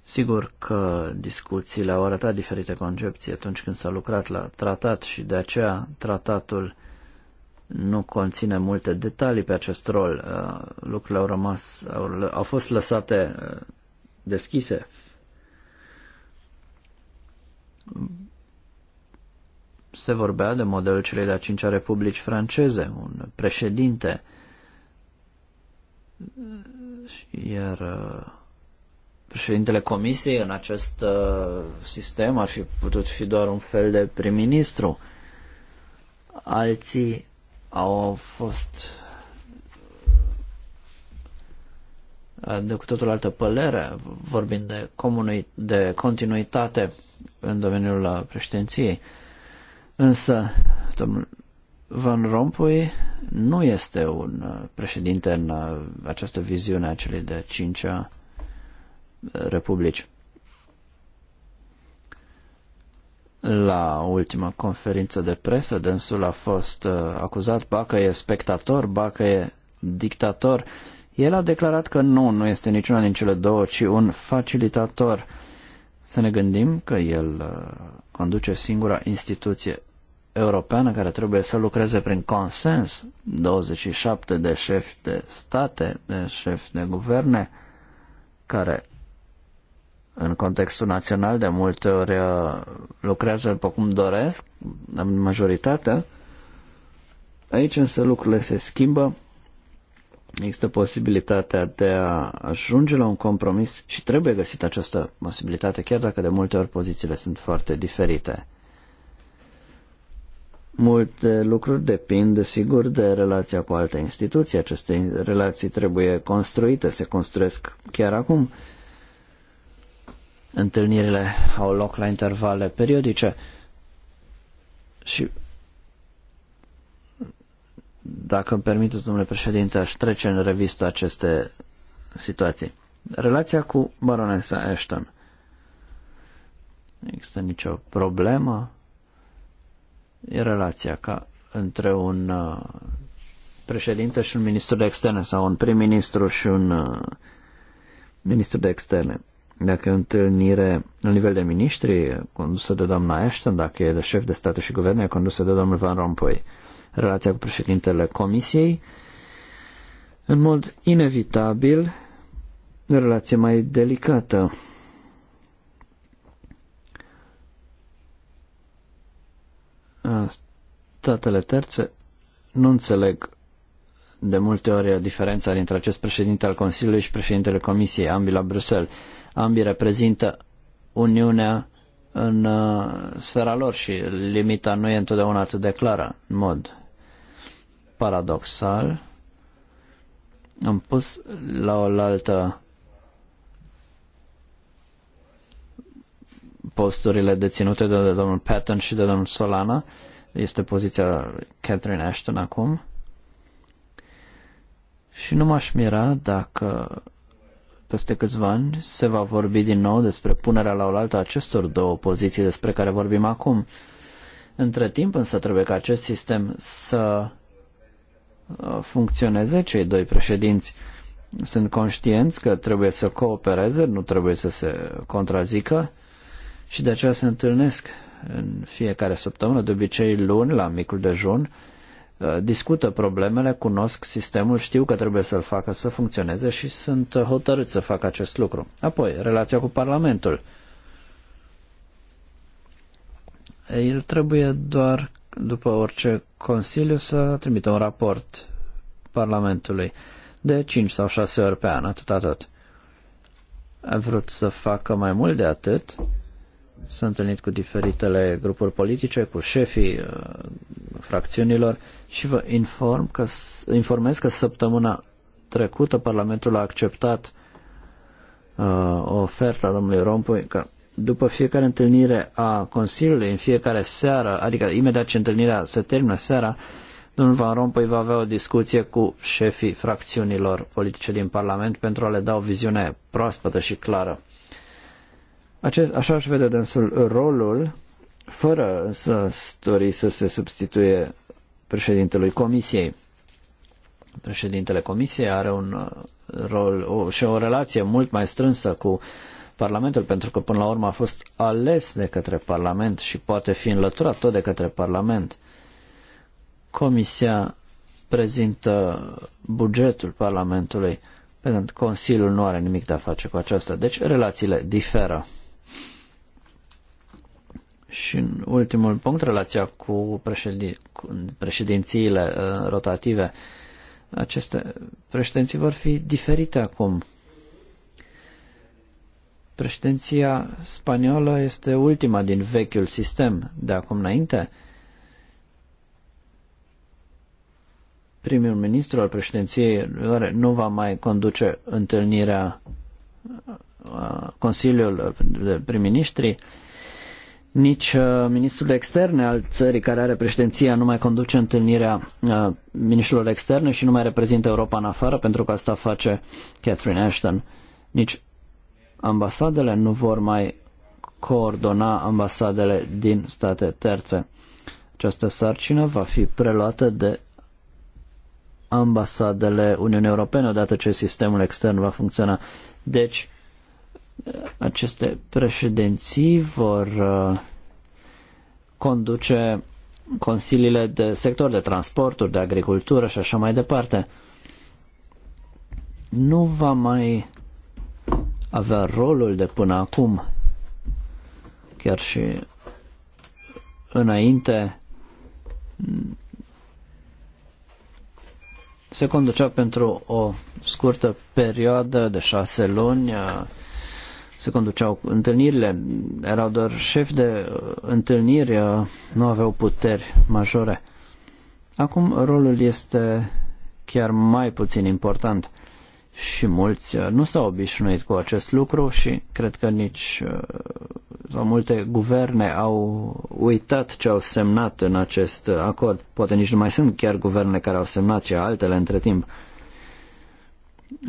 Sigur că discuțiile au arătat diferite concepții atunci când s-a lucrat la tratat și de aceea tratatul nu conține multe detalii pe acest rol. Uh, lucrurile au rămas, au, au fost lăsate uh, deschise. Se vorbea de modelul celei de-a cincea republici franceze, un președinte, iar uh, președintele comisiei în acest sistem ar fi putut fi doar un fel de prim-ministru. Alții au fost uh, de cu totul altă pălere, vorbind de, comuni- de continuitate în domeniul uh, președinției. Însă, domnul Van Rompuy nu este un uh, președinte în această viziune a celei de cincea republici. La ultima conferință de presă, dânsul a fost uh, acuzat, ba că e spectator, ba că e dictator. El a declarat că nu, nu este niciuna din cele două, ci un facilitator. Să ne gândim că el uh, conduce singura instituție europeană care trebuie să lucreze prin consens, 27 de șefi de state, de șefi de guverne, care în contextul național de multe ori uh, lucrează după cum doresc, în majoritatea. Aici însă lucrurile se schimbă, există posibilitatea de a ajunge la un compromis și trebuie găsită această posibilitate, chiar dacă de multe ori pozițiile sunt foarte diferite. Multe lucruri depind, desigur, de relația cu alte instituții. Aceste relații trebuie construite, se construiesc chiar acum. Uh, întâlnirile au loc la intervale periodice și dacă îmi permiteți, domnule președinte, aș trece în revistă aceste situații. Relația cu baronesa Ashton. Există nicio problemă? E relația ca între un uh, președinte și un ministru de externe sau un prim-ministru și un uh, ministru de externe dacă e întâlnire la nivel de miniștri condusă de doamna Ashton, dacă e de șef de stat și e condusă de domnul Van Rompuy, relația cu președintele Comisiei, în mod inevitabil, o relație mai delicată. Statele terțe nu înțeleg de multe ori diferența dintre acest președinte al Consiliului și președintele Comisiei, ambii la Bruxelles. Ambii reprezintă Uniunea în uh, sfera lor și limita nu e întotdeauna atât de clară, în mod paradoxal. Am pus la oaltă posturile deținute de domnul Patton și de domnul Solana. Este poziția Catherine Ashton acum. Și nu m-aș mira dacă peste câțiva ani se va vorbi din nou despre punerea la oaltă a acestor două poziții despre care vorbim acum. Între timp însă trebuie ca acest sistem să uh, funcționeze. Cei doi președinți sunt conștienți că trebuie să coopereze, nu trebuie să se contrazică și de aceea se întâlnesc în fiecare săptămână, de obicei luni la micul dejun, Uh, discută problemele, cunosc sistemul, știu că trebuie să-l facă să funcționeze și sunt hotărât să facă acest lucru. Apoi, relația cu Parlamentul. El trebuie doar, după orice consiliu, să trimită un raport Parlamentului de 5 sau 6 ori pe an, atât, tot. A vrut să facă mai mult de atât, S-a întâlnit cu diferitele grupuri politice, cu șefii uh, fracțiunilor și vă inform că, informez că săptămâna trecută Parlamentul a acceptat uh, oferta domnului Rompuy că după fiecare întâlnire a Consiliului, în fiecare seară, adică imediat ce întâlnirea se termină seara, domnul Van Rompuy va avea o discuție cu șefii fracțiunilor politice din Parlament pentru a le da o viziune proaspătă și clară. Acest, așa își vede dânsul rolul, fără să stori să se substituie președintelui comisiei. Președintele comisiei are un uh, rol o, și o relație mult mai strânsă cu Parlamentul, pentru că până la urmă a fost ales de către Parlament și poate fi înlăturat tot de către Parlament. Comisia prezintă bugetul Parlamentului, pentru că Consiliul nu are nimic de a face cu aceasta, deci relațiile diferă. Și în ultimul punct, relația cu, președin, cu președințiile uh, rotative. Aceste președinții vor fi diferite acum. Președinția spaniolă este ultima din vechiul sistem de acum înainte. Primul ministru al președinției nu va mai conduce întâlnirea uh, Consiliul de prim-ministri, nici uh, ministrul externe al țării care are președinția nu mai conduce întâlnirea uh, ministrilor externe și nu mai reprezintă Europa în afară, pentru că asta face Catherine Ashton. Nici ambasadele nu vor mai coordona ambasadele din state terțe. Această sarcină va fi preluată de ambasadele Uniunii Europene odată ce sistemul extern va funcționa. Deci, aceste președinții vor uh, conduce consiliile de sector de transporturi, de agricultură și așa mai departe. Nu va mai avea rolul de până acum, chiar și înainte se conducea pentru o scurtă perioadă de șase luni uh, se conduceau întâlnirile, erau doar șefi de uh, întâlniri, uh, nu aveau puteri majore. Acum rolul este chiar mai puțin important și mulți uh, nu s-au obișnuit cu acest lucru și cred că nici sau multe guverne au uitat ce au semnat în acest acord. Poate nici nu mai sunt chiar guverne care au semnat, ci altele între timp.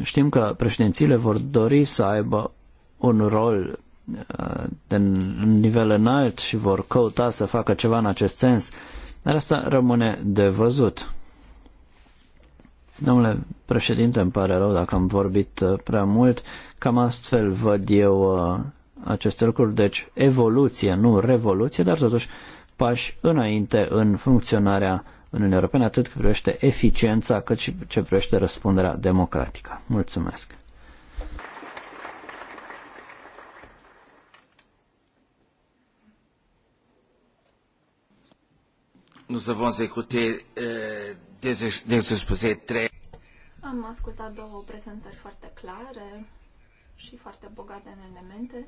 Știm că președințiile vor dori să aibă un rol uh, de nivel înalt și vor căuta să facă ceva în acest sens, dar asta rămâne de văzut. Domnule președinte, îmi pare rău dacă am vorbit uh, prea mult, cam astfel văd eu uh, aceste lucruri, deci evoluție, nu revoluție, dar totuși pași înainte în funcționarea Uniunii Europene, atât cât privește eficiența, cât și ce privește răspunderea democratică. Mulțumesc! Nous avons écouté euh, des, des exposés très... Am ascultat două prezentări foarte clare și foarte bogate în elemente,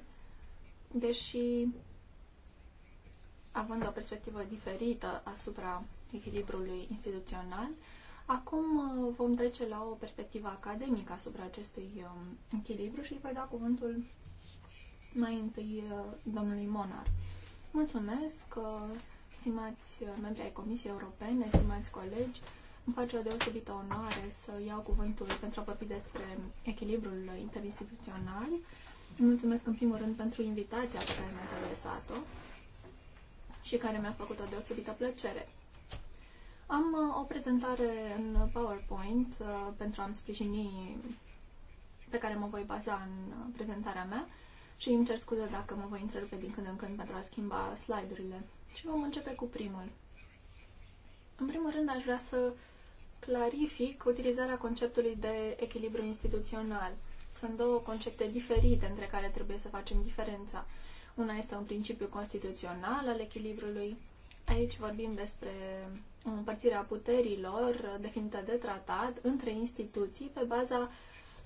deși având o perspectivă diferită asupra echilibrului instituțional, acum uh, vom trece la o perspectivă academică asupra acestui um, echilibru și voi da cuvântul mai întâi uh, domnului Monar. Mulțumesc! Uh, Stimați uh, membri ai Comisiei Europene, stimați colegi, îmi face o deosebită onoare să iau cuvântul pentru a vorbi despre echilibrul interinstituțional. Îmi mulțumesc în primul rând pentru invitația pe care mi-ați adresat-o și care mi-a făcut o deosebită plăcere. Am uh, o prezentare în PowerPoint uh, pentru a-mi sprijini pe care mă voi baza în prezentarea mea și îmi cer scuze dacă mă voi întrerupe din când în când pentru a schimba slide-urile și vom începe cu primul. În primul rând, aș vrea să clarific utilizarea conceptului de echilibru instituțional. Sunt două concepte diferite între care trebuie să facem diferența. Una este un principiu constituțional al echilibrului. Aici vorbim despre împărțirea puterilor definită de tratat între instituții pe baza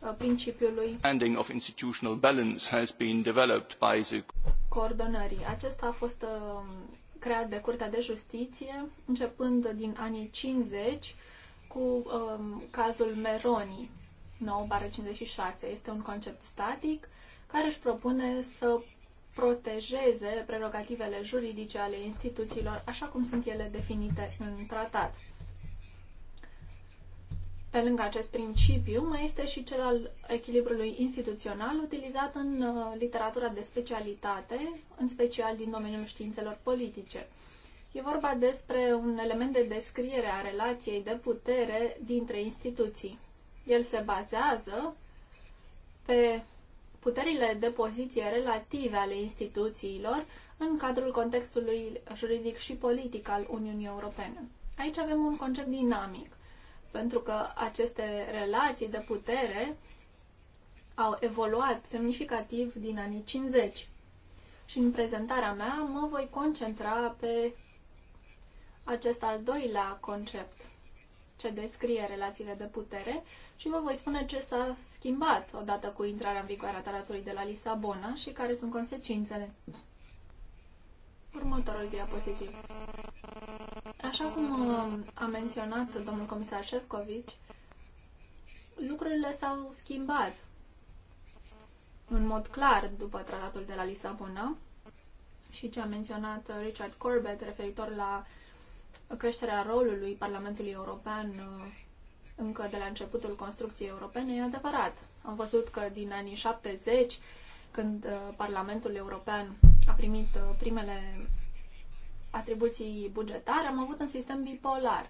uh, principiului of institutional balance has been developed by the coordonării. Acesta a fost uh, creat de Curtea de Justiție, începând din anii 50 cu um, cazul Meroni 9-56. Este un concept static care își propune să protejeze prerogativele juridice ale instituțiilor așa cum sunt ele definite în tratat. Pe lângă acest principiu, mai este și cel al echilibrului instituțional utilizat în uh, literatura de specialitate, în special din domeniul științelor politice. E vorba despre un element de descriere a relației de putere dintre instituții. El se bazează pe puterile de poziție relative ale instituțiilor în cadrul contextului juridic și politic al Uniunii Europene. Aici avem un concept dinamic pentru că aceste relații de putere au evoluat semnificativ din anii 50. Și în prezentarea mea mă voi concentra pe acest al doilea concept ce descrie relațiile de putere și vă voi spune ce s-a schimbat odată cu intrarea în vigoare a tratatului de la Lisabona și care sunt consecințele. Următorul diapozitiv. Așa cum um, a menționat domnul comisar Șefcovici, lucrurile s-au schimbat în mod clar după tratatul de la Lisabona și ce a menționat Richard Corbett referitor la creșterea rolului Parlamentului European uh, încă de la începutul construcției europene e adevărat. Am văzut că din anii 70, când uh, Parlamentul European a primit uh, primele atribuții bugetare, am avut un sistem bipolar.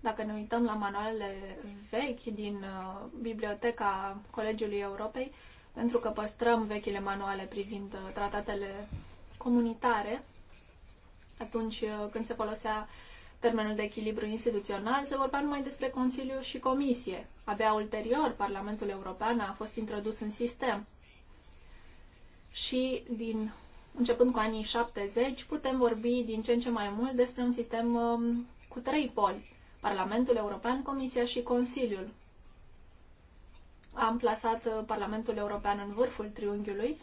Dacă ne uităm la manualele vechi din uh, Biblioteca Colegiului Europei, pentru că păstrăm vechile manuale privind uh, tratatele comunitare, atunci când se folosea termenul de echilibru instituțional, se vorbea numai despre Consiliu și Comisie. Abia ulterior, Parlamentul European a fost introdus în sistem. Și din începând cu anii 70, putem vorbi din ce în ce mai mult despre un sistem um, cu trei poli. Parlamentul European, Comisia și Consiliul. Am plasat uh, Parlamentul European în vârful triunghiului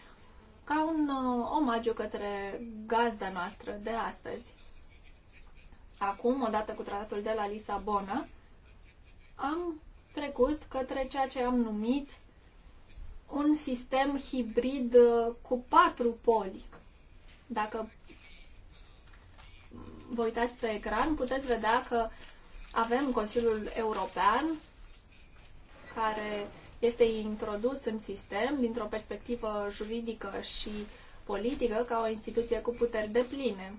ca un uh, omagiu către gazda noastră de astăzi. Acum, odată cu tratatul de la Lisabona, am trecut către ceea ce am numit un sistem hibrid uh, cu patru poli. Dacă vă uitați pe ecran, puteți vedea că avem Consiliul European care este introdus în sistem dintr-o perspectivă juridică și politică ca o instituție cu puteri de pline.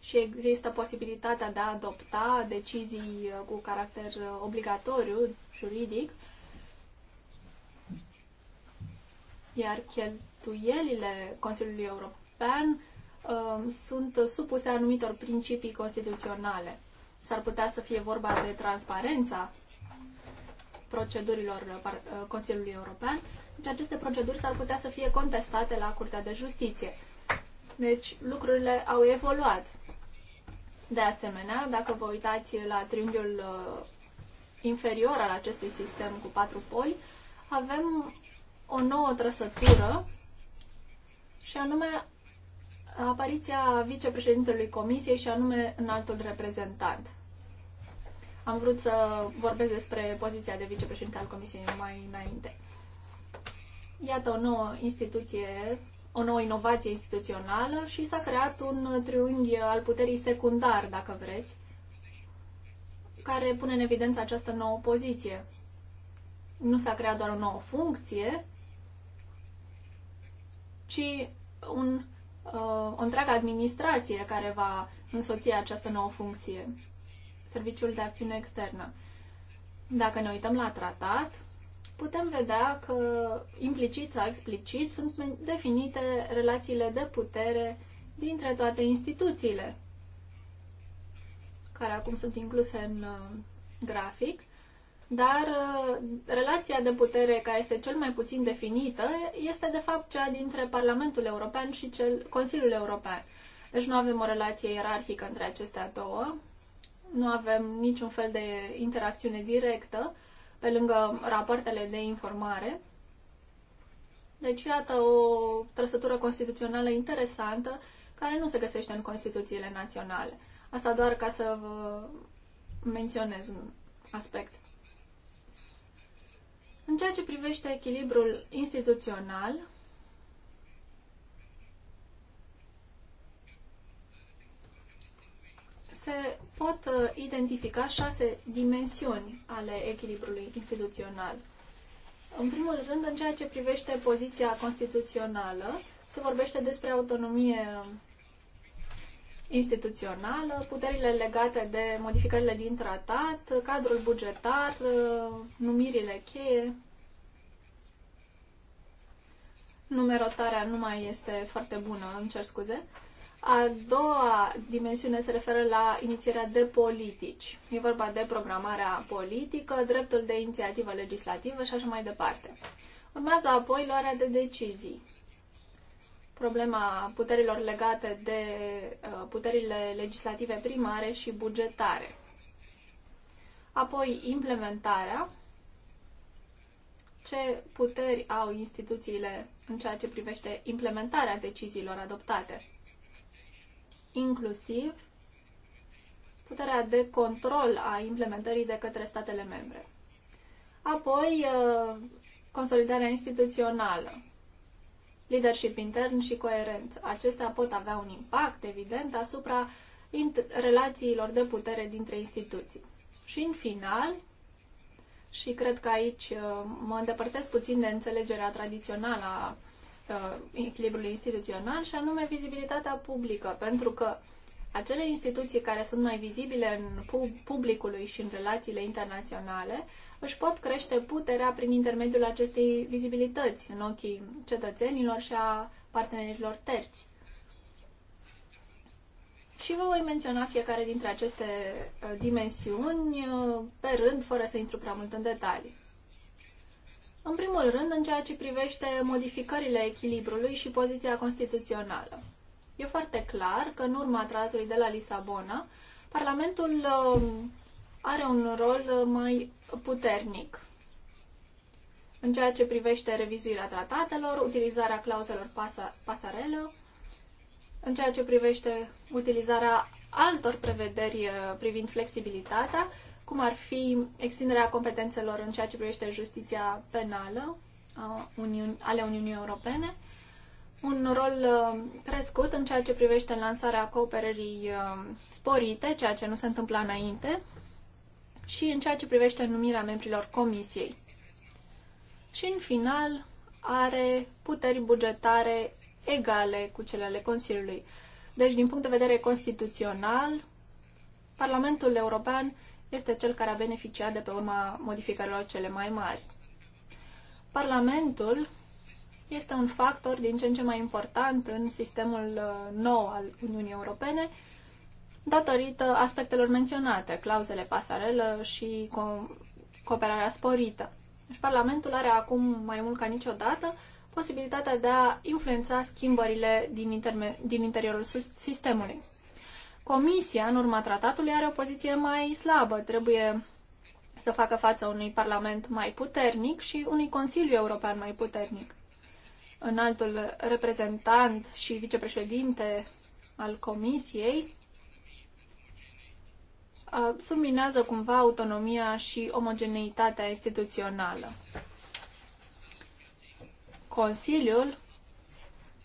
Și există posibilitatea de a adopta decizii cu caracter obligatoriu juridic iar cheltuielile Consiliului European uh, sunt supuse anumitor principii constituționale. S-ar putea să fie vorba de transparența procedurilor uh, uh, Consiliului European, deci aceste proceduri s-ar putea să fie contestate la Curtea de Justiție. Deci lucrurile au evoluat. De asemenea, dacă vă uitați la triunghiul uh, inferior al acestui sistem cu patru poli, avem o nouă trăsătură și anume apariția vicepreședintelui Comisiei și anume în altul reprezentant. Am vrut să vorbesc despre poziția de vicepreședinte al Comisiei mai înainte. Iată o nouă instituție, o nouă inovație instituțională și s-a creat un triunghi al puterii secundar, dacă vreți, care pune în evidență această nouă poziție. Nu s-a creat doar o nouă funcție, ci un, uh, o întreagă administrație care va însoți această nouă funcție, Serviciul de Acțiune Externă. Dacă ne uităm la tratat, putem vedea că implicit sau explicit sunt definite relațiile de putere dintre toate instituțiile, care acum sunt incluse în uh, grafic dar uh, relația de putere care este cel mai puțin definită este de fapt cea dintre Parlamentul European și cel, Consiliul European. Deci nu avem o relație ierarhică între acestea două, nu avem niciun fel de interacțiune directă pe lângă rapoartele de informare. Deci iată o trăsătură constituțională interesantă care nu se găsește în Constituțiile naționale. Asta doar ca să vă menționez un aspect. În ceea ce privește echilibrul instituțional, se pot uh, identifica șase dimensiuni ale echilibrului instituțional. În primul rând, în ceea ce privește poziția constituțională, se vorbește despre autonomie instituțională, puterile legate de modificările din tratat, cadrul bugetar, numirile cheie. Numerotarea nu mai este foarte bună, îmi cer scuze. A doua dimensiune se referă la inițierea de politici. E vorba de programarea politică, dreptul de inițiativă legislativă și așa mai departe. Urmează apoi luarea de decizii problema puterilor legate de uh, puterile legislative primare și bugetare. Apoi, implementarea, ce puteri au instituțiile în ceea ce privește implementarea deciziilor adoptate, inclusiv puterea de control a implementării de către statele membre. Apoi, uh, consolidarea instituțională, leadership intern și coerent, Acestea pot avea un impact, evident, asupra relațiilor de putere dintre instituții. Și în final, și cred că aici uh, mă îndepărtez puțin de înțelegerea tradițională a uh, echilibrului instituțional și anume vizibilitatea publică, pentru că acele instituții care sunt mai vizibile în publicului și în relațiile internaționale își pot crește puterea prin intermediul acestei vizibilități în ochii cetățenilor și a partenerilor terți. Și vă voi menționa fiecare dintre aceste uh, dimensiuni uh, pe rând, fără să intru prea mult în detalii. În primul rând, în ceea ce privește modificările echilibrului și poziția constituțională. E foarte clar că în urma tratatului de la Lisabona, Parlamentul uh, are un rol uh, mai puternic în ceea ce privește revizuirea tratatelor, utilizarea clauzelor pasa, pasarelă, în ceea ce privește utilizarea altor prevederi uh, privind flexibilitatea, cum ar fi extinderea competențelor în ceea ce privește justiția penală a ale Uniunii Europene, un rol uh, crescut în ceea ce privește lansarea cooperării sporite, ceea ce nu se întâmpla înainte, și în ceea ce privește numirea membrilor comisiei. Și în final are puteri bugetare egale cu cele ale Consiliului. Deci, din punct de vedere constituțional, Parlamentul European este cel care a beneficiat de pe urma modificărilor cele mai mari. Parlamentul este un factor din ce în ce mai important în sistemul uh, nou al Uniunii Europene datorită aspectelor menționate, clauzele pasarelă și co- cooperarea sporită. Deci Parlamentul are acum mai mult ca niciodată posibilitatea de a influența schimbările din, interme- din interiorul sistemului. Comisia, în urma tratatului, are o poziție mai slabă. Trebuie să facă față unui Parlament mai puternic și unui Consiliu European mai puternic. altul reprezentant și vicepreședinte al Comisiei subminează cumva autonomia și omogeneitatea instituțională. Consiliul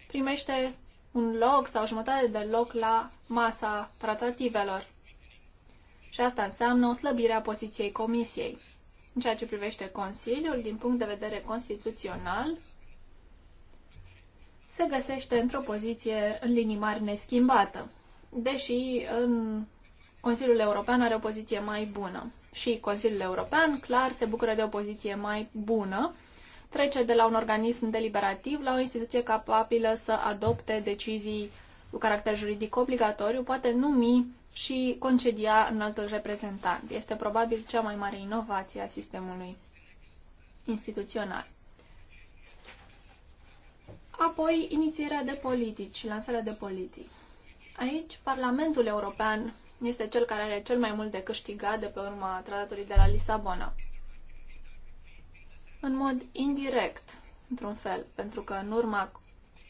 primește un loc sau jumătate de loc la masa tratativelor. Și asta înseamnă o slăbire a poziției Comisiei. În ceea ce privește Consiliul, din punct de vedere constituțional, se găsește într-o poziție în linii mari neschimbată, deși în Consiliul European are o poziție mai bună. Și Consiliul European, clar, se bucură de o poziție mai bună. Trece de la un organism deliberativ la o instituție capabilă să adopte decizii cu caracter juridic obligatoriu, poate numi și concedia în altul reprezentant. Este probabil cea mai mare inovație a sistemului instituțional. Apoi, inițierea de politici, lansarea de politici. Aici, Parlamentul European este cel care are cel mai mult de câștigat de pe urma tratatului de la Lisabona. În mod indirect, într-un fel, pentru că în urma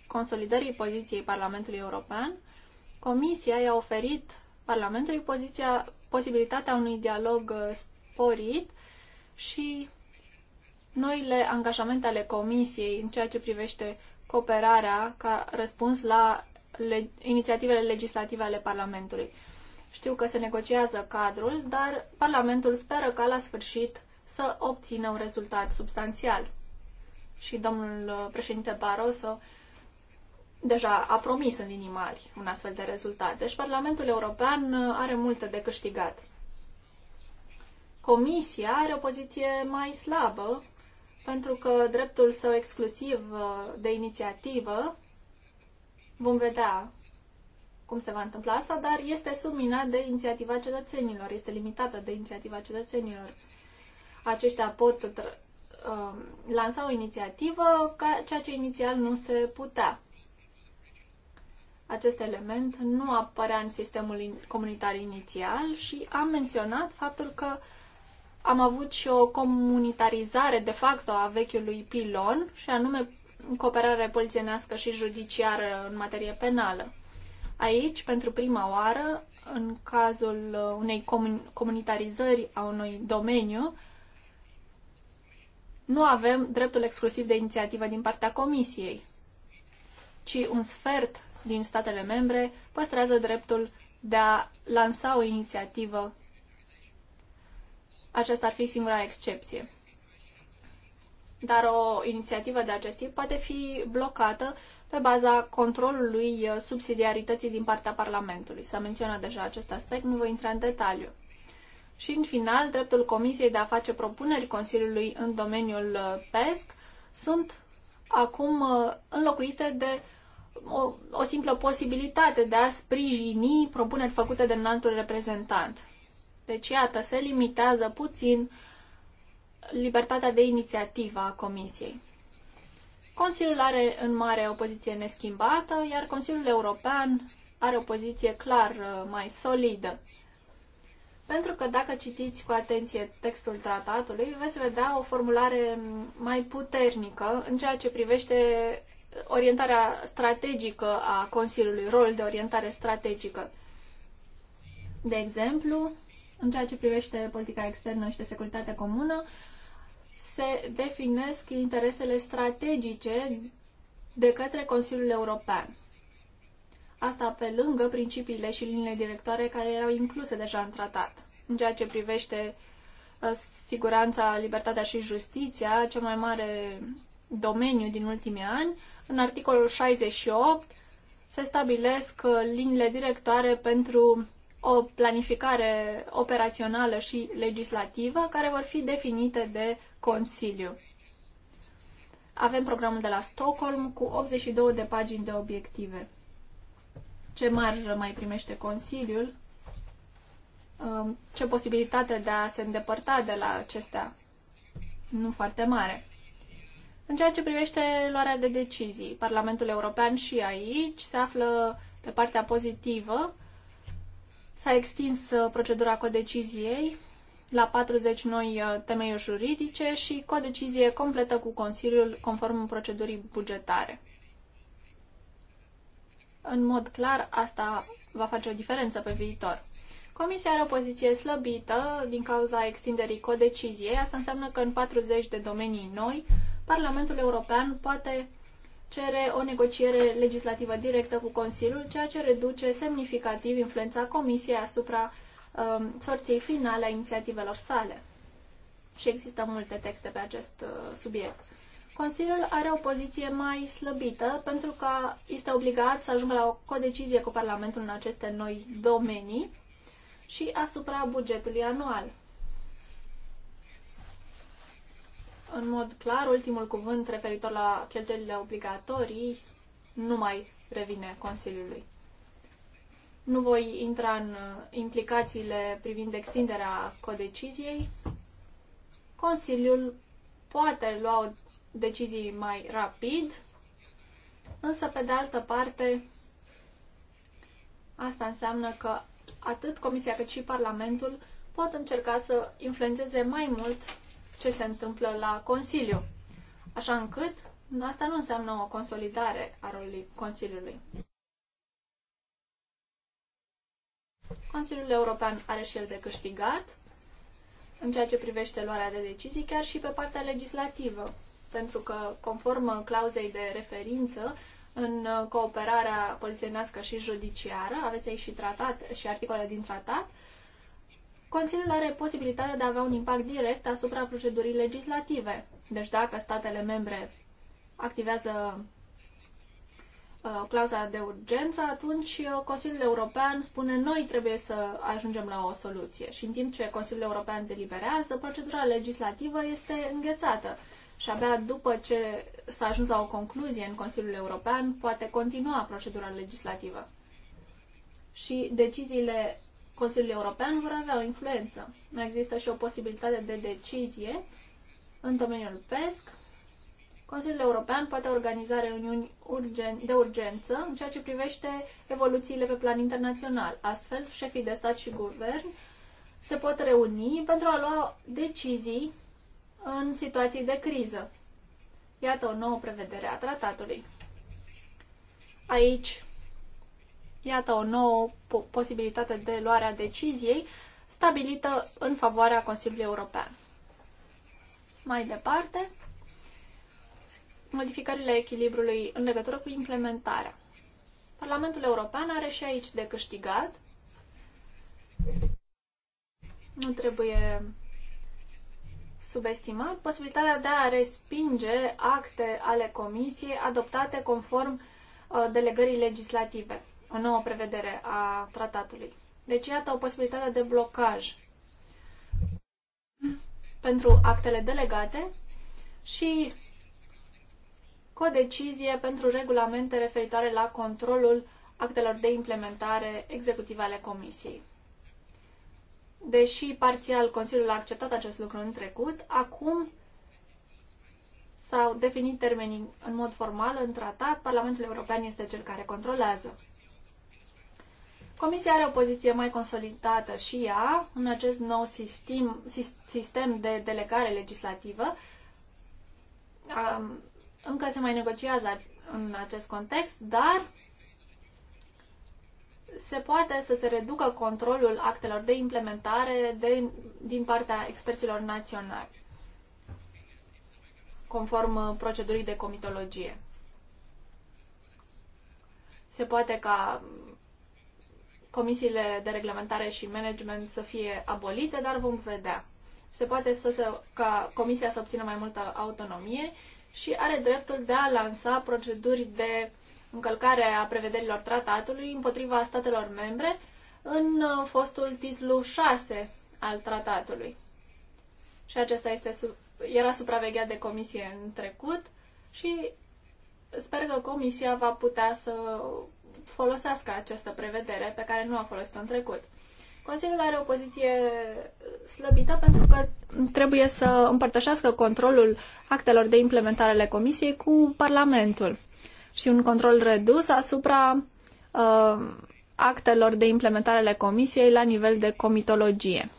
consolidării poziției Parlamentului European, Comisia i-a oferit Parlamentului poziția, posibilitatea unui dialog uh, sporit și noile angajamente ale Comisiei în ceea ce privește cooperarea ca răspuns la le, inițiativele legislative ale Parlamentului. Știu că se negociază cadrul, dar Parlamentul speră ca la sfârșit să obțină un rezultat substanțial. Și domnul uh, președinte Barroso deja a promis în linii mari un astfel de rezultat. Deci Parlamentul European uh, are multe de câștigat. Comisia are o poziție mai slabă, pentru că dreptul său exclusiv uh, de inițiativă, vom vedea cum se va întâmpla asta, dar este subminat de inițiativa cetățenilor, este limitată de inițiativa cetățenilor. Aceștia pot uh, lansa o inițiativă, ca ceea ce inițial nu se putea. Acest element nu apărea în sistemul comunitar inițial și am menționat faptul că am avut și o comunitarizare de facto a vechiului pilon, și anume cooperare polițienească și judiciară în materie penală. Aici, pentru prima oară, în cazul unei comun- comunitarizări a unui domeniu, nu avem dreptul exclusiv de inițiativă din partea Comisiei, ci un sfert din statele membre păstrează dreptul de a lansa o inițiativă. Aceasta ar fi singura excepție. Dar o inițiativă de acest tip poate fi blocată pe baza controlului uh, subsidiarității din partea Parlamentului. S-a menționat deja acest aspect, nu voi intra în detaliu. Și, în final, dreptul Comisiei de a face propuneri Consiliului în domeniul uh, PESC sunt acum uh, înlocuite de o, o simplă posibilitate de a sprijini propuneri făcute de înaltul reprezentant. Deci, iată, se limitează puțin libertatea de inițiativă a Comisiei. Consiliul are în mare o poziție neschimbată, iar Consiliul European are o poziție clar uh, mai solidă. Pentru că dacă citiți cu atenție textul tratatului, veți vedea o formulare mai puternică în ceea ce privește orientarea strategică a Consiliului, rol de orientare strategică. De exemplu, în ceea ce privește politica externă și de securitate comună, se definesc interesele strategice de către Consiliul European. Asta pe lângă principiile și liniile directoare care erau incluse deja în tratat. În ceea ce privește uh, siguranța, libertatea și justiția, cel mai mare domeniu din ultimii ani, în articolul 68 se stabilesc uh, liniile directoare pentru o planificare operațională și legislativă care vor fi definite de Consiliu. Avem programul de la Stockholm cu 82 de pagini de obiective. Ce marjă mai primește Consiliul? Um, ce posibilitate de a se îndepărta de la acestea? Nu foarte mare. În ceea ce privește luarea de decizii, Parlamentul European și aici se află pe partea pozitivă S-a extins uh, procedura codeciziei la 40 noi uh, temeiuri juridice și codecizie completă cu Consiliul conform procedurii bugetare. În mod clar, asta va face o diferență pe viitor. Comisia are o poziție slăbită din cauza extinderii codeciziei. Asta înseamnă că în 40 de domenii noi, Parlamentul European poate cere o negociere legislativă directă cu Consiliul, ceea ce reduce semnificativ influența Comisiei asupra um, sorției finale a inițiativelor sale. Și există multe texte pe acest uh, subiect. Consiliul are o poziție mai slăbită pentru că este obligat să ajungă la o codecizie cu Parlamentul în aceste noi domenii și asupra bugetului anual. în mod clar, ultimul cuvânt referitor la cheltuielile obligatorii nu mai revine Consiliului. Nu voi intra în uh, implicațiile privind extinderea codeciziei. Consiliul poate lua decizii mai rapid, însă, pe de altă parte, asta înseamnă că atât Comisia cât și Parlamentul pot încerca să influențeze mai mult ce se întâmplă la Consiliu. Așa încât asta nu înseamnă o consolidare a rolului Consiliului. Consiliul European are și el de câștigat în ceea ce privește luarea de decizii, chiar și pe partea legislativă, pentru că, conform clauzei de referință, în cooperarea polițienească și judiciară, aveți aici și tratat și articole din tratat, Consiliul are posibilitatea de a avea un impact direct asupra procedurii legislative. Deci dacă statele membre activează uh, clauza de urgență, atunci uh, Consiliul European spune noi trebuie să ajungem la o soluție. Și în timp ce Consiliul European deliberează, procedura legislativă este înghețată. Și abia după ce s-a ajuns la o concluzie în Consiliul European, poate continua procedura legislativă. Și deciziile Consiliul European vor avea o influență. Mai există și o posibilitate de decizie în domeniul PESC. Consiliul European poate organiza reuniuni urgen- de urgență în ceea ce privește evoluțiile pe plan internațional. Astfel, șefii de stat și guvern se pot reuni pentru a lua decizii în situații de criză. Iată o nouă prevedere a tratatului. Aici Iată o nouă posibilitate de luare a deciziei stabilită în favoarea Consiliului European. Mai departe, modificările echilibrului în legătură cu implementarea. Parlamentul European are și aici de câștigat. Nu trebuie subestimat posibilitatea de a respinge acte ale Comisiei adoptate conform uh, delegării legislative o nouă prevedere a tratatului. Deci, iată o posibilitate de blocaj pentru actele delegate și co-decizie pentru regulamente referitoare la controlul actelor de implementare executive ale Comisiei. Deși parțial Consiliul a acceptat acest lucru în trecut, acum s-au definit termenii în mod formal în tratat, Parlamentul European este cel care controlează. Comisia are o poziție mai consolidată și ea în acest nou sistem, sistem de delegare legislativă. Încă se mai negociază în acest context, dar se poate să se reducă controlul actelor de implementare de, din partea experților naționali, conform uh, procedurii de comitologie. Se poate ca comisiile de reglementare și management să fie abolite, dar vom vedea. Se poate să se, ca comisia să obțină mai multă autonomie și are dreptul de a lansa proceduri de încălcare a prevederilor tratatului împotriva statelor membre în uh, fostul titlu 6 al tratatului. Și acesta este, era supravegheat de comisie în trecut și sper că comisia va putea să folosească această prevedere pe care nu a folosit-o în trecut. Consiliul are o poziție slăbită pentru că trebuie să împărtășească controlul actelor de implementare ale Comisiei cu Parlamentul și un control redus asupra uh, actelor de implementare ale Comisiei la nivel de comitologie.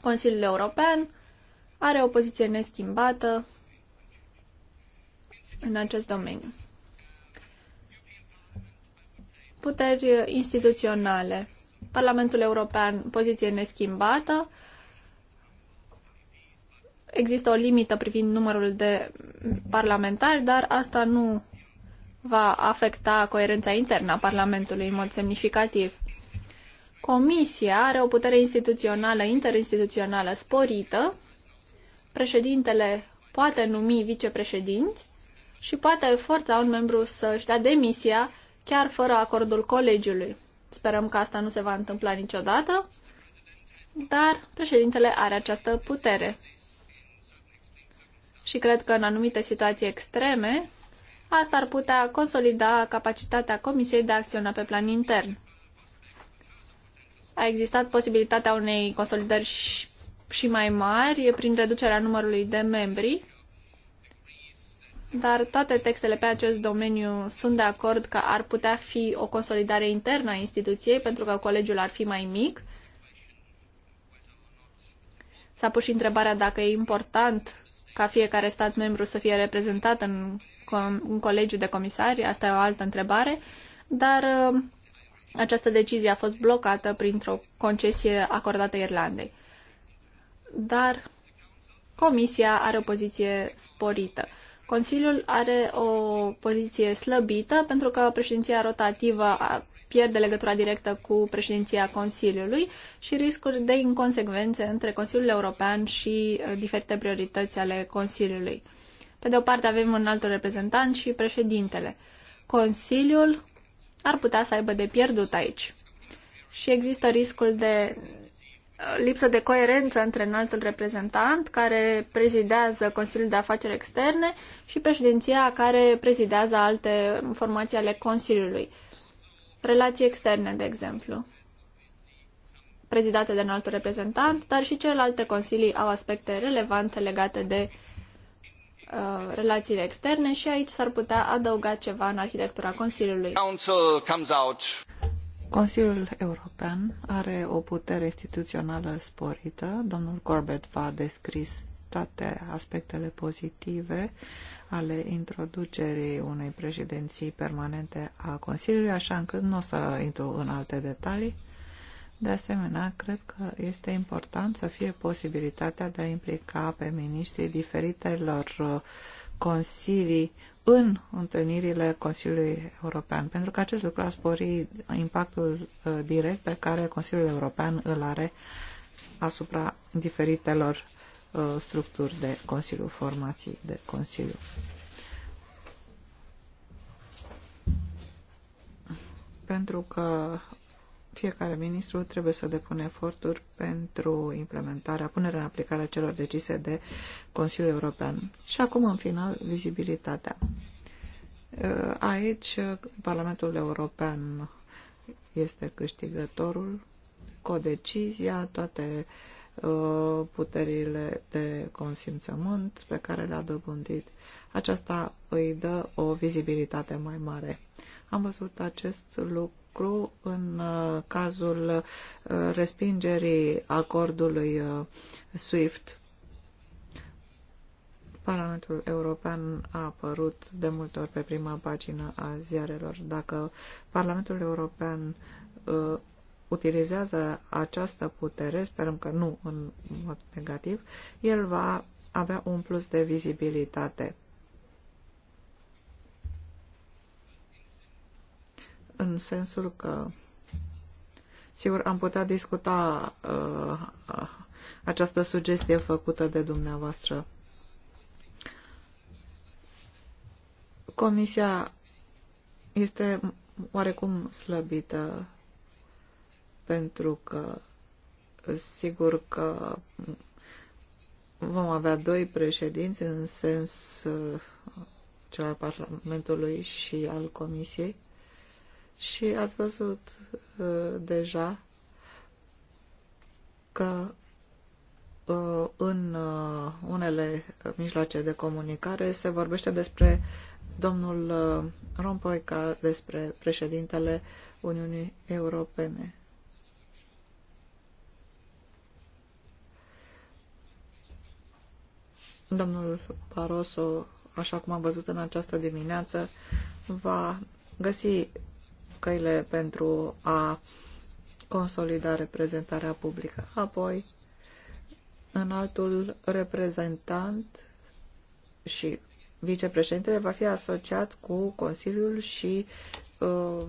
Consiliul European are o poziție neschimbată în acest domeniu puteri instituționale. Parlamentul European, poziție neschimbată. Există o limită privind numărul de parlamentari, dar asta nu va afecta coerența internă a Parlamentului în mod semnificativ. Comisia are o putere instituțională, interinstituțională sporită. Președintele poate numi vicepreședinți și poate forța un membru să-și dea demisia chiar fără acordul colegiului. Sperăm că asta nu se va întâmpla niciodată, dar președintele are această putere. Și cred că în anumite situații extreme, asta ar putea consolida capacitatea Comisiei de a acționa pe plan intern. A existat posibilitatea unei consolidări și mai mari prin reducerea numărului de membri dar toate textele pe acest domeniu sunt de acord că ar putea fi o consolidare internă a instituției pentru că colegiul ar fi mai mic. S-a pus și întrebarea dacă e important ca fiecare stat membru să fie reprezentat în, în colegiul de comisari, asta e o altă întrebare, dar uh, această decizie a fost blocată printr-o concesie acordată Irlandei. Dar Comisia are o poziție sporită. Consiliul are o poziție slăbită pentru că președinția rotativă pierde legătura directă cu președinția Consiliului și riscuri de inconsecvențe între Consiliul European și uh, diferite priorități ale Consiliului. Pe de o parte avem un alt reprezentant și președintele. Consiliul ar putea să aibă de pierdut aici. Și există riscul de lipsă de coerență între înaltul reprezentant care prezidează Consiliul de Afaceri Externe și președinția care prezidează alte formații ale Consiliului. Relații externe, de exemplu, prezidate de înaltul reprezentant, dar și celelalte consilii au aspecte relevante legate de uh, relațiile externe și aici s-ar putea adăuga ceva în arhitectura Consiliului. Consiliul European are o putere instituțională sporită. Domnul Corbett va descris toate aspectele pozitive ale introducerii unei președinții permanente a Consiliului, așa încât nu o să intru în alte detalii. De asemenea, cred că este important să fie posibilitatea de a implica pe miniștrii diferitelor uh, consilii în întâlnirile Consiliului European, pentru că acest lucru a spori impactul uh, direct pe care Consiliul European îl are asupra diferitelor uh, structuri de Consiliu, formații de Consiliu. Pentru că fiecare ministru trebuie să depună eforturi pentru implementarea, punerea în aplicare a celor decise de Consiliul European. Și acum, în final, vizibilitatea. Uh, aici, Parlamentul European este câștigătorul, codecizia, toate uh, puterile de consimțământ pe care le-a dobândit. Aceasta îi dă o vizibilitate mai mare. Am văzut acest lucru lucru în uh, cazul uh, respingerii acordului uh, SWIFT. Parlamentul European a apărut de multe ori pe prima pagină a ziarelor. Dacă Parlamentul European uh, utilizează această putere, sperăm că nu în mod negativ, el va avea un plus de vizibilitate. în sensul că sigur am putea discuta uh, această sugestie făcută de dumneavoastră. Comisia este oarecum slăbită pentru că sigur că vom avea doi președinți în sens uh, cel al Parlamentului și al Comisiei. Și ați văzut uh, deja că uh, în uh, unele mijloace de comunicare se vorbește despre domnul uh, Rompuy ca despre președintele Uniunii Europene. Domnul Barroso, așa cum am văzut în această dimineață, va găsi căile pentru a consolida reprezentarea publică. Apoi, în altul reprezentant și vicepreședintele va fi asociat cu Consiliul și uh,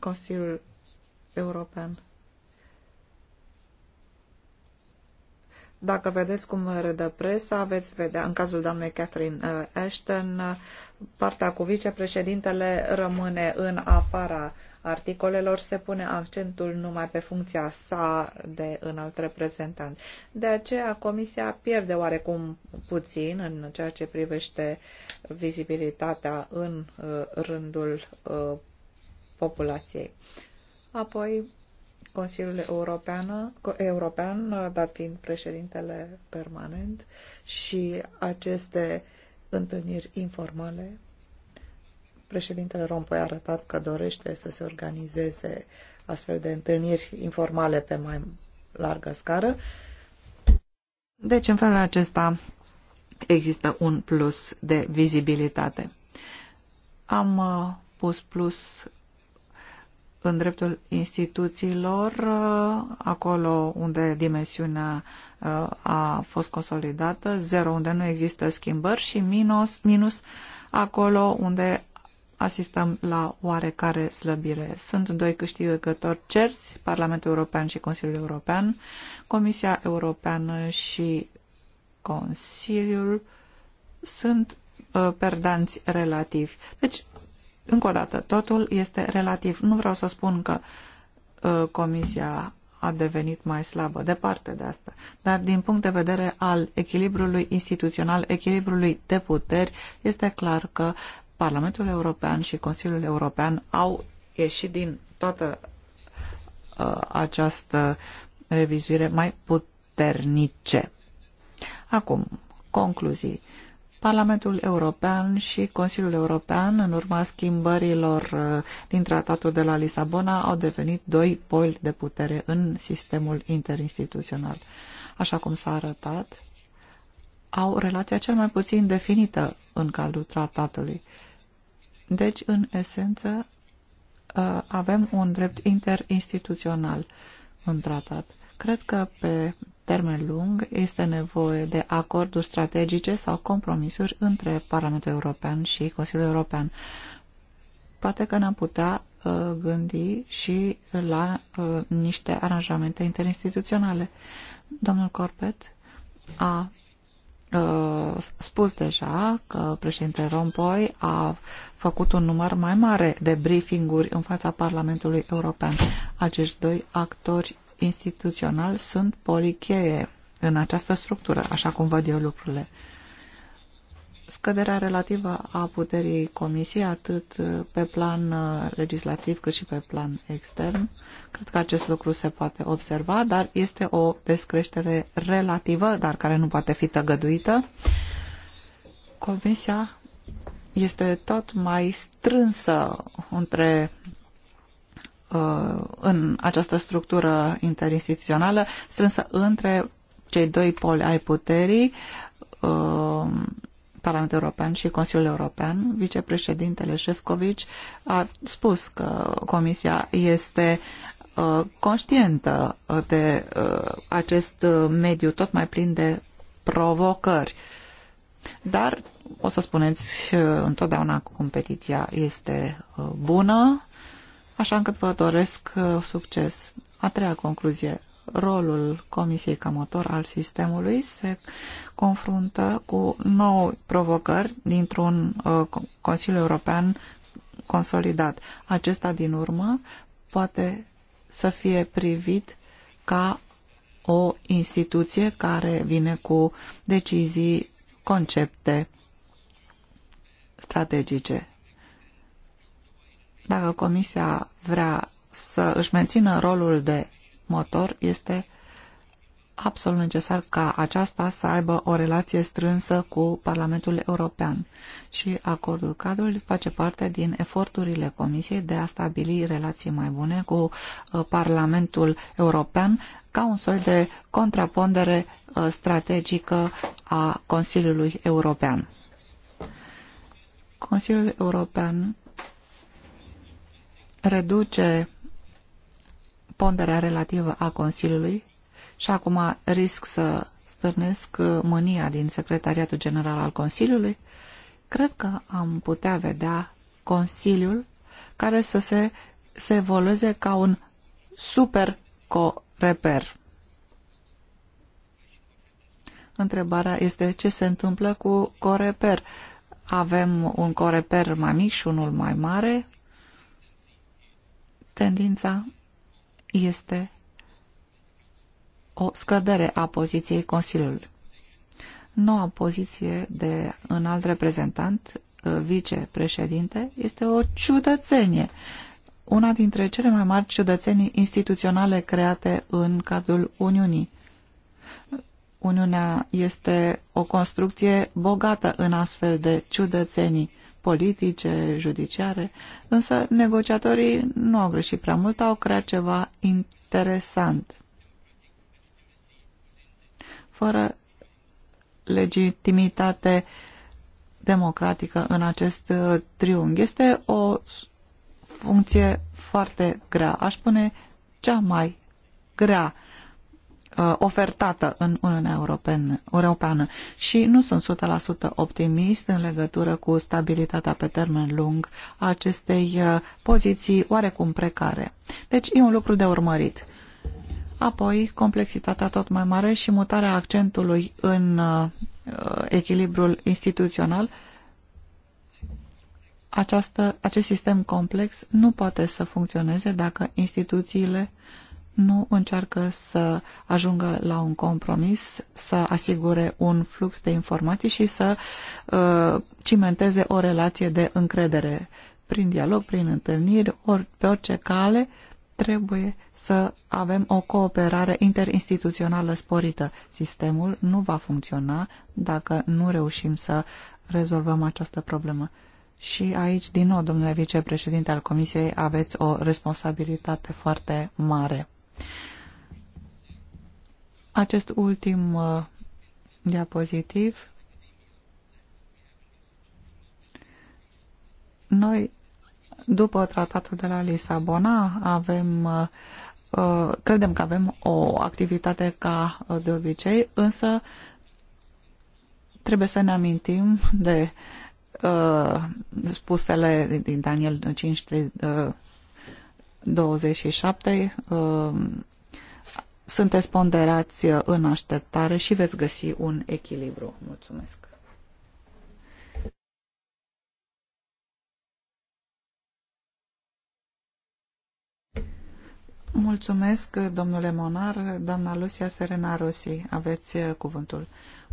Consiliul European. Dacă vedeți cum redă presa, veți vedea, în cazul doamnei Catherine uh, Ashton, uh, partea cu vicepreședintele rămâne în afara articolelor, se pune accentul numai pe funcția sa de înalt reprezentant. De aceea, Comisia pierde oarecum puțin în ceea ce privește vizibilitatea în uh, rândul populației. Apoi, Consiliul European, European dat fiind președintele permanent și aceste întâlniri informale. Președintele Rompoi a arătat că dorește să se organizeze astfel de întâlniri informale pe mai largă scară. Deci, în felul acesta, există un plus de vizibilitate. Am uh, pus plus în dreptul instituțiilor, uh, acolo unde dimensiunea uh, a fost consolidată, zero unde nu există schimbări și minus, minus acolo unde asistăm la oarecare slăbire. Sunt doi câștigători cerți, Parlamentul European și Consiliul European, Comisia Europeană și Consiliul sunt uh, perdanți relativi. Deci încă o dată, totul este relativ. Nu vreau să spun că uh, Comisia a devenit mai slabă, departe de asta. Dar din punct de vedere al echilibrului instituțional, echilibrului de puteri, este clar că Parlamentul European și Consiliul European au ieșit din toată uh, această revizuire mai puternice. Acum, concluzii. Parlamentul European și Consiliul European, în urma schimbărilor uh, din tratatul de la Lisabona, au devenit doi poli de putere în sistemul interinstituțional. Așa cum s-a arătat, au relația cel mai puțin definită în cadrul tratatului. Deci, în esență, uh, avem un drept interinstituțional în tratat. Cred că pe termen lung este nevoie de acorduri strategice sau compromisuri între Parlamentul European și Consiliul European. Poate că ne-am putea uh, gândi și la uh, niște aranjamente interinstituționale. Domnul Corpet a uh, spus deja că președintele Rompoy a făcut un număr mai mare de briefinguri în fața Parlamentului European. Acești doi actori instituțional sunt policheie în această structură, așa cum văd eu lucrurile. Scăderea relativă a puterii comisiei, atât pe plan uh, legislativ cât și pe plan extern, cred că acest lucru se poate observa, dar este o descreștere relativă, dar care nu poate fi tăgăduită. Comisia este tot mai strânsă între Uh, în această structură interinstituțională strânsă între cei doi poli ai puterii, uh, Parlamentul European și Consiliul European, vicepreședintele Șefcovici a spus că Comisia este uh, conștientă de acest mediu tot mai plin de provocări. Dar, o să spuneți, întotdeauna competiția este bună, așa încât vă doresc uh, succes. A treia concluzie. Rolul Comisiei ca motor al sistemului se confruntă cu nouă provocări dintr-un uh, Consiliu European consolidat. Acesta, din urmă, poate să fie privit ca o instituție care vine cu decizii, concepte strategice. Dacă Comisia vrea să își mențină rolul de motor, este absolut necesar ca aceasta să aibă o relație strânsă cu Parlamentul European și acordul cadrul face parte din eforturile Comisiei de a stabili relații mai bune cu uh, Parlamentul European ca un soi de contrapondere uh, strategică a Consiliului European. Consiliul European reduce ponderea relativă a Consiliului și acum risc să stârnesc mânia din Secretariatul General al Consiliului, cred că am putea vedea Consiliul care să se, se evolueze ca un super co-reper. Întrebarea este ce se întâmplă cu coreper. Avem un coreper mai mic și unul mai mare tendința este o scădere a poziției Consiliului. Noua poziție de înalt reprezentant, uh, vicepreședinte, este o ciudățenie, una dintre cele mai mari ciudățenii instituționale create în cadrul Uniunii. Uniunea este o construcție bogată în astfel de ciudățenii politice, judiciare, însă negociatorii nu au greșit prea mult, au creat ceva interesant. Fără legitimitate democratică în acest uh, triunghi. Este o funcție foarte grea, aș spune cea mai grea Uh, ofertată în Uniunea Europeană și nu sunt 100% optimist în legătură cu stabilitatea pe termen lung a acestei uh, poziții oarecum precare. Deci e un lucru de urmărit. Apoi, complexitatea tot mai mare și mutarea accentului în uh, echilibrul instituțional această, acest sistem complex nu poate să funcționeze dacă instituțiile nu încearcă să ajungă la un compromis, să asigure un flux de informații și să uh, cimenteze o relație de încredere prin dialog, prin întâlniri, ori pe orice cale trebuie să avem o cooperare interinstituțională sporită. Sistemul nu va funcționa dacă nu reușim să rezolvăm această problemă. Și aici, din nou, domnule vicepreședinte al Comisiei, aveți o responsabilitate foarte mare. Acest ultim uh, diapozitiv. Noi, după tratatul de la Lisabona, avem uh, uh, credem că avem o activitate ca de obicei, însă trebuie să ne amintim de uh, spusele din Daniel 5, 3, uh, 27. Uh, sunteți ponderați în așteptare și veți găsi un echilibru. Mulțumesc! Mulțumesc, domnule Monar. Doamna Lucia Serena Rossi, aveți cuvântul.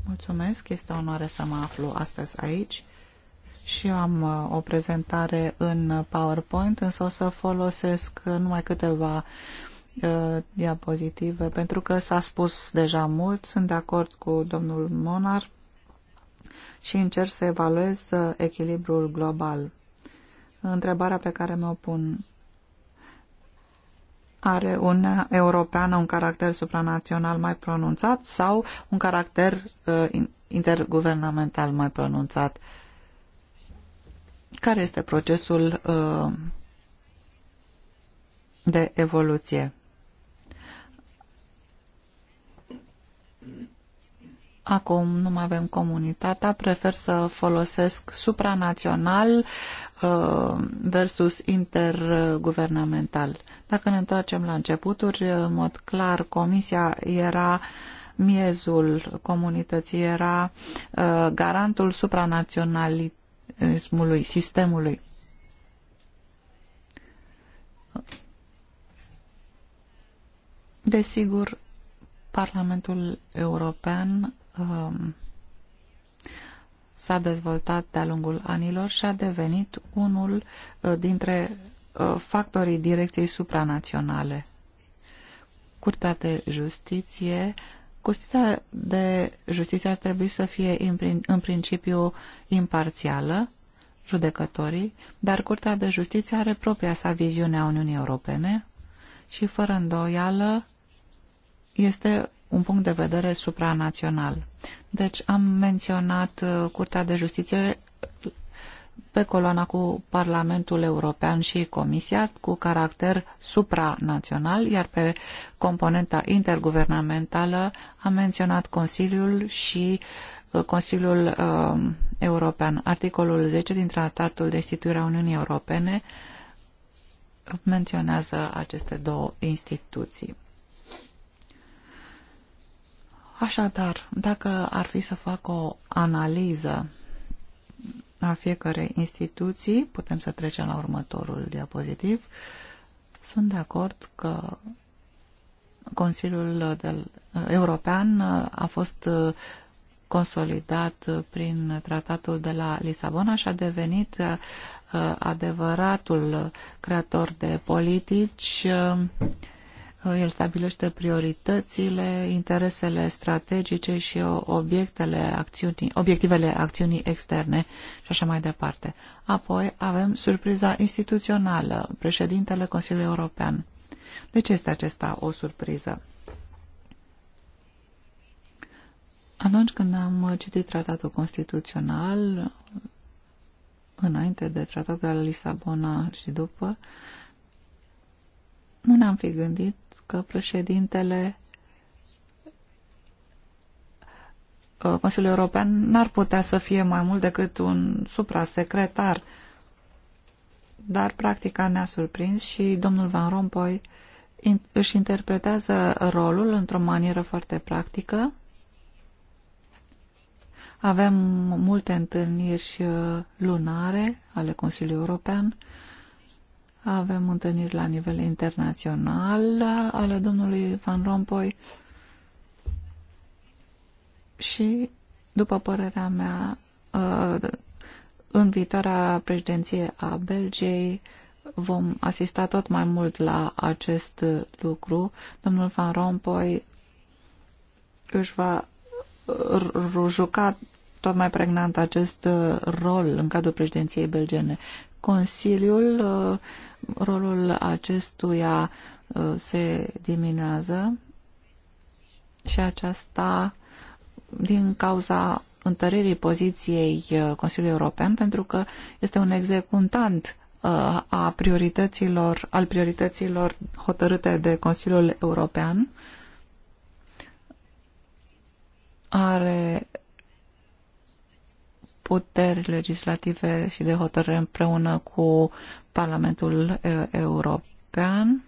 Mulțumesc, este o onoare să mă aflu astăzi aici și eu am uh, o prezentare în uh, PowerPoint, însă o să folosesc uh, numai câteva diapozitive, pentru că s-a spus deja mult, sunt de acord cu domnul Monar și încerc să evaluez echilibrul global. Întrebarea pe care mă pun are Uniunea Europeană un caracter supranațional mai pronunțat sau un caracter uh, interguvernamental mai pronunțat? Uh, care este procesul uh, de evoluție? Acum nu mai avem comunitatea, prefer să folosesc supranațional uh, versus interguvernamental. Dacă ne întoarcem la începuturi, în mod clar, Comisia era miezul comunității, era uh, garantul supranaționalității mecanismului, sistemului. Desigur, Parlamentul European um, s-a dezvoltat de-a lungul anilor și a devenit unul uh, dintre uh, factorii direcției supranaționale. Curtea de Justiție Custodia de justiție ar trebui să fie în principiu imparțială, judecătorii, dar Curtea de Justiție are propria sa viziune a Uniunii Europene și, fără îndoială, este un punct de vedere supranațional. Deci am menționat uh, Curtea de Justiție pe coloana cu Parlamentul European și Comisia cu caracter supranațional, iar pe componenta interguvernamentală a menționat Consiliul și uh, Consiliul uh, European. Articolul 10 din Tratatul de Instituire a Uniunii Europene menționează aceste două instituții. Așadar, dacă ar fi să fac o analiză a fiecărei instituții. Putem să trecem la următorul diapozitiv. Sunt de acord că Consiliul European a fost consolidat prin tratatul de la Lisabona și a devenit uh, adevăratul creator de politici uh, el stabilește prioritățile, interesele strategice și obiectele acțiunii, obiectivele acțiunii externe și așa mai departe. Apoi avem surpriza instituțională, președintele Consiliului European. De ce este acesta o surpriză? Atunci când am citit tratatul constituțional, înainte de tratatul de la Lisabona și după, nu ne-am fi gândit că președintele uh, Consiliul European n-ar putea să fie mai mult decât un suprasecretar, dar practica ne-a surprins și domnul Van Rompuy își interpretează rolul într-o manieră foarte practică. Avem multe întâlniri uh, lunare ale Consiliului European avem întâlniri la nivel internațional ale domnului Van Rompuy și, după părerea mea, ă, în viitoarea președinție a Belgiei vom asista tot mai mult la acest lucru. Domnul Van Rompuy își va ă, rujuca tot mai pregnant acest ă, rol în cadrul președinției belgene. Consiliul uh, rolul acestuia uh, se diminuează și aceasta din cauza întăririi poziției uh, Consiliului European pentru că este un executant uh, a priorităților, al priorităților hotărâte de Consiliul European are puteri legislative și de hotărâre împreună cu Parlamentul European,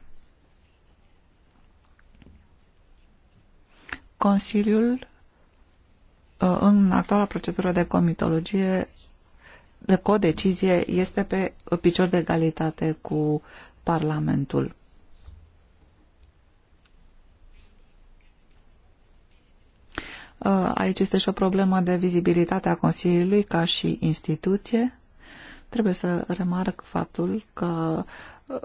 Consiliul, în actuala procedură de comitologie, de codecizie, este pe picior de egalitate cu Parlamentul. Aici este și o problemă de vizibilitate a Consiliului ca și instituție. Trebuie să remarc faptul că uh,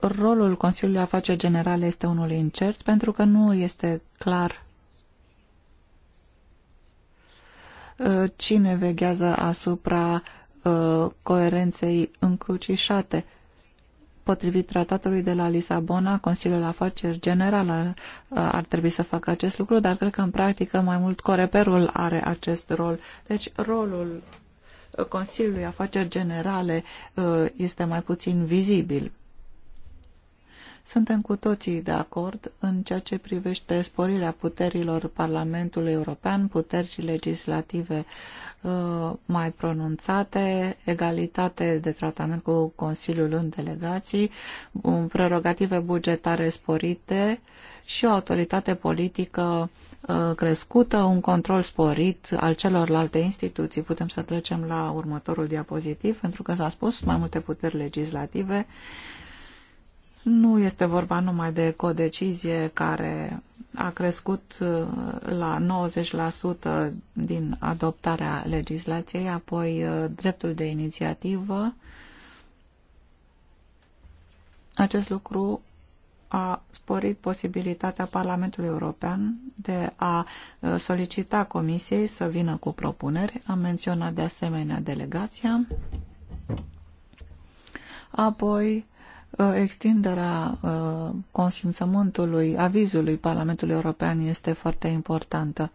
rolul Consiliului Afaceri Generale este unul incert pentru că nu este clar uh, cine veghează asupra uh, coerenței încrucișate. Potrivit tratatului de la Lisabona, Consiliul Afaceri General ar, ar trebui să facă acest lucru, dar cred că în practică mai mult coreperul are acest rol. Deci rolul Consiliului Afaceri Generale uh, este mai puțin vizibil. Suntem cu toții de acord în ceea ce privește sporirea puterilor Parlamentului European, puteri legislative uh, mai pronunțate, egalitate de tratament cu Consiliul în delegații, um, prerogative bugetare sporite și o autoritate politică uh, crescută, un control sporit al celorlalte instituții. Putem să trecem la următorul diapozitiv, pentru că s-a spus mai multe puteri legislative nu este vorba numai de codecizie care a crescut uh, la 90% din adoptarea legislației, apoi uh, dreptul de inițiativă. Acest lucru a sporit posibilitatea Parlamentului European de a uh, solicita Comisiei să vină cu propuneri. Am menționat de asemenea delegația. Apoi, Uh, extinderea uh, consimțământului, avizului Parlamentului European este foarte importantă.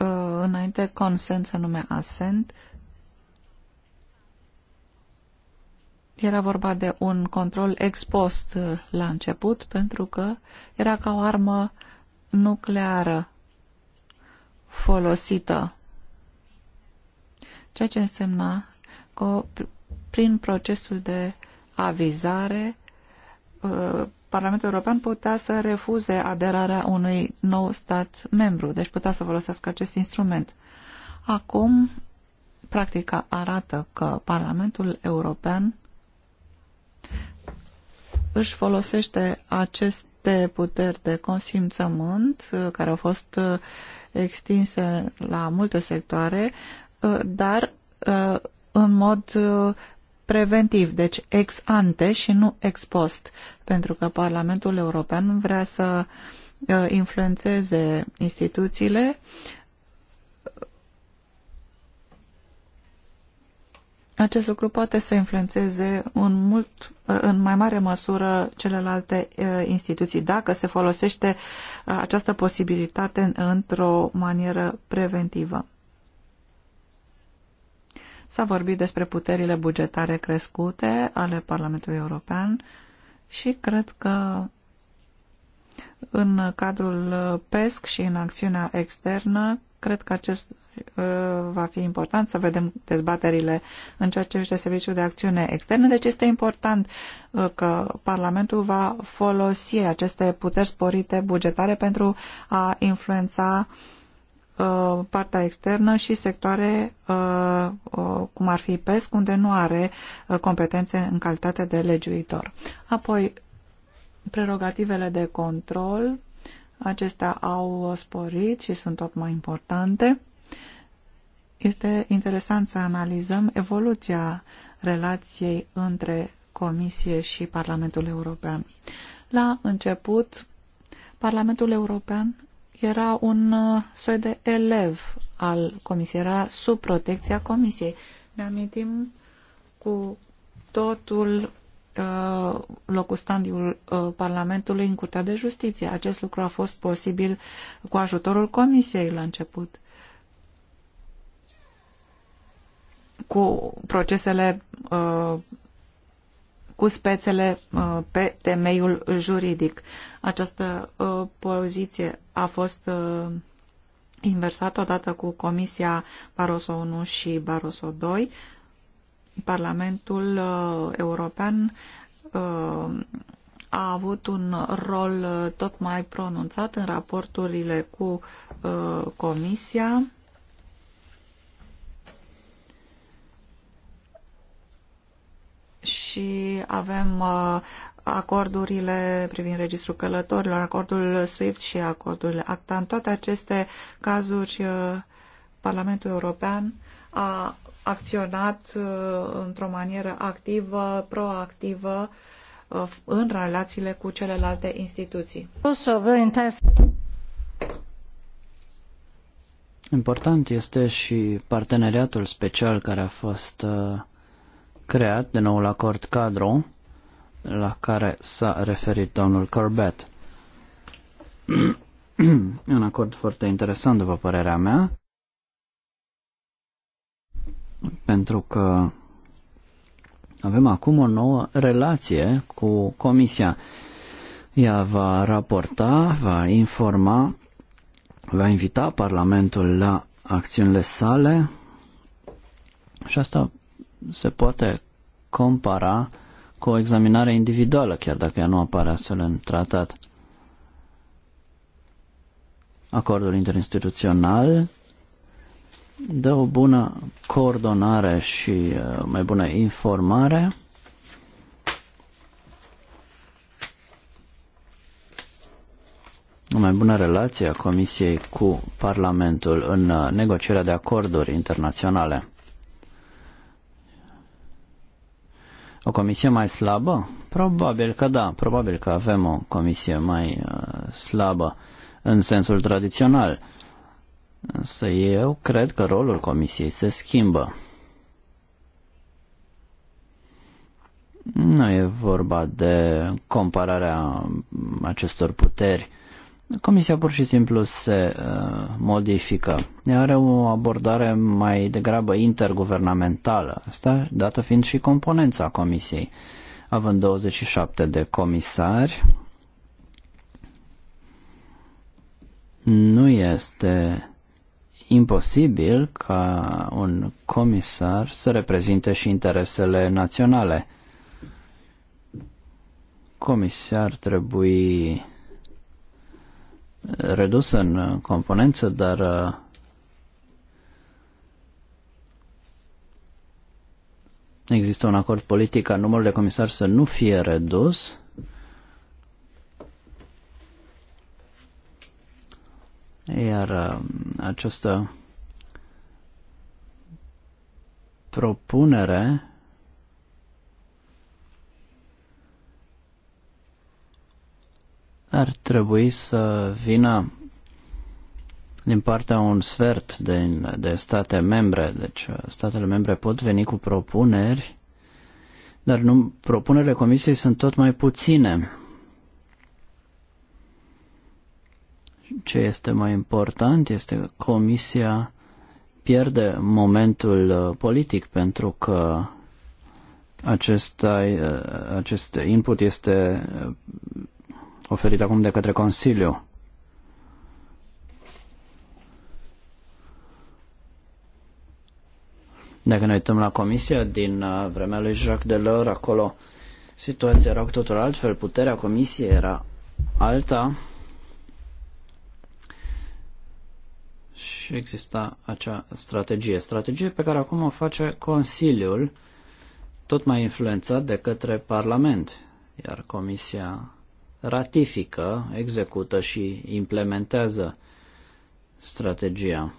Uh, înainte, consent se nume asent. Era vorba de un control ex post la început, pentru că era ca o armă nucleară folosită ceea ce însemna că prin procesul de avizare uh, Parlamentul European putea să refuze aderarea unui nou stat membru, deci putea să folosească acest instrument. Acum, practica arată că Parlamentul European își folosește aceste puteri de consimțământ uh, care au fost uh, extinse la multe sectoare Uh, dar uh, în mod uh, preventiv, deci ex ante și nu ex post, pentru că Parlamentul European vrea să influențeze instituțiile Acest lucru poate să influențeze în, mult, în mai mare măsură celelalte instituții dacă se folosește această posibilitate într-o manieră preventivă. S-a vorbit despre puterile bugetare crescute ale Parlamentului European și cred că în cadrul PESC și în acțiunea externă, cred că acest uh, va fi important să vedem dezbaterile în ceea ce este serviciul de acțiune externă. Deci este important uh, că Parlamentul va folosi aceste puteri sporite bugetare pentru a influența Uh, partea externă și sectoare uh, uh, cum ar fi PESC, unde nu are competențe în calitate de legiuitor. Apoi, prerogativele de control, acestea au sporit și sunt tot mai importante. Este interesant să analizăm evoluția relației între Comisie și Parlamentul European. La început, Parlamentul European era un uh, soi de elev al comisiei, era sub protecția comisiei. Ne amintim cu totul uh, locustandiul uh, Parlamentului în Curtea de Justiție. Acest lucru a fost posibil cu ajutorul Comisiei la început. Cu procesele cu spețele uh, pe temeiul juridic. Această uh, poziție a fost uh, inversat odată cu Comisia Barroso 1 și Barroso 2. Parlamentul European a avut un rol tot mai pronunțat în raporturile cu Comisia și avem uh, acordurile privind registrul călătorilor, acordul SWIFT și acordul ACTA. În toate aceste cazuri, uh, Parlamentul European a acționat uh, într-o manieră activă, proactivă, în relațiile cu celelalte instituții. Important este și parteneriatul special care a fost creat de noul acord cadru la care s-a referit domnul Corbett. Un acord foarte interesant, după părerea mea, pentru că avem acum o nouă relație cu Comisia. Ea va raporta, va informa, va invita Parlamentul la acțiunile sale și asta se poate compara cu o examinare individuală, chiar dacă ea nu apare astfel în tratat. Acordul interinstituțional dă o bună coordonare și uh, mai bună informare o mai bună relație a Comisiei cu Parlamentul în uh, negocierea de acorduri internaționale. O comisie mai slabă? Probabil că da, probabil că avem o comisie mai uh, slabă în sensul tradițional. Însă eu cred că rolul comisiei se schimbă. Nu e vorba de compararea acestor puteri Comisia pur și simplu se uh, modifică. Are o abordare mai degrabă interguvernamentală, asta dată fiind și componența Comisiei. Având 27 de comisari, nu este imposibil ca un comisar să reprezinte și interesele naționale. Comisar trebuie redus în componență, dar uh, există un acord politic ca numărul de comisari să nu fie redus. Iar uh, această propunere ar trebui să vină din partea un sfert de, de state membre. Deci uh, statele membre pot veni cu propuneri, dar nu, propunerile comisiei sunt tot mai puține. Ce este mai important este că comisia pierde momentul uh, politic pentru că acesta, uh, acest input este oferit acum de către Consiliu. Dacă ne uităm la comisia din uh, vremea lui Jacques Delors, acolo situația era cu totul altfel, puterea comisiei era alta și exista acea strategie. Strategie pe care acum o face Consiliul, tot mai influențat de către Parlament, iar Comisia ratifică, execută și implementează strategia.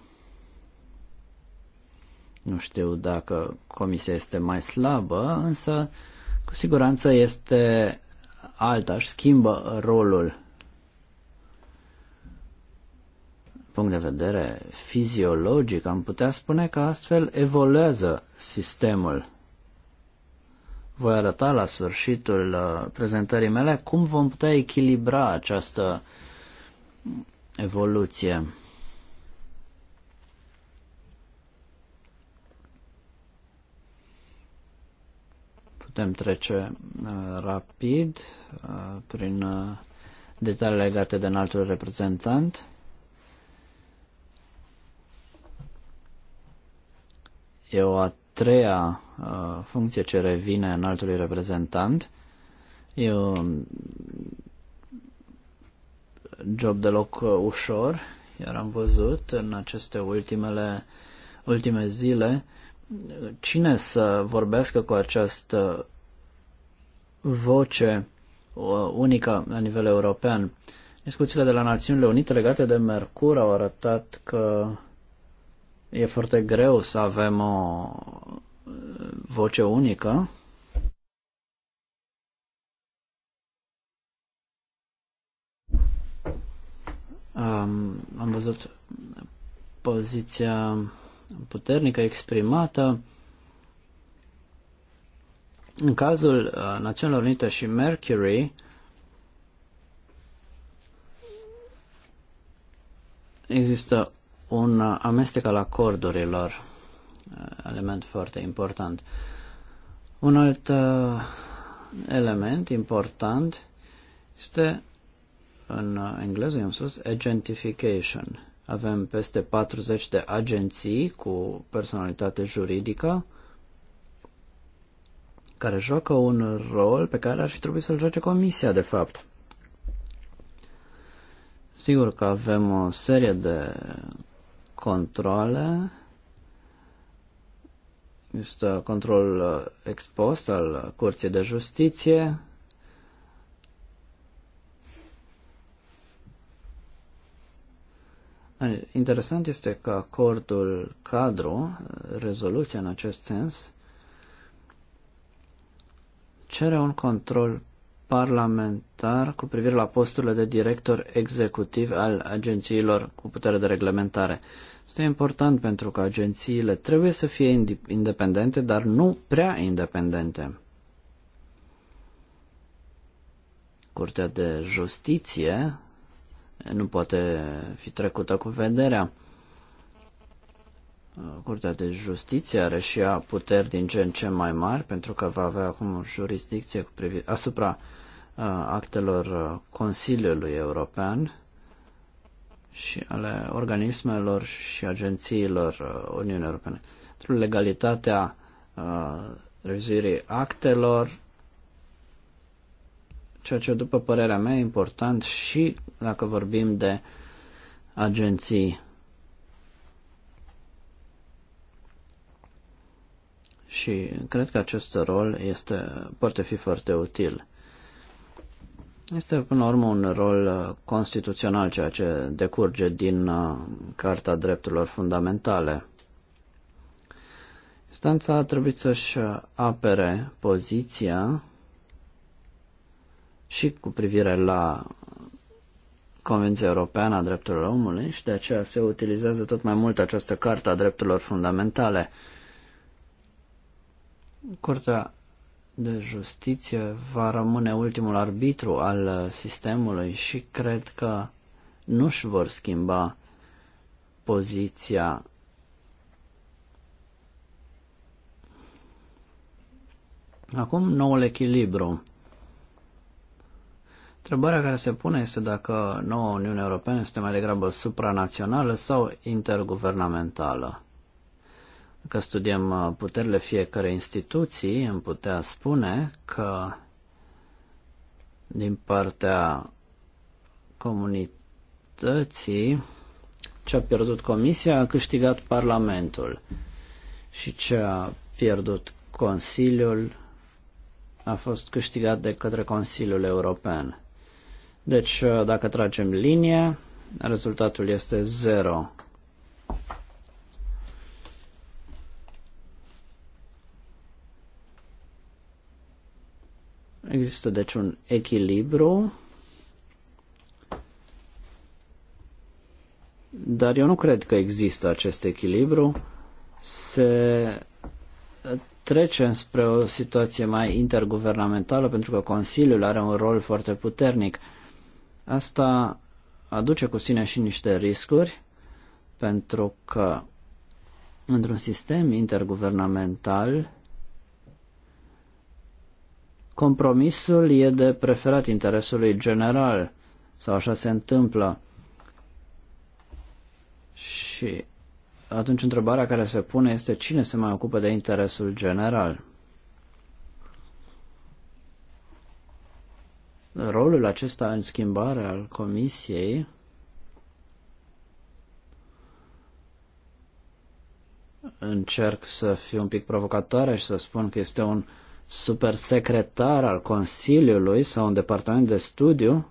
Nu știu dacă comisia este mai slabă, însă cu siguranță este alta, își schimbă rolul. Punct de vedere fiziologic, am putea spune că astfel evoluează sistemul voi arăta la sfârșitul uh, prezentării mele cum vom putea echilibra această evoluție. Putem trece uh, rapid uh, prin detalii legate de înaltul reprezentant. E o a treia uh, funcție ce revine altului reprezentant. E un job deloc uh, ușor, iar am văzut în aceste ultimele, ultime zile cine să vorbească cu această voce uh, unică la nivel european. Discuțiile de la Națiunile Unite legate de Mercur au arătat că E foarte greu să avem o uh, voce unică. Um, am văzut poziția puternică exprimată. În cazul uh, Națiunilor Unite și Mercury, există un amestec al acordurilor, element foarte important. Un alt uh, element important este în engleză, am spus, agentification. Avem peste 40 de agenții cu personalitate juridică care joacă un rol pe care ar fi trebuit să-l joace comisia, de fapt. Sigur că avem o serie de controle. Este control eh, expost al Curții de Justiție. Interesant este că acordul cadru, eh, rezoluția în acest sens, cere un control parlamentar cu privire la posturile de director executiv al agențiilor cu putere de reglementare. Este important pentru că agențiile trebuie să fie independente, dar nu prea independente. Curtea de Justiție nu poate fi trecută cu vederea. Curtea de Justiție are și ea puteri din ce în ce mai mari pentru că va avea acum jurisdicție cu privire asupra actelor uh, Consiliului European și ale organismelor și agențiilor uh, Uniunii Europene. Pentru legalitatea uh, revizuirii actelor, ceea ce, după părerea mea, e important și dacă vorbim de agenții. Și cred că acest rol este, poate fi foarte util. Este până la urmă un rol uh, constituțional, ceea ce decurge din uh, Carta Drepturilor Fundamentale. Instanța a trebuit să-și uh, apere poziția și cu privire la Convenția Europeană a Drepturilor Omului și de aceea se utilizează tot mai mult această Carta a Drepturilor Fundamentale. Curtea de justiție va rămâne ultimul arbitru al uh, sistemului și cred că nu își vor schimba poziția Acum, noul echilibru. Întrebarea care se pune este dacă noua Uniune Europeană este mai degrabă supranațională sau interguvernamentală că studiem uh, puterile fiecare instituții, am putea spune că din partea comunității ce a pierdut Comisia a câștigat Parlamentul și ce a pierdut Consiliul a fost câștigat de către Consiliul European. Deci, uh, dacă tragem linie, rezultatul este zero. Există deci un echilibru, dar eu nu cred că există acest echilibru. Se trece spre o situație mai interguvernamentală pentru că Consiliul are un rol foarte puternic. Asta aduce cu sine și niște riscuri pentru că într-un sistem interguvernamental Compromisul e de preferat interesului general, sau așa se întâmplă. Și atunci întrebarea care se pune este cine se mai ocupă de interesul general. Rolul acesta în schimbare al comisiei încerc să fiu un pic provocatoare și să spun că este un uh, supersecretar al Consiliului sau un departament de studiu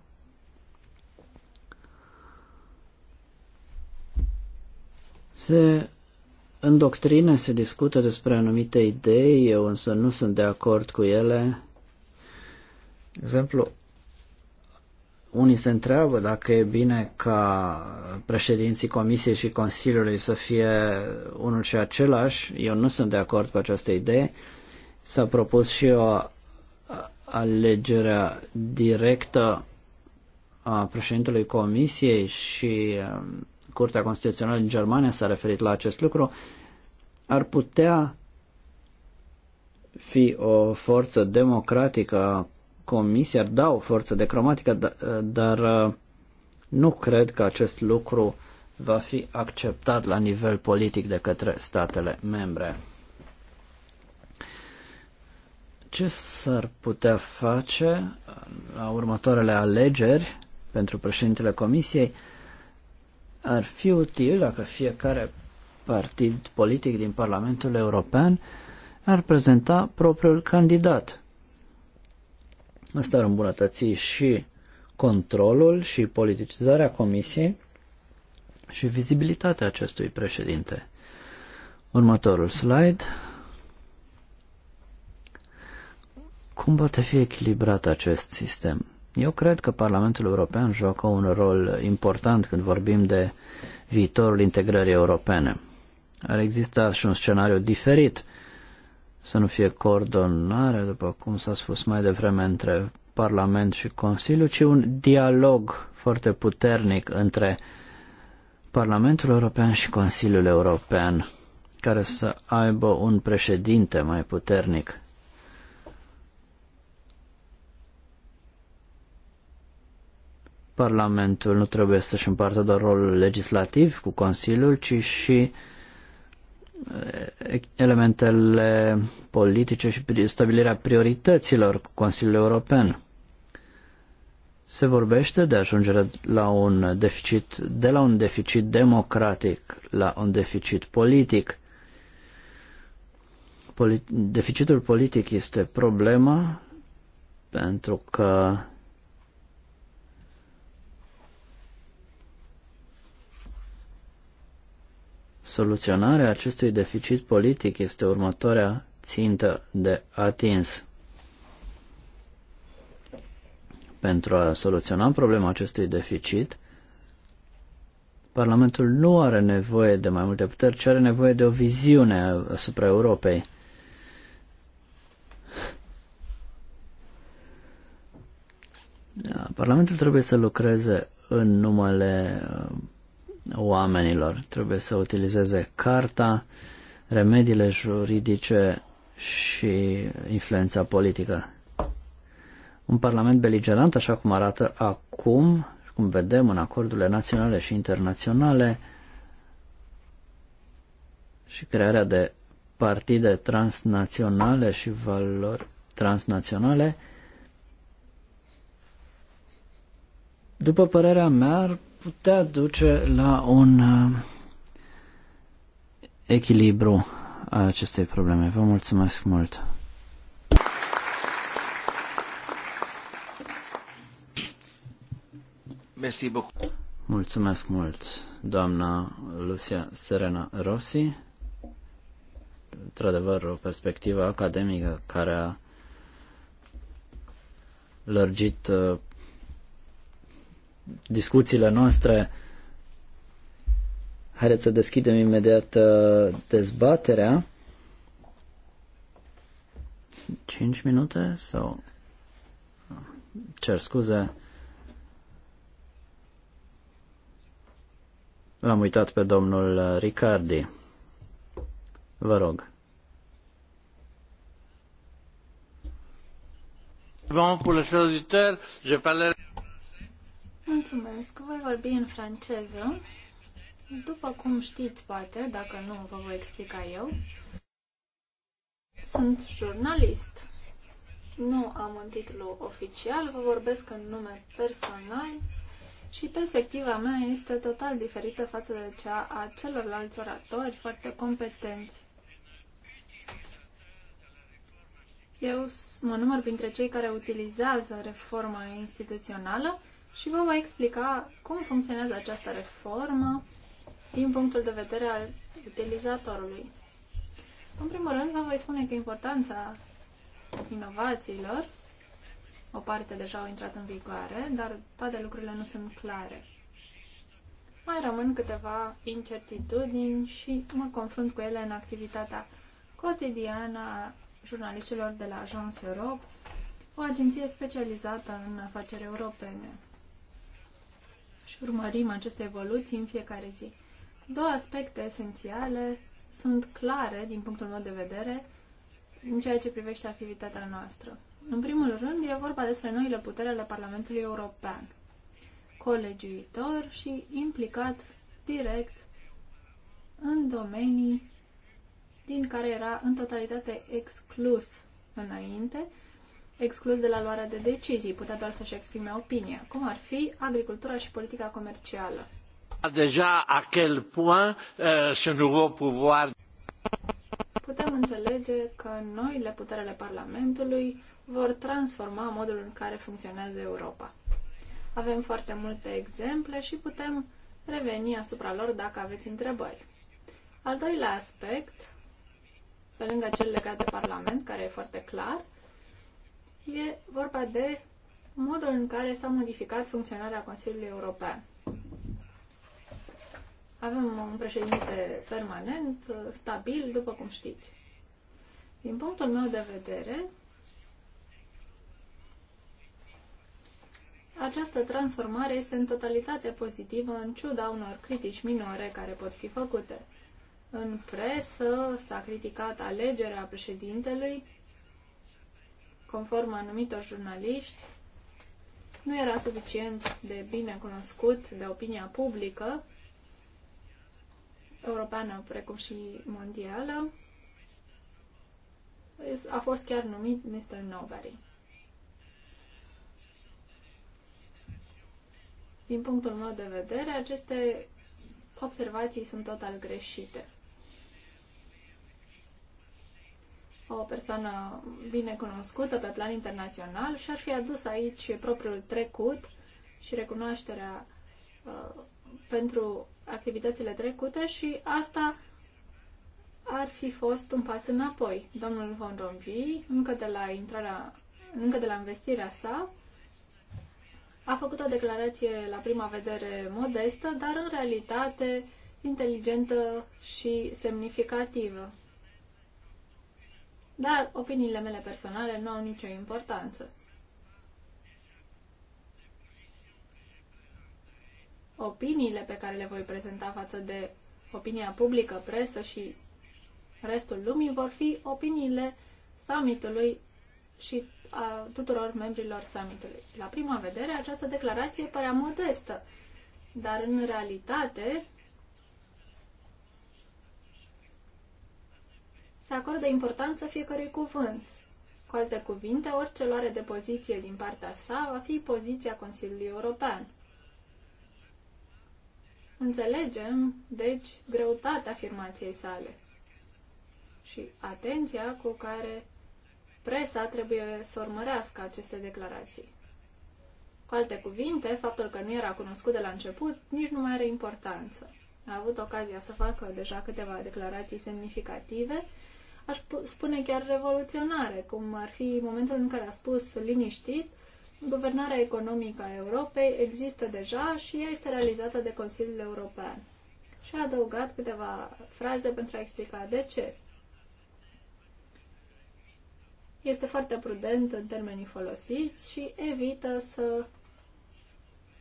se în doctrine se discută despre anumite idei, eu însă nu sunt de acord cu ele. De exemplu, unii se întreabă dacă e bine ca președinții Comisiei și Consiliului să fie unul și același. Eu nu sunt de acord cu această idee. S-a propus și o alegere directă a președintelui Comisiei și um, Curtea Constituțională din Germania s-a referit la acest lucru, ar putea fi o forță democratică, Comisia ar da o forță democratică, da, dar uh, nu cred că acest lucru va fi acceptat la nivel politic de către statele membre. Ce s-ar putea face la următoarele alegeri pentru președintele Comisiei? Ar fi util dacă fiecare partid politic din Parlamentul European ar prezenta propriul candidat. Asta ar îmbunătăți și controlul și politicizarea Comisiei și vizibilitatea acestui președinte. Următorul slide. Cum poate fi echilibrat acest sistem? Eu cred că Parlamentul European joacă un rol important când vorbim de viitorul integrării europene. Ar exista și un scenariu diferit, să nu fie coordonare, după cum s-a spus mai devreme, între Parlament și Consiliu, ci un dialog foarte puternic între Parlamentul European și Consiliul European, care să aibă un președinte mai puternic Parlamentul nu trebuie să-și împartă doar rolul legislativ cu Consiliul, ci și eh, elementele politice și stabilirea priorităților cu Consiliul European. Se vorbește de ajungere la un deficit, de la un deficit democratic la un deficit politic. deficitul politic este problema pentru că Soluționarea acestui deficit politic este următoarea țintă de atins. Pentru a soluționa problema acestui deficit, Parlamentul nu are nevoie de mai multe puteri, ci are nevoie de o viziune asupra Europei. Parlamentul trebuie să lucreze în numele oamenilor. Trebuie să utilizeze carta, remediile juridice și influența politică. Un parlament beligerant, așa cum arată acum, cum vedem în acordurile naționale și internaționale, și crearea de partide transnaționale și valori transnaționale, după părerea mea, ar putea duce la un uh, echilibru a acestei probleme. Vă mulțumesc mult! Merci Mulțumesc mult, doamna Lucia Serena Rossi. Într-adevăr, o perspectivă academică care a lărgit uh, discuțiile noastre. Haideți să deschidem imediat uh, dezbaterea. 5 minute sau cer scuze. L-am uitat pe domnul Ricardi. Vă rog. Bon, pour les auditeurs, je parlerai... Mulțumesc. Voi vorbi în franceză. După cum știți, poate, dacă nu vă voi explica eu, sunt jurnalist. Nu am un titlu oficial, vă vorbesc în nume personal și perspectiva mea este total diferită față de cea a celorlalți oratori foarte competenți. Eu mă număr printre cei care utilizează reforma instituțională și vă voi explica cum funcționează această reformă din punctul de vedere al utilizatorului. În primul rând, vă voi spune că importanța inovațiilor, o parte deja au intrat în vigoare, dar toate lucrurile nu sunt clare. Mai rămân câteva incertitudini și mă confrunt cu ele în activitatea cotidiană a jurnaliștilor de la Agence Europe, o agenție specializată în afaceri europene și urmărim aceste evoluții în fiecare zi. Două aspecte esențiale sunt clare din punctul meu de vedere în ceea ce privește activitatea noastră. În primul rând, e vorba despre noile putere ale Parlamentului European, colegiuitor și implicat direct în domenii din care era în totalitate exclus înainte exclus de la luarea de decizii, putea doar să-și exprime opinia, cum ar fi agricultura și politica comercială. Deja a quel point uh, ce nouveau pouvoir putem înțelege că noile puterele Parlamentului vor transforma modul în care funcționează Europa. Avem foarte multe exemple și putem reveni asupra lor dacă aveți întrebări. Al doilea aspect, pe lângă cel legat de Parlament, care e foarte clar, E vorba de modul în care s-a modificat funcționarea Consiliului European. Avem un președinte permanent, uh, stabil, după cum știți. Din punctul meu de vedere, această transformare este în totalitate pozitivă, în ciuda unor critici minore care pot fi făcute. În presă s-a criticat alegerea președintelui, conform anumitor jurnaliști, nu era suficient de bine cunoscut de opinia publică europeană precum și mondială, a fost chiar numit Mr. Nobody. Din punctul meu de vedere, aceste observații sunt total greșite. o persoană bine cunoscută pe plan internațional și ar fi adus aici propriul trecut și recunoașterea uh, pentru activitățile trecute și asta ar fi fost un pas înapoi. Domnul Von Rompuy, încă de la intrarea, încă de la investirea sa, a făcut o declarație la prima vedere modestă, dar în realitate inteligentă și semnificativă. Dar opiniile mele personale nu au nicio importanță. Opiniile pe care le voi prezenta față de opinia publică, presă și restul lumii vor fi opiniile summitului și a tuturor membrilor summitului. La prima vedere, această declarație părea modestă, dar în realitate se acordă importanță fiecărui cuvânt. Cu alte cuvinte, orice luare de poziție din partea sa va fi poziția Consiliului European. Înțelegem, deci, greutatea afirmației sale și atenția cu care presa trebuie să urmărească aceste declarații. Cu alte cuvinte, faptul că nu era cunoscut de la început nici nu mai are importanță. A avut ocazia să facă deja câteva declarații semnificative aș spune chiar revoluționare, cum ar fi momentul în care a spus liniștit, guvernarea economică a Europei există deja și ea este realizată de Consiliul European. Și a adăugat câteva fraze pentru a explica de ce. Este foarte prudent în termenii folosiți și evită să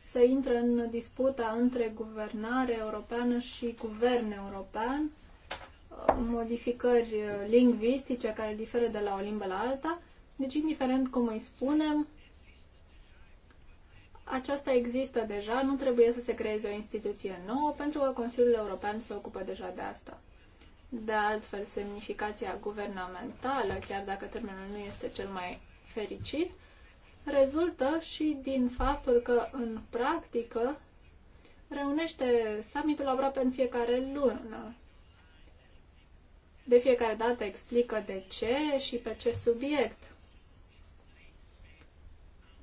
să intră în disputa între guvernare europeană și guvern european, modificări lingvistice care diferă de la o limbă la alta. Deci, indiferent cum îi spunem, aceasta există deja, nu trebuie să se creeze o instituție nouă, pentru că Consiliul European se ocupă deja de asta. De altfel, semnificația guvernamentală, chiar dacă termenul nu este cel mai fericit, rezultă și din faptul că, în practică, reunește summitul aproape în fiecare lună de fiecare dată explică de ce și pe ce subiect.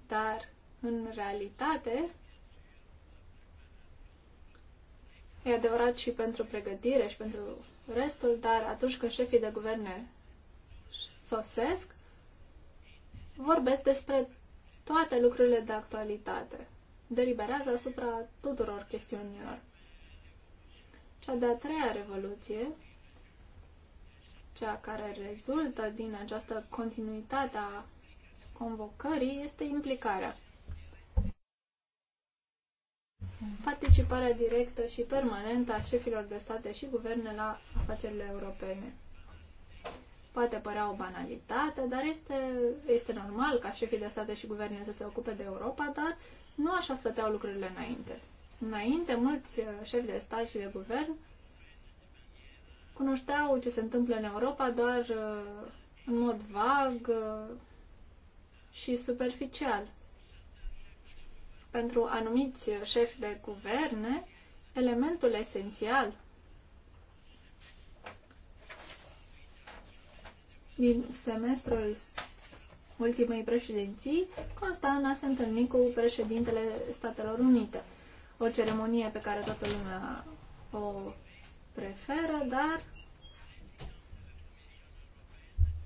Dar, în realitate, e adevărat și pentru pregătire și pentru restul, dar atunci când șefii de guverne sosesc, vorbesc despre toate lucrurile de actualitate. Deliberează asupra tuturor chestiunilor. Cea de-a treia revoluție cea care rezultă din această continuitate a convocării este implicarea. Participarea directă și permanentă a șefilor de state și guverne la afacerile europene. Poate părea o banalitate, dar este, este normal ca șefii de state și guverne să se ocupe de Europa, dar nu așa stăteau lucrurile înainte. Înainte, mulți uh, șefi de stat și de guvern cunoșteau ce se întâmplă în Europa doar uh, în mod vag uh, și superficial. Pentru anumiți șefi de guverne, elementul esențial din semestrul ultimei președinții consta în a se întâlni cu președintele Statelor Unite. O ceremonie pe care toată lumea o preferă, dar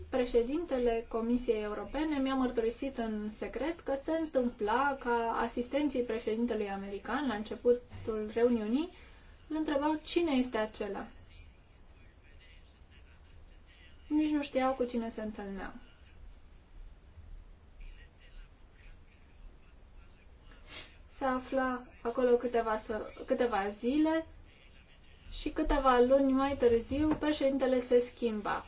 președintele Comisiei Europene mi-a mărturisit în secret că se întâmpla ca asistenții președintelui american la începutul reuniunii îl întrebau cine este acela. Nici nu știau cu cine se întâlneau. Se afla acolo câteva, să, câteva zile și câteva luni mai târziu președintele se schimba.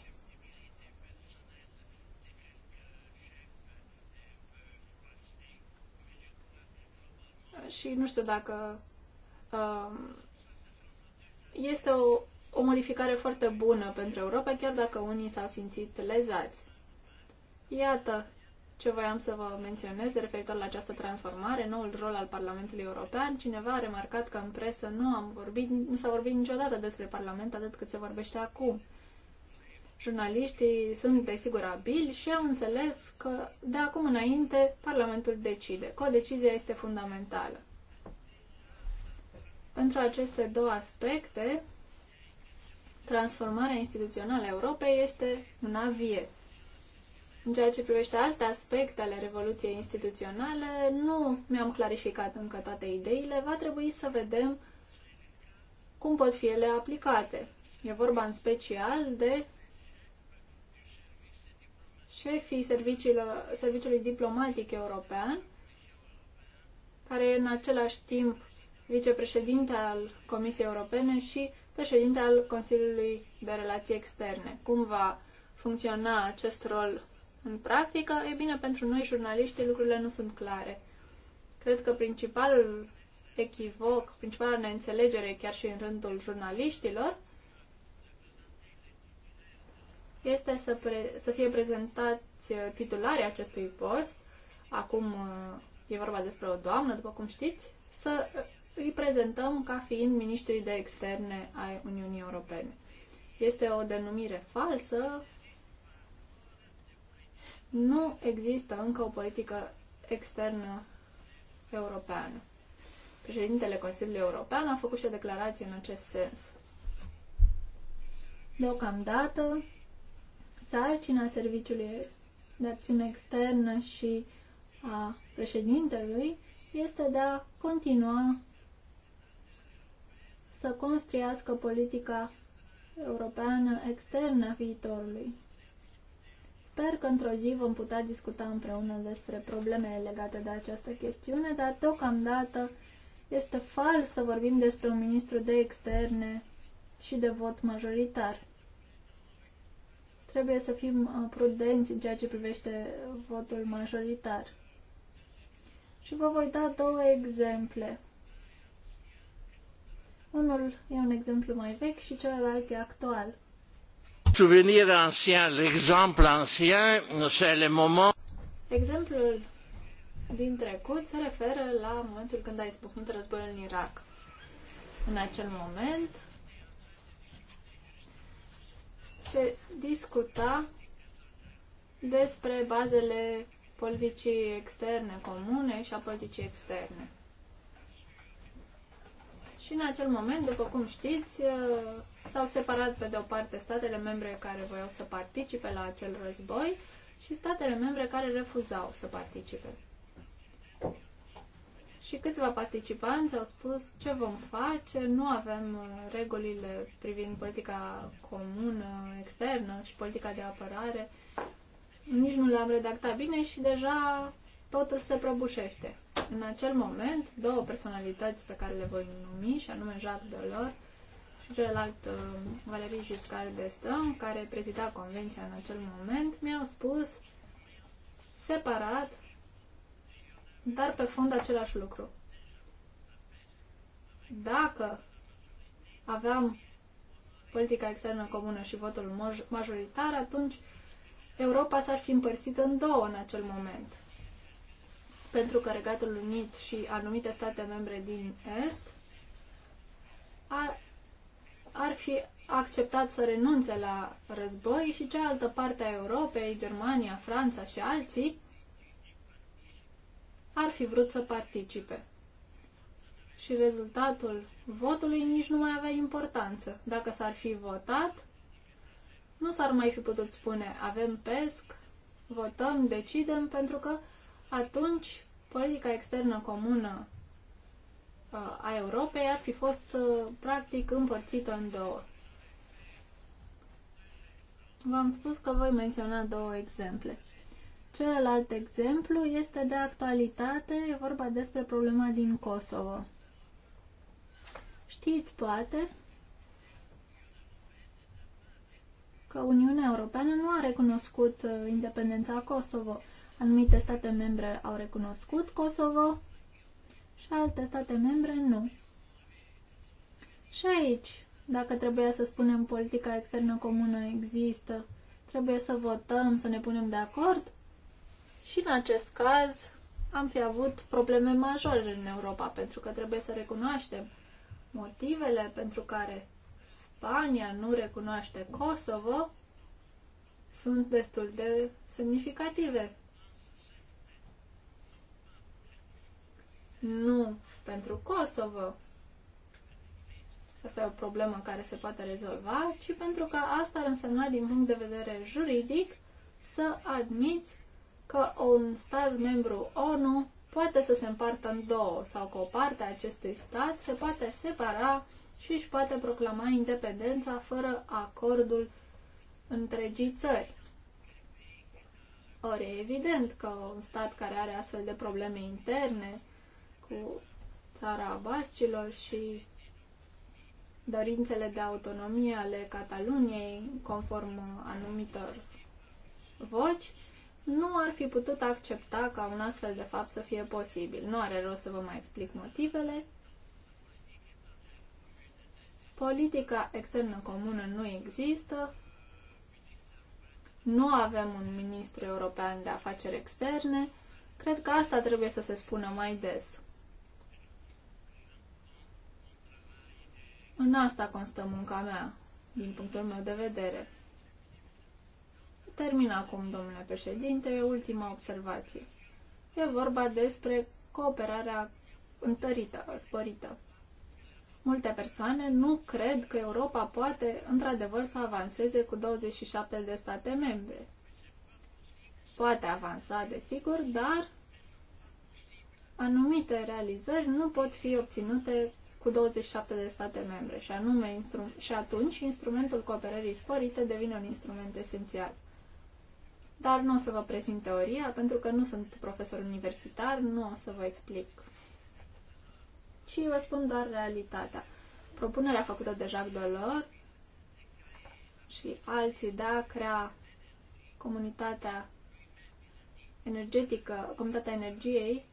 Și nu știu dacă um, este o, o modificare foarte bună pentru Europa, chiar dacă unii s-au simțit lezați. Iată ce voiam să vă menționez referitor la această transformare, noul rol al Parlamentului European. Cineva a remarcat că în presă nu am vorbit, nu s-a vorbit niciodată despre Parlament atât cât se vorbește acum. Jurnaliștii sunt, desigur, abili și au înțeles că de acum înainte Parlamentul decide, că o decizie este fundamentală. Pentru aceste două aspecte, transformarea instituțională a Europei este una aviet în ceea ce privește alte aspecte ale revoluției instituționale, nu mi-am clarificat încă toate ideile, va trebui să vedem cum pot fi ele aplicate. E vorba în special de șefii serviciilor, serviciului diplomatic european, care e în același timp vicepreședinte al Comisiei Europene și președinte al Consiliului de Relații Externe. Cum va funcționa acest rol în practică, e bine, pentru noi jurnaliștii lucrurile nu sunt clare. Cred că principalul echivoc, principala neînțelegere chiar și în rândul jurnaliștilor, este să, pre- să fie prezentați uh, titularii acestui post, acum uh, e vorba despre o doamnă, după cum știți, să uh, îi prezentăm ca fiind ministrii de externe ai Uniunii Europene. Este o denumire falsă, nu există încă o politică externă europeană. Președintele Consiliului European a făcut și o declarație în acest sens. Deocamdată, sarcina Serviciului de Acțiune Externă și a președintelui este de a continua să construiască politica europeană externă a viitorului. Sper că într-o zi vom putea discuta împreună despre problemele legate de această chestiune, dar deocamdată este fals să vorbim despre un ministru de externe și de vot majoritar. Trebuie să fim uh, prudenți în ceea ce privește votul majoritar. Și vă voi da două exemple. Unul e un exemplu mai vechi și celălalt e actual. Souvenir ancien, l'exemple ancien, c'est le moment... Exemplul din trecut se referă la momentul când a izbucnit războiul în Irak. În acel moment se discuta despre bazele politicii externe comune și a politicii externe. Și în acel moment, după cum știți, S-au separat pe de o parte statele membre care voiau să participe la acel război și statele membre care refuzau să participe. Și câțiva participanți au spus ce vom face, nu avem uh, regulile privind politica comună, externă și politica de apărare, nici nu le-am redactat bine și deja totul se prăbușește. În acel moment, două personalități pe care le voi numi, și anume Jacques Delors celălalt uh, Valerii Giscard d'Estaing, care prezida convenția în acel moment, mi-au spus separat, dar pe fond același lucru. Dacă aveam politica externă comună și votul majoritar, atunci Europa s-ar fi împărțit în două în acel moment. Pentru că Regatul Unit și anumite state membre din Est a ar fi acceptat să renunțe la război și cealaltă parte a Europei, Germania, Franța și alții, ar fi vrut să participe. Și rezultatul votului nici nu mai avea importanță. Dacă s-ar fi votat, nu s-ar mai fi putut spune avem pesc, votăm, decidem, pentru că atunci politica externă comună a Europei ar fi fost uh, practic împărțită în două. V-am spus că voi menționa două exemple. Celălalt exemplu este de actualitate, e vorba despre problema din Kosovo. Știți poate că Uniunea Europeană nu a recunoscut uh, independența Kosovo. Anumite state membre au recunoscut Kosovo, și alte state membre nu. Și aici, dacă trebuia să spunem politica externă comună există, trebuie să votăm, să ne punem de acord și în acest caz am fi avut probleme majore în Europa, pentru că trebuie să recunoaștem motivele pentru care Spania nu recunoaște Kosovo sunt destul de semnificative. nu pentru Kosovo. Asta e o problemă care se poate rezolva, ci pentru că asta ar însemna, din punct de vedere juridic, să admiți că un stat membru ONU poate să se împartă în două sau că o parte a acestui stat se poate separa și își poate proclama independența fără acordul întregii țări. Ori e evident că un stat care are astfel de probleme interne cu țara bascilor și dorințele de autonomie ale Cataluniei, conform anumitor voci, nu ar fi putut accepta ca un astfel de fapt să fie posibil. Nu are rost să vă mai explic motivele. Politica externă comună nu există. Nu avem un ministru european de afaceri externe. Cred că asta trebuie să se spună mai des. În asta constă munca mea, din punctul meu de vedere. Termin acum, domnule președinte, ultima observație. E vorba despre cooperarea întărită, sporită. Multe persoane nu cred că Europa poate într-adevăr să avanseze cu 27 de state membre. Poate avansa, desigur, dar anumite realizări nu pot fi obținute cu 27 de state membre și, anume, și atunci instrumentul cooperării sporite devine un instrument esențial. Dar nu o să vă prezint teoria, pentru că nu sunt profesor universitar, nu o să vă explic. Și vă spun doar realitatea. Propunerea făcută de Jacques Delors și alții de a crea comunitatea energetică, comunitatea energiei,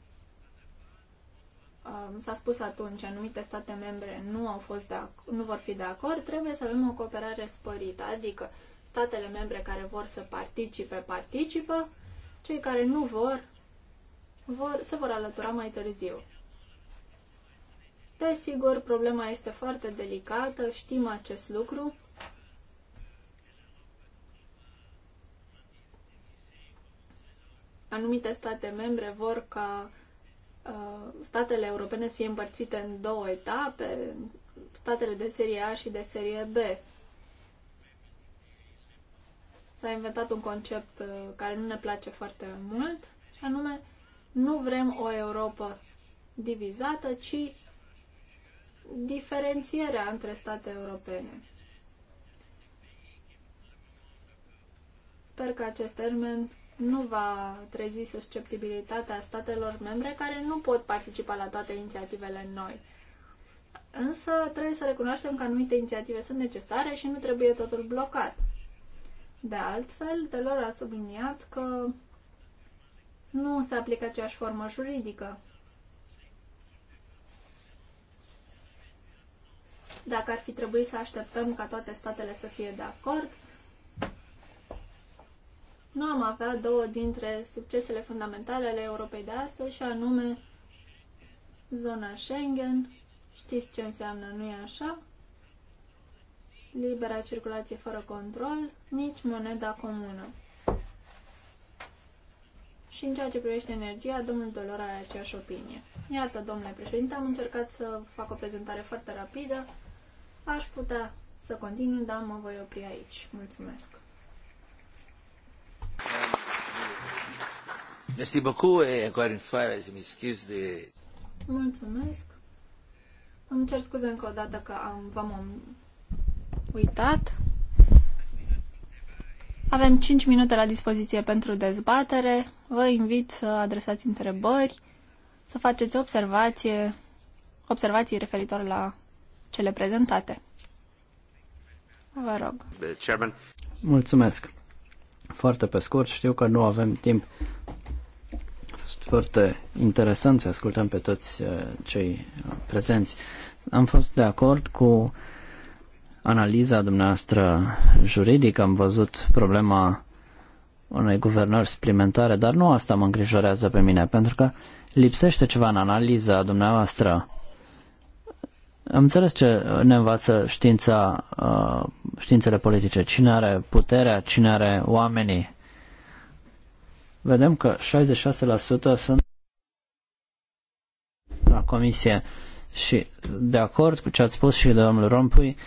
Uh, s-a spus atunci, anumite state membre nu, au fost de nu vor fi de acord, trebuie să avem o cooperare sporită, adică statele membre care vor să participe, participă, cei care nu vor, vor se vor alătura mai târziu. Desigur, problema este foarte delicată, știm acest lucru. Anumite state membre vor ca Uh, statele europene să fie împărțite în două etape, statele de serie A și de serie B. S-a inventat un concept uh, care nu ne place foarte mult, și anume nu vrem o Europa divizată, ci diferențierea între state europene. Sper că acest termen nu va trezi susceptibilitatea statelor membre care nu pot participa la toate inițiativele noi. Însă trebuie să recunoaștem că anumite inițiative sunt necesare și nu trebuie totul blocat. De altfel, Delor a subliniat că nu se aplică aceeași formă juridică. Dacă ar fi trebuit să așteptăm ca toate statele să fie de acord, nu am avea două dintre succesele fundamentale ale Europei de astăzi, și anume zona Schengen. Știți ce înseamnă, nu e așa? Libera circulație fără control, nici moneda comună. Și în ceea ce privește energia, domnul Dolor are aceeași opinie. Iată, domnule președinte, am încercat să fac o prezentare foarte rapidă. Aș putea să continui, dar mă voi opri aici. Mulțumesc! Merci beaucoup et encore une fois, je m'excuse de... Mulțumesc. Îmi cer scuze încă o dată că am, v-am uitat. Avem 5 minute la dispoziție pentru dezbatere. Vă invit să adresați întrebări, să faceți observație, observații referitor la cele prezentate. Vă rog. Chairman. Mulțumesc. Foarte pe scurt, știu că nu avem timp. fost foarte interesant să ascultăm pe toți uh, cei prezenți. Am fost de acord cu analiza dumneavoastră juridică, am văzut problema unei guvernări suplimentare, dar nu asta mă îngrijorează pe mine, pentru că lipsește ceva în analiza dumneavoastră. Am înțeles ce ne învață știința, uh, științele politice. Cine are puterea, cine are oamenii. Vedem că 66% sunt la comisie și de acord cu ce ați spus și domnul Rompui,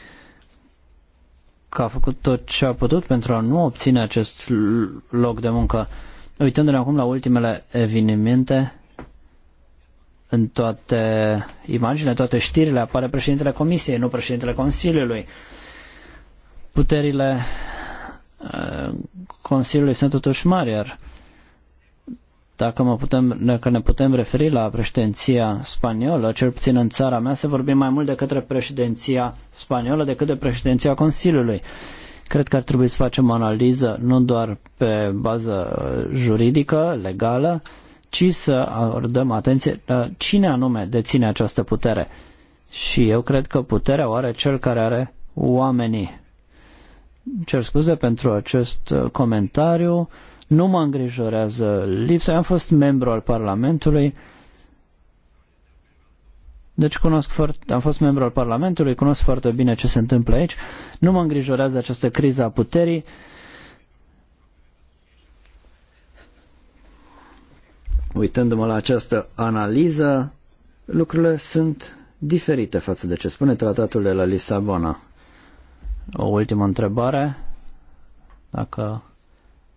că a făcut tot ce a putut pentru a nu obține acest loc de muncă. Uitându-ne acum la ultimele evenimente, în toate imaginile, toate știrile apare președintele Comisiei, nu președintele Consiliului. Puterile uh, Consiliului sunt totuși mari, iar dacă, mă putem, dacă ne putem referi la președinția spaniolă, cel puțin în țara mea, se vorbim mai mult de către președinția spaniolă decât de președinția Consiliului. Cred că ar trebui să facem o analiză nu doar pe bază uh, juridică, legală, ci să dăm atenție cine anume deține această putere. Și eu cred că puterea o are cel care are oamenii. Cer scuze pentru acest uh, comentariu. Nu mă îngrijorează lipsa. Am fost membru al Parlamentului. Deci cunosc foarte, am fost membru al Parlamentului, cunosc foarte bine ce se întâmplă aici. Nu mă îngrijorează această criză a puterii. Uh, uitându-mă la această analiză, lucrurile sunt diferite față de ce spune tratatul de la Lisabona. O ultimă întrebare, dacă...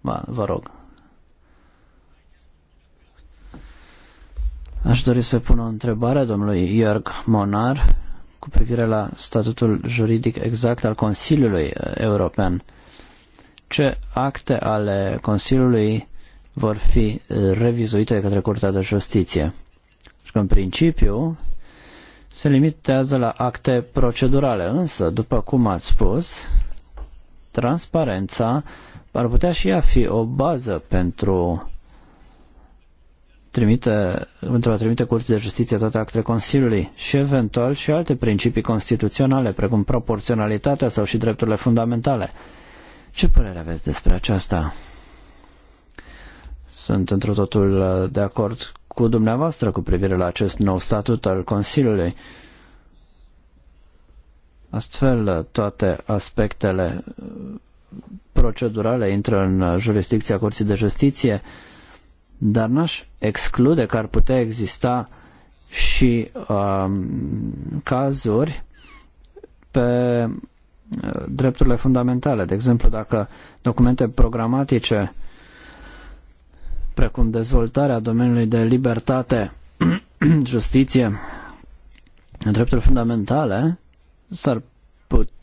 Ba, vă rog. Aș dori să pun o întrebare domnului Iorg Monar cu privire la statutul juridic exact al Consiliului European. Ce acte ale Consiliului vor fi uh, revizuite de către Curtea de Justiție. Și că, în principiu, se limitează la acte procedurale, însă, după cum ați spus, transparența ar putea și ea fi o bază pentru trimite, pentru a trimite curții de justiție toate actele Consiliului și eventual și alte principii constituționale, precum proporționalitatea sau și drepturile fundamentale. Ce părere aveți despre aceasta? Sunt într totul uh, de acord cu dumneavoastră cu privire la acest nou statut al Consiliului. Astfel, uh, toate aspectele uh, procedurale intră în jurisdicția Curții de Justiție, dar n-aș exclude că ar putea exista și um, cazuri pe drepturile fundamentale. De exemplu, dacă documente programatice precum dezvoltarea domeniului de libertate, justiție, drepturi fundamentale, s-ar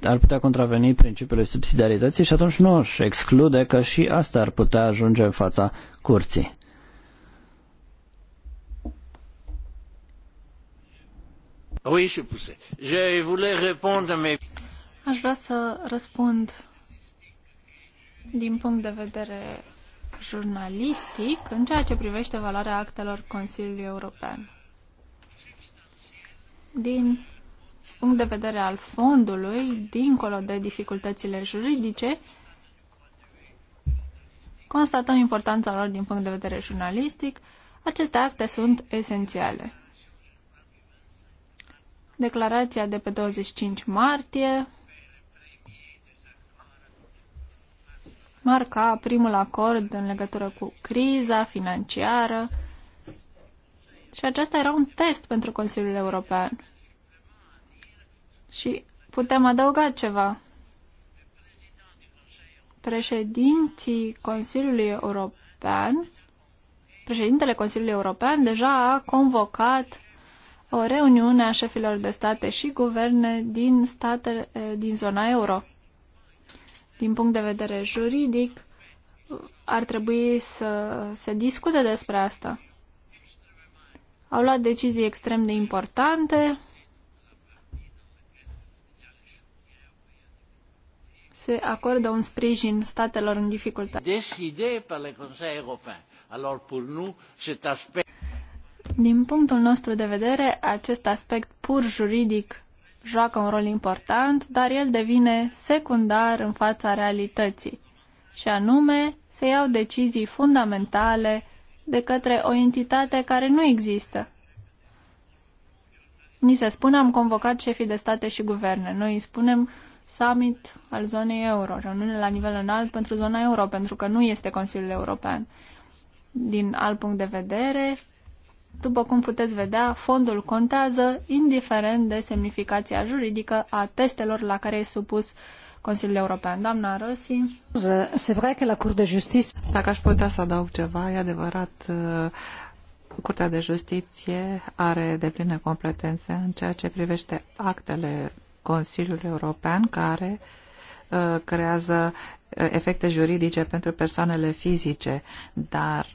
ar putea contraveni principiului subsidiarității și atunci nu își exclude că și asta ar putea ajunge în fața curții. Oui, je Je voulais répondre Aș vrea să răspund din punct de vedere jurnalistic în ceea ce privește valoarea actelor Consiliului European. Din punct de vedere al fondului, dincolo de dificultățile juridice, constatăm importanța lor din punct de vedere jurnalistic, aceste acte sunt esențiale. Declarația de pe 25 martie marca primul acord în legătură cu criza financiară și acesta era un test pentru Consiliul European. Și putem adăuga ceva. Președinții Consiliului European, președintele Consiliului European deja a convocat o reuniune a șefilor de state și guverne din state din zona euro. Din punct de vedere juridic, ar trebui să se discute despre asta. Au luat decizii extrem de importante. Se acordă un sprijin statelor în dificultate. Din punctul nostru de vedere, acest aspect pur juridic joacă un rol important, dar el devine secundar în fața realității, și anume se iau decizii fundamentale de către o entitate care nu există. Ni se spune, am convocat șefii de state și guverne. Noi îi spunem summit al zonei euro, reuniune la nivel înalt pentru zona euro, pentru că nu este Consiliul European. Din alt punct de vedere, după cum puteți vedea, fondul contează indiferent de semnificația juridică a testelor la care e supus Consiliul European. Doamna Rossi. Se vrea că la Curte de Justiție... Dacă aș putea să adaug ceva, e adevărat, uh, Curtea de Justiție are depline competențe în ceea ce privește actele Consiliului European care uh, creează uh, efecte juridice pentru persoanele fizice, dar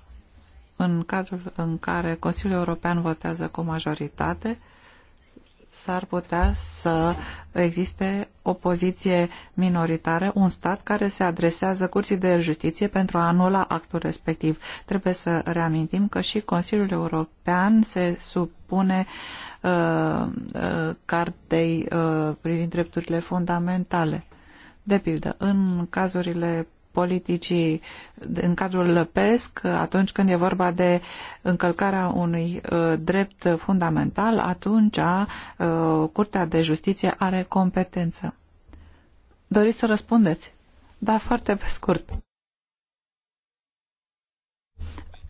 în cadrul în care Consiliul European votează cu majoritate, s-ar putea să existe o poziție minoritară, un stat care se adresează curții de justiție pentru a anula actul respectiv. Trebuie să reamintim că și Consiliul European se supune uh, uh, cartei uh, privind drepturile fundamentale. De pildă, în cazurile politicii în cadrul PESC, atunci când e vorba de încălcarea unui uh, drept fundamental, atunci uh, Curtea de Justiție are competență. Doriți să răspundeți? Da, foarte pe scurt.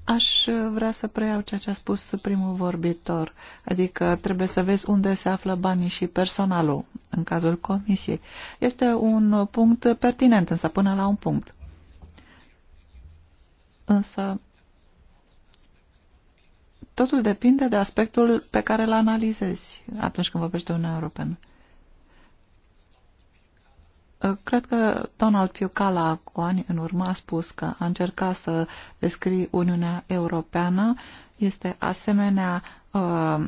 Aș uh, vrea să preiau ceea ce a spus primul vorbitor, adică trebuie să vezi unde se află banii și personalul, în cazul comisiei. Este un punct pertinent, însă până la un punct. Însă totul depinde de aspectul pe care îl analizezi atunci când vorbești de Uniunea Europeană. Ă, cred că Donald Piucala cu ani în urmă a spus că a încercat să descrie Uniunea Europeană este asemenea ă,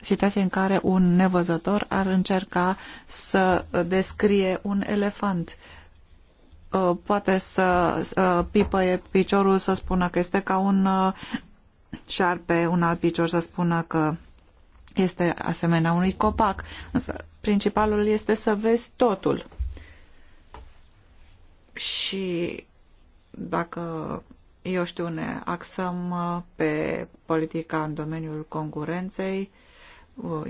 situație în care un nevăzător ar încerca să descrie un elefant. Uh, Uh, poate să uh, pipăie piciorul să spună că este ca un uh, șarpe, un alt picior să spună că este asemenea unui copac. Însă principalul este să vezi totul. Și dacă, eu știu, ne axăm pe politica în domeniul concurenței,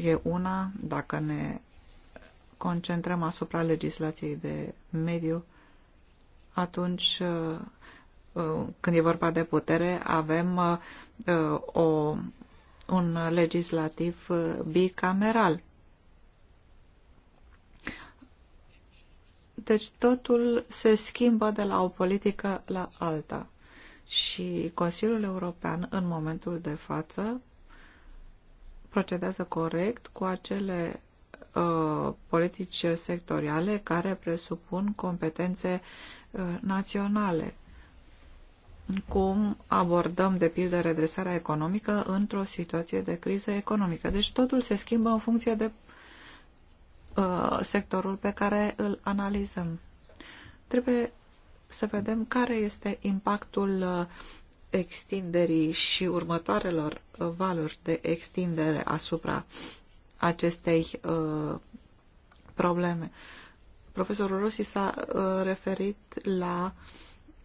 e una, dacă ne concentrăm asupra legislației de mediu, atunci uh, uh, când e vorba de putere, avem uh, o, un legislativ bicameral. Deci totul se schimbă de la o politică la alta. Și Consiliul European, în momentul de față, procedează corect cu acele uh, politici sectoriale care presupun competențe uh, Uh, naționale. Cum abordăm, de pildă, redresarea economică într-o situație de criză economică. Deci totul se schimbă în funcție de uh, sectorul pe care îl analizăm. Trebuie să vedem care este impactul uh, extinderii și următoarelor valuri de extindere asupra acestei uh, probleme. Uh, Profesorul Rossi s-a uh, referit la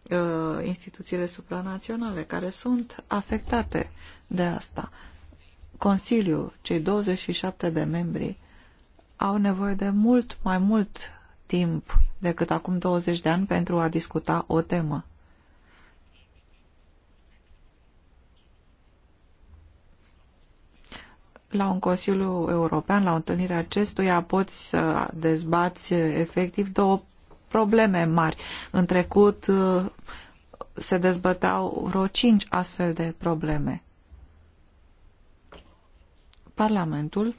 uh, instituțiile supranaționale care sunt afectate de asta. Consiliul, cei 27 de membri, au nevoie de mult mai mult timp decât acum 20 de ani pentru a discuta o temă. la un Consiliu European, la o întâlnire acestuia, poți să dezbați efectiv două probleme mari. În trecut uh, se dezbăteau vreo cinci astfel de probleme. Parlamentul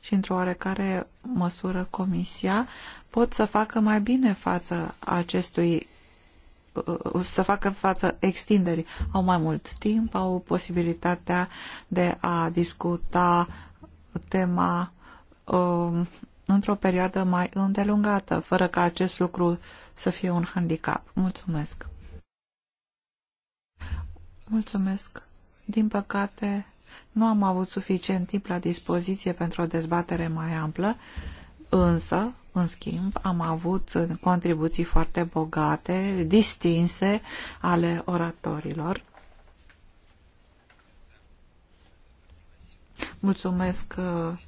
și într-o oarecare măsură Comisia pot să facă mai bine față acestui Uh, să facă față extinderii. Au mai mult timp, au posibilitatea de a discuta tema um, într-o perioadă mai îndelungată, fără ca acest lucru să fie un handicap. Mulțumesc! Mulțumesc! Din păcate, nu am avut suficient timp la dispoziție pentru o dezbatere mai amplă, însă în schimb, am avut contribuții foarte bogate, distinse ale oratorilor. Mulțumesc uh,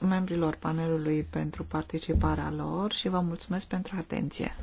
membrilor panelului pentru participarea lor și vă mulțumesc pentru atenție.